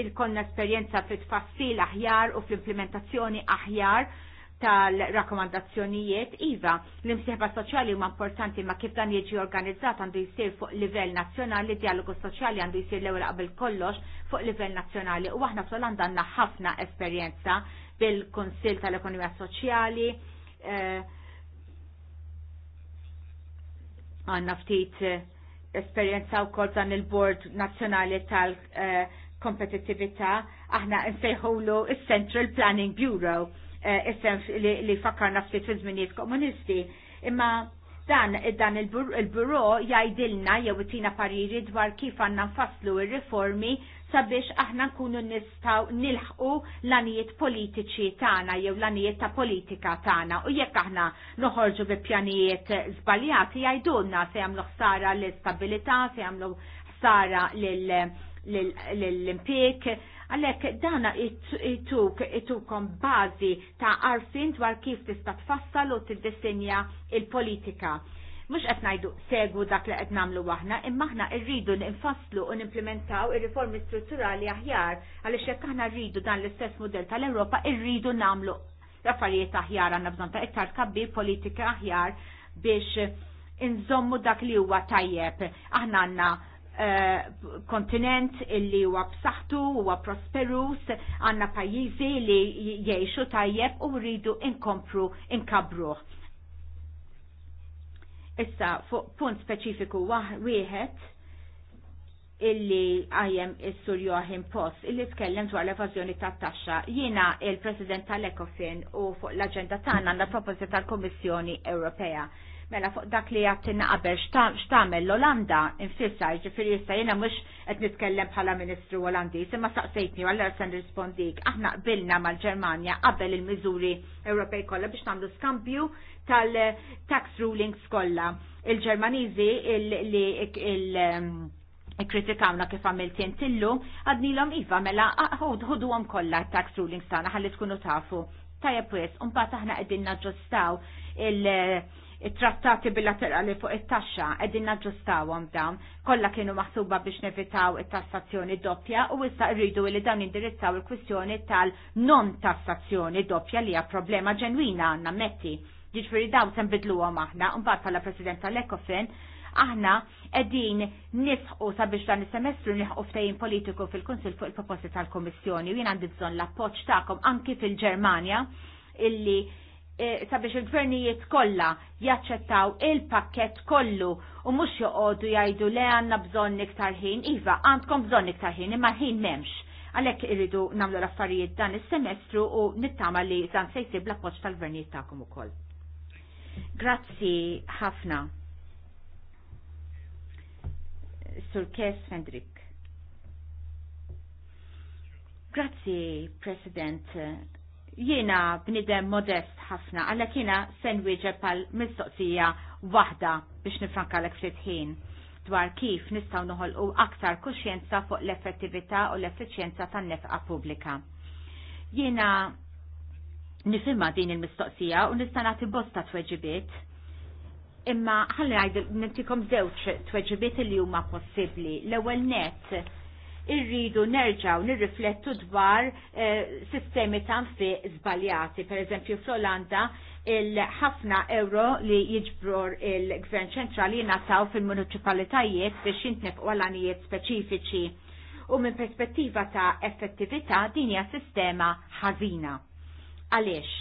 il-konna esperienza fit-fassil aħjar u fl-implementazzjoni aħjar, tal-rakkomandazzjonijiet iva l-imsieħba soċjali huma importanti ma kif dan jiġi organizzat għandu jsir fuq livell nazzjonali, dialogu soċjali għandu jsir l-ewwel qabel kollox fuq livell nazzjonali u aħna fl-Olanda għandna ħafna esperjenza bil-Kunsill tal-Ekonomija Soċjali eh, għanna ftit eh, esperjenza wkoll dan il-Bord Nazzjonali tal- eh, kompetittività aħna nsejħulu il-Central Planning Bureau issem eh, li fakkarna ftit fil-żminijiet komunisti. Imma dan dan il-buro jgħidilna jew itina pariri dwar kif għandna nfasslu il riformi sabiex aħna nkunu nistgħu nilħqu l-anijiet politiċi tagħna jew l-anijiet ta' politika tagħna u jekk aħna noħorġu bi pjanijiet żbaljati jgħidulna se jagħmlu ħsara l-istabilità, se jagħmlu ħsara lill l-impik Għalhekk dana ituk itukom bażi ta' arfin dwar kif tista' tfassal u tiddisinja il-politika mux qed ngħidu segwu dak li qed nagħmlu aħna, imma aħna rridu ninfasslu u nimplementaw ir-riformi strutturali aħjar għaliex jekk aħna rridu dan l-istess mudell tal-Ewropa rridu nagħmlu affarijiet aħjar għandna bżonn ta' iktar kabbi politika aħjar biex inżommu dak li huwa tajjeb. Aħna għandna kontinent illi huwa b'saħħtu huwa prosperus, għandna pajjiżi li jgħixu tajjeb u rridu inkompru inkabruh. Issa fuq punt speċifiku wieħed illi għajem is sur Joachim Post illi tkellem dwar l evażjoni tat taxxa. Jiena il-President tal-Ecofin u fuq l aġenda tagħna għandna proposti tal kummissjoni Ewropea Mela fuq dak li jattinna qabel xtamel l-Olanda infissa ġifiri jista jena mux qed nitkellem bħala Ministru Olandi, imma saqsejtni għallar sen rispondik. Aħna qbilna mal-Ġermanja qabel il-miżuri Ewropej kollha biex nagħmlu skambju tal-tax rulings kollha. Il-Ġermaniżi li il um, kritikawna kif għamilt tillu, għadnilom iva mela ħodu għom kolla tax rulings tana ħalli tkunu tafu. Tajab un unbat aħna għedin naġġustaw it-trattati bilaterali fuq it-taxxa qegħdin naġġustawhom dawn, kollha kienu maħsuba biex nevitaw it-tassazzjoni doppja u issa rridu li dawn indirizzaw il-kwistjoni tal-non tassazzjoni doppja li hija problema ġenwina għandna metti. Jiġifieri dawn se nbidluhom aħna, mbagħad bħala President tal ecofin aħna qegħdin nisħu sabiex dan is-semestru nisħu ftehim politiku fil-Kunsil fuq il-proposti tal kummissjoni u jien għandi bżonn l-appoġġ tagħkom anki fil-Ġermanja illi E, sabiex il-gvernijiet kollha jaċċettaw il-pakket kollu u mhux joqogħdu jgħidu le għandna bżonn iktar ħin, iva għandkom bżonn iktar ħin imma ħin m'hemmx. Għalhekk irridu nagħmlu l-affarijiet dan is-semestru u nittama li dan se jsib l-appoġġ tal-gvernijiet tagħkom ukoll. Grazzi ħafna. Sur Kes Fendrik. Grazzi, President jiena bnidem modest ħafna, għalla kiena sen wieġeb pal mistoqsija wahda biex nifrankalek l ħin dwar kif nistaw noħolqu aktar kuxjenza fuq l-effettività u l-effiċjenza tan-nefqa pubblika. Jiena nifimma din il-mistoqsija u nista' nagħti bosta tweġibiet. Imma ħalli ngħid nintikom żewġ tweġibiet li huma possibbli. L-ewwel net irridu nerġaw nirriflettu dwar eh, sistemi ta' fi zbaljati. Per eżempju, fl-Olanda il-ħafna euro li jiġbror il-Gvern ċentrali nataw fil-municipalitajiet biex jintnef għalanijiet speċifiċi. U minn perspettiva ta' effettività din hija sistema ħazina. Għaliex?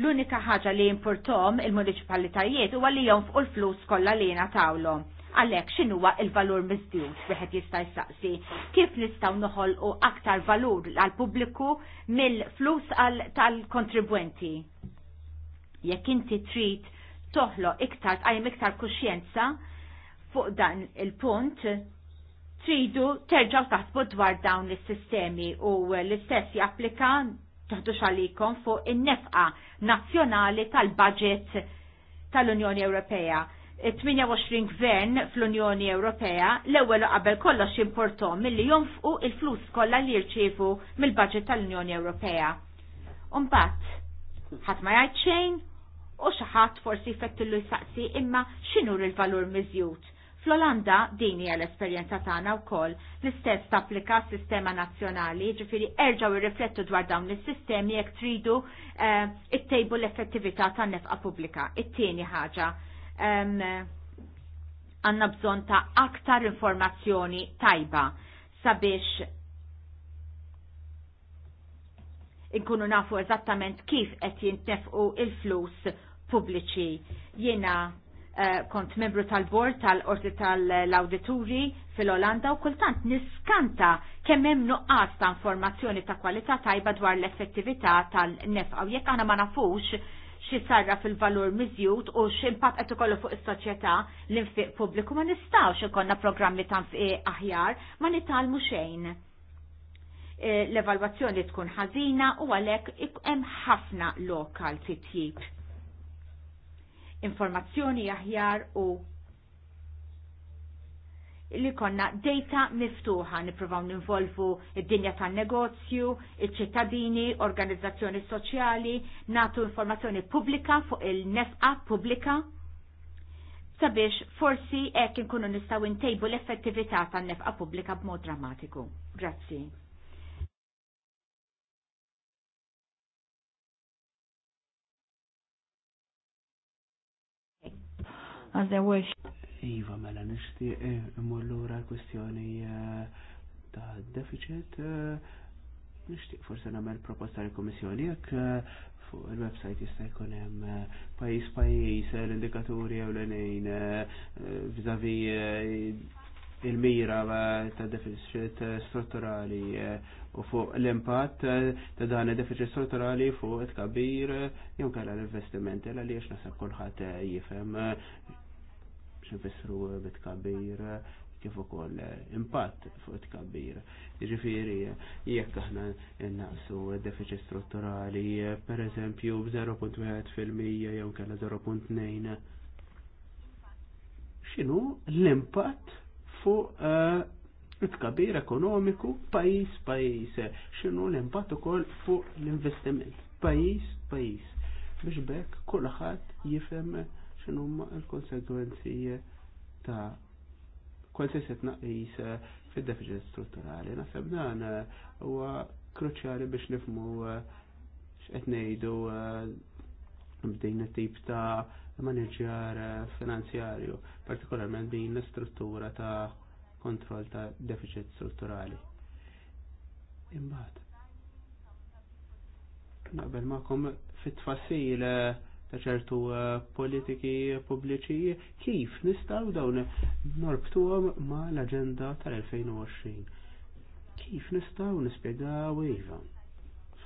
L-unika ħaġa li importom il-municipalitajiet huwa li fuq l-flus kollha li natawlhom Għalhekk x'inhuwa il-valur miżjud wieħed jista' jsaqsi kif nistgħu noħolqu aktar valur għal pubbliku mill-flus tal-kontribwenti. Jekk inti trid toħlo iktar tqajjem iktar kuxjenza fuq dan il-punt tridu terġaw taħsbu dwar dawn is-sistemi u l-istess japplika taħdux għalikom fuq in-nefqa nazzjonali tal-budget tal-Unjoni Ewropea. 28 gvern fl-Unjoni Ewropea l-ewwel qabel kollox mill milli jonfqu il-flus kollha li jirċievu mill-budget tal-Unjoni Ewropea. Umbat, ħadd ma jgħid xejn u xi ħadd forsi jfettillu jsaqsi imma x'inhu l-valur miżjud. Fl-Olanda din hija l-esperjenza tagħna wkoll l-istess tapplika sistema nazzjonali, ġifieri erġgħu irriflettu dwar dawn is-sistemi jekk tridu eh, it-tejbu l-effettività tan-nefqa pubblika. It-tieni ħaġa għanna bżon ta' aktar informazzjoni tajba sabiex inkunu nafu eżattament kif qed jintnefqu il-flus pubbliċi. Jiena uh, kont membru tal-bord tal-orti tal-awdituri fil-Olanda u kultant niskanta kemm hemm nuqqas ta' informazzjoni ta' kwalità tajba dwar l-effettività tal-nefqa u jekk aħna ma nafux xi sarra fil-valur miżjud u x'impatt qed ikollu fuq is-soċjetà l-infiq pubbliku ma nistgħux ikollna programmi tanfiq aħjar ma nitalmu xejn. E, l-evalwazzjoni tkun ħażina u għalhekk hemm ħafna lokal titjib. Informazzjoni aħjar u li konna data miftuħa niprofaw ninvolvu id-dinja tan negozju iċ-ċittadini, organizzazzjoni soċjali, natu informazzjoni pubblika fuq il-nefqa pubblika sabiex forsi hekk inkunu nistgħu ntejbu l-effettività tan-nefqa pubblika b'mod drammatiku. Grazzi. As they wish. Iva, mela nishti eh, immullura l-kwestjoni eh, ta' deficit. Eh, nishti forse namel proposta l-Komissjoni jek fuq il-websajt jista' jkun hemm pajjiż pajjiż l-indikaturi jew l enejn vizavi il-mira ta' deficit strutturali u fuq l-impatt ta' dan deficit strutturali fuq il kabir jew kalla l-investimenti għaliex nasab kulħadd jifhem xifisru bitkabir kif ukoll impatt fuq it-kabbir. Jiġifieri jekk aħna innaqsu deficit strutturali pereżempju b'0.1 fil-mija jew kellha 0.2 x'inhu l-impatt fuq eh, it-kabbir ekonomiku pajjiż pajjiż, x'inhu l-impatt ukoll fuq l-investiment pajjiż pajjiż biex bekk kulħadd jifhem x'inhuma l-konsegwenzi ta' kwalsiasi tnaqqis eh, fid-deficit strutturali. Naħseb dan eh, huwa kruċjali biex nifmu eh, x'qed ngħidu b'din it-tip ta' manager finanzjarju, partikolarment din l-istruttura ta' kontroll ta' deficit strutturali. Imbagħad. Naqbel kom fit-tfassil ta' ċertu eh, politiki pubbliċi kif nistaw dawn norbtuhom ma' l-aġenda tal-2020. Kif nistgħu nispjegaw iva?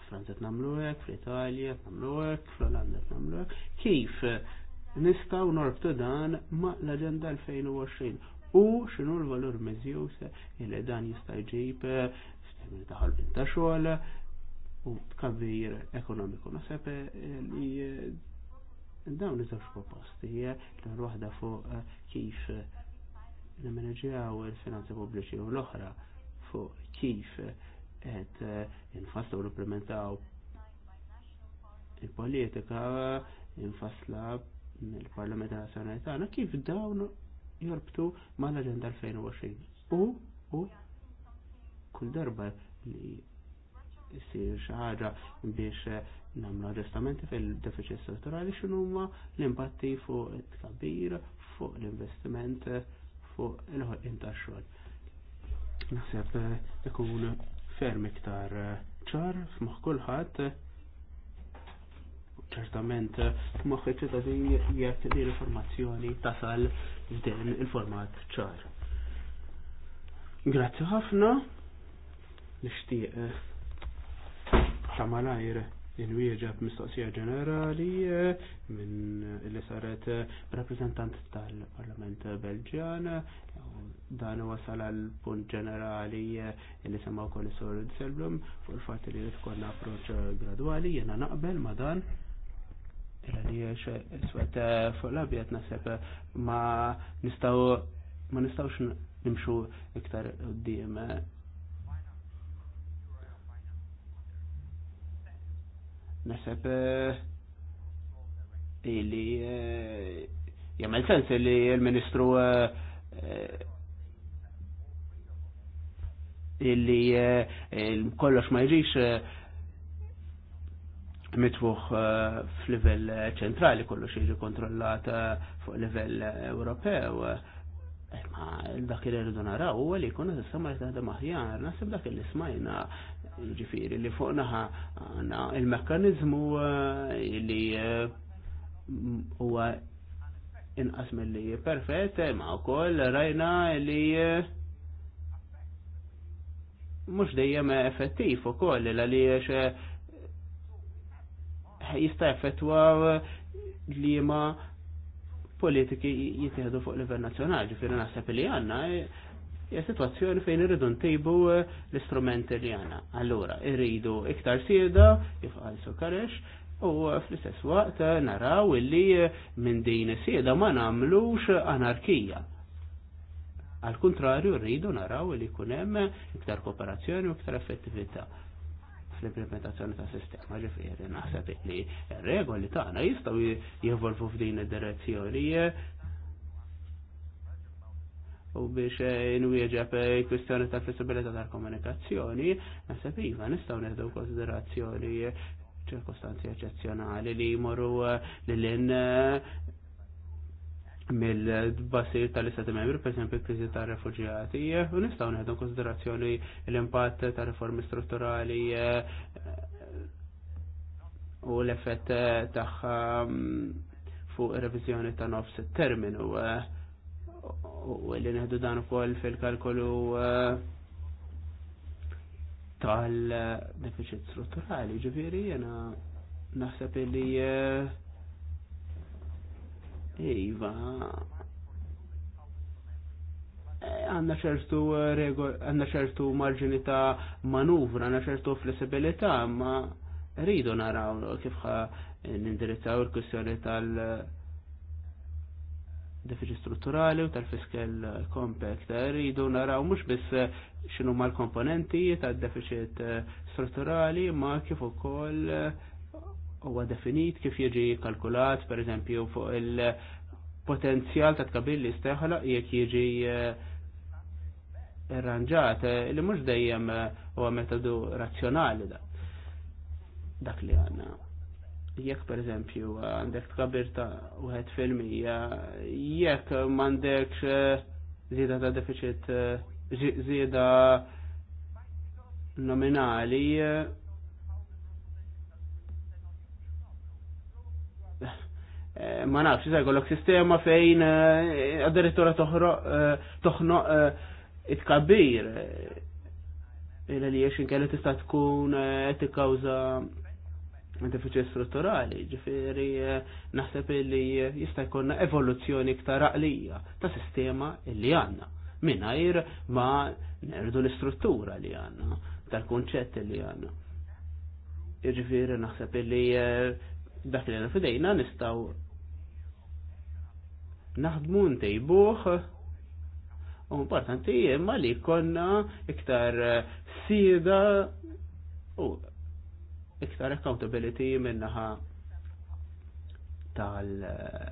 Franza tnamlu hekk, fl-Italja tnamlu hekk, fl-Olanda tnamlu hekk. Kif eh, nistaw norbtu dan ma' l-aġenda 2020 u x'inhu l-valur miżjus li dan jista' jġib eh, taħol ta' xogħol u tkabbir ekonomiku. Naħseb li Dawn iż-żewġ proposti eh, l waħda fuq eh, kif l-manager eh, u l finanzi pubbliċi u l-oħra fuq kif et infaslu u implementaw il-politika infasla il parlament Nazjonali tagħna kif dawn jorbtu mal-Aġenda 2020. U u kull darba li jisir xi ħaġa biex nagħmlu aġġustamenti fil-deficit strutturali x'inhuma l-impatti fuq it-tkabbir, fuq l-investiment, fuq il-ħolqien tax-xogħol. Naħseb eh, ikun ferm iktar eh, ċar f'moħħ kulħadd ċertament iċ ċittadini jekk din l-informazzjoni tasal f'din il-format ċar. Grazzi ħafna. Nixtieq eh, ta' malajr il-wieġeb mistoqsija ġenerali eh, minn li saret eh, rappresentant tal-Parlament Belġjan dan wasal għal punt ġenerali eh, li semaw kol sur Selblum fuq il-fatt li tkun approċ gradwali jena naqbel ma dan li s-swet fuq l-abjad ma nistaw ma nistawx nimxu iktar d Naseb eh, illi eh, jagħmel sens li eh, il ministru illi kollox ma jiġix mitfuħ fil-level ċentrali kollox jiġi kontrollat fuq livell Ewropew. Ma dak li rridu naraw huwa li jkun sistema li taħdem aħjar, nasib dak li smajna ġifiri li fuq għana il-mekkaniżmu eh, li eh, huwa inqas mill-li perfett, ma wkoll rajna li eh, mhux dejjem effettiv ukoll għaliex jista' effettwa li ma' politiki jittieħdu fuq livell nazzjonali, ġifiri naħseb li għandna eh, hija sitwazzjoni fejn irridu ntejbu eh, l-istrumenti li għandna. Allura, irridu iktar sieda, jifqal għalsu karex, u eh, fl-istess waqt naraw illi minn din sieda ma nagħmlux anarkija. Al kontrarju rridu naraw li jkun hemm iktar kooperazzjoni u iktar effettività fl-implementazzjoni ta' sistema ġifieri naħseb li regoli tagħna jistgħu jevolvu f'din id-direzzjoni u biex eh, inwieġeb eh, kwistjoni ta' flessibilità tal-komunikazzjoni, naħseb iva nistgħu neħdu konsiderazzjoni eh, ċirkostanzi eccezzjonali li jmorru lil mill-basir tal-Istati Membri, per esempio kriżi ta' refugjati, u nistgħu neħdu konsiderazzjoni l-impatt ta' riformi strutturali eh, u l-effett eh, tagħha mm, fuq revizjoni ta' nofs terminu eh, u li neħdu dan ukoll fil-kalkolu tal-deficit strutturali, ġifieri jena naħseb li Iva, eh, għanna ċertu eh, għanna ċertu marġini ta' manuvra, għanna ċertu flessibilità, ma rridu naraw kif nindirizzaw il kussjoni tal- eh, deficit strutturali u tal-fiskal compact. Rridu naraw mhux biss xinu l komponenti tad deficit strutturali ma kif ukoll huwa definit kif jiġi kalkulat, per eżempju, fuq il-potenzjal ta' tkabil li steħla jekk jiġi eh, irranġat eh, li mhux dejjem eh, huwa metodu razzjonali da. Dak li għandna. Jekk per eżempju għandek tkabir ta' wieħed filmija, jekk m'għandekx zida ta' deficit zida nominali Eh, ma nafx, iżda jkollok sistema fejn eh, addirittura direttura eh, toħnoq it tkabbir Illa li jiexin tista' tkun tikkawża diffiċi strutturali, ġifiri naħseb li jista' jkollna evoluzzjoni iktar għalija ta' sistema li għandna mingħajr ma nerdu l-istruttura li għandna tal-kunċett li għandna. Ġifiri naħseb li dak li għandna fidejna nistgħu naħdmu ntejbuħ u importanti imma li konna iktar eh, sida u iktar accountability minnaħa tal eh,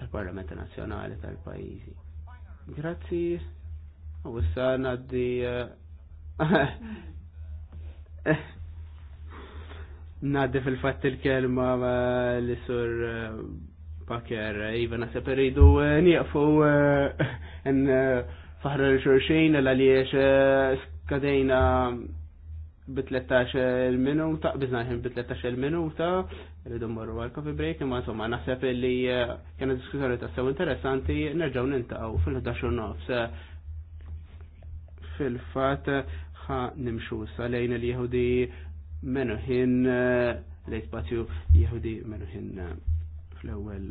tal-Parlament Nazzjonali tal-pajjiżi. Grazzi. U issa ngħaddi eh, <laughs> Naddi fil-fatt il-kelma l-sur pakker, jiva nasib rridu eh, nieqfu eh, <laughs> n eh, faħra l-xurxin l-għaliex skadejna b-13 minuta biznaħin b-13 minuta rridu morru għal-coffee break, ma insomma naħseb li kena diskussjoni ta' sew interessanti, nerġaw nintaw fil-11 nofs. Fil-fat, xa nimxu salajn l-jihudi menuħin l-spazju Jehudi menuħin fl-ewwel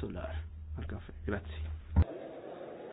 solar għal-kafe. Grazzi.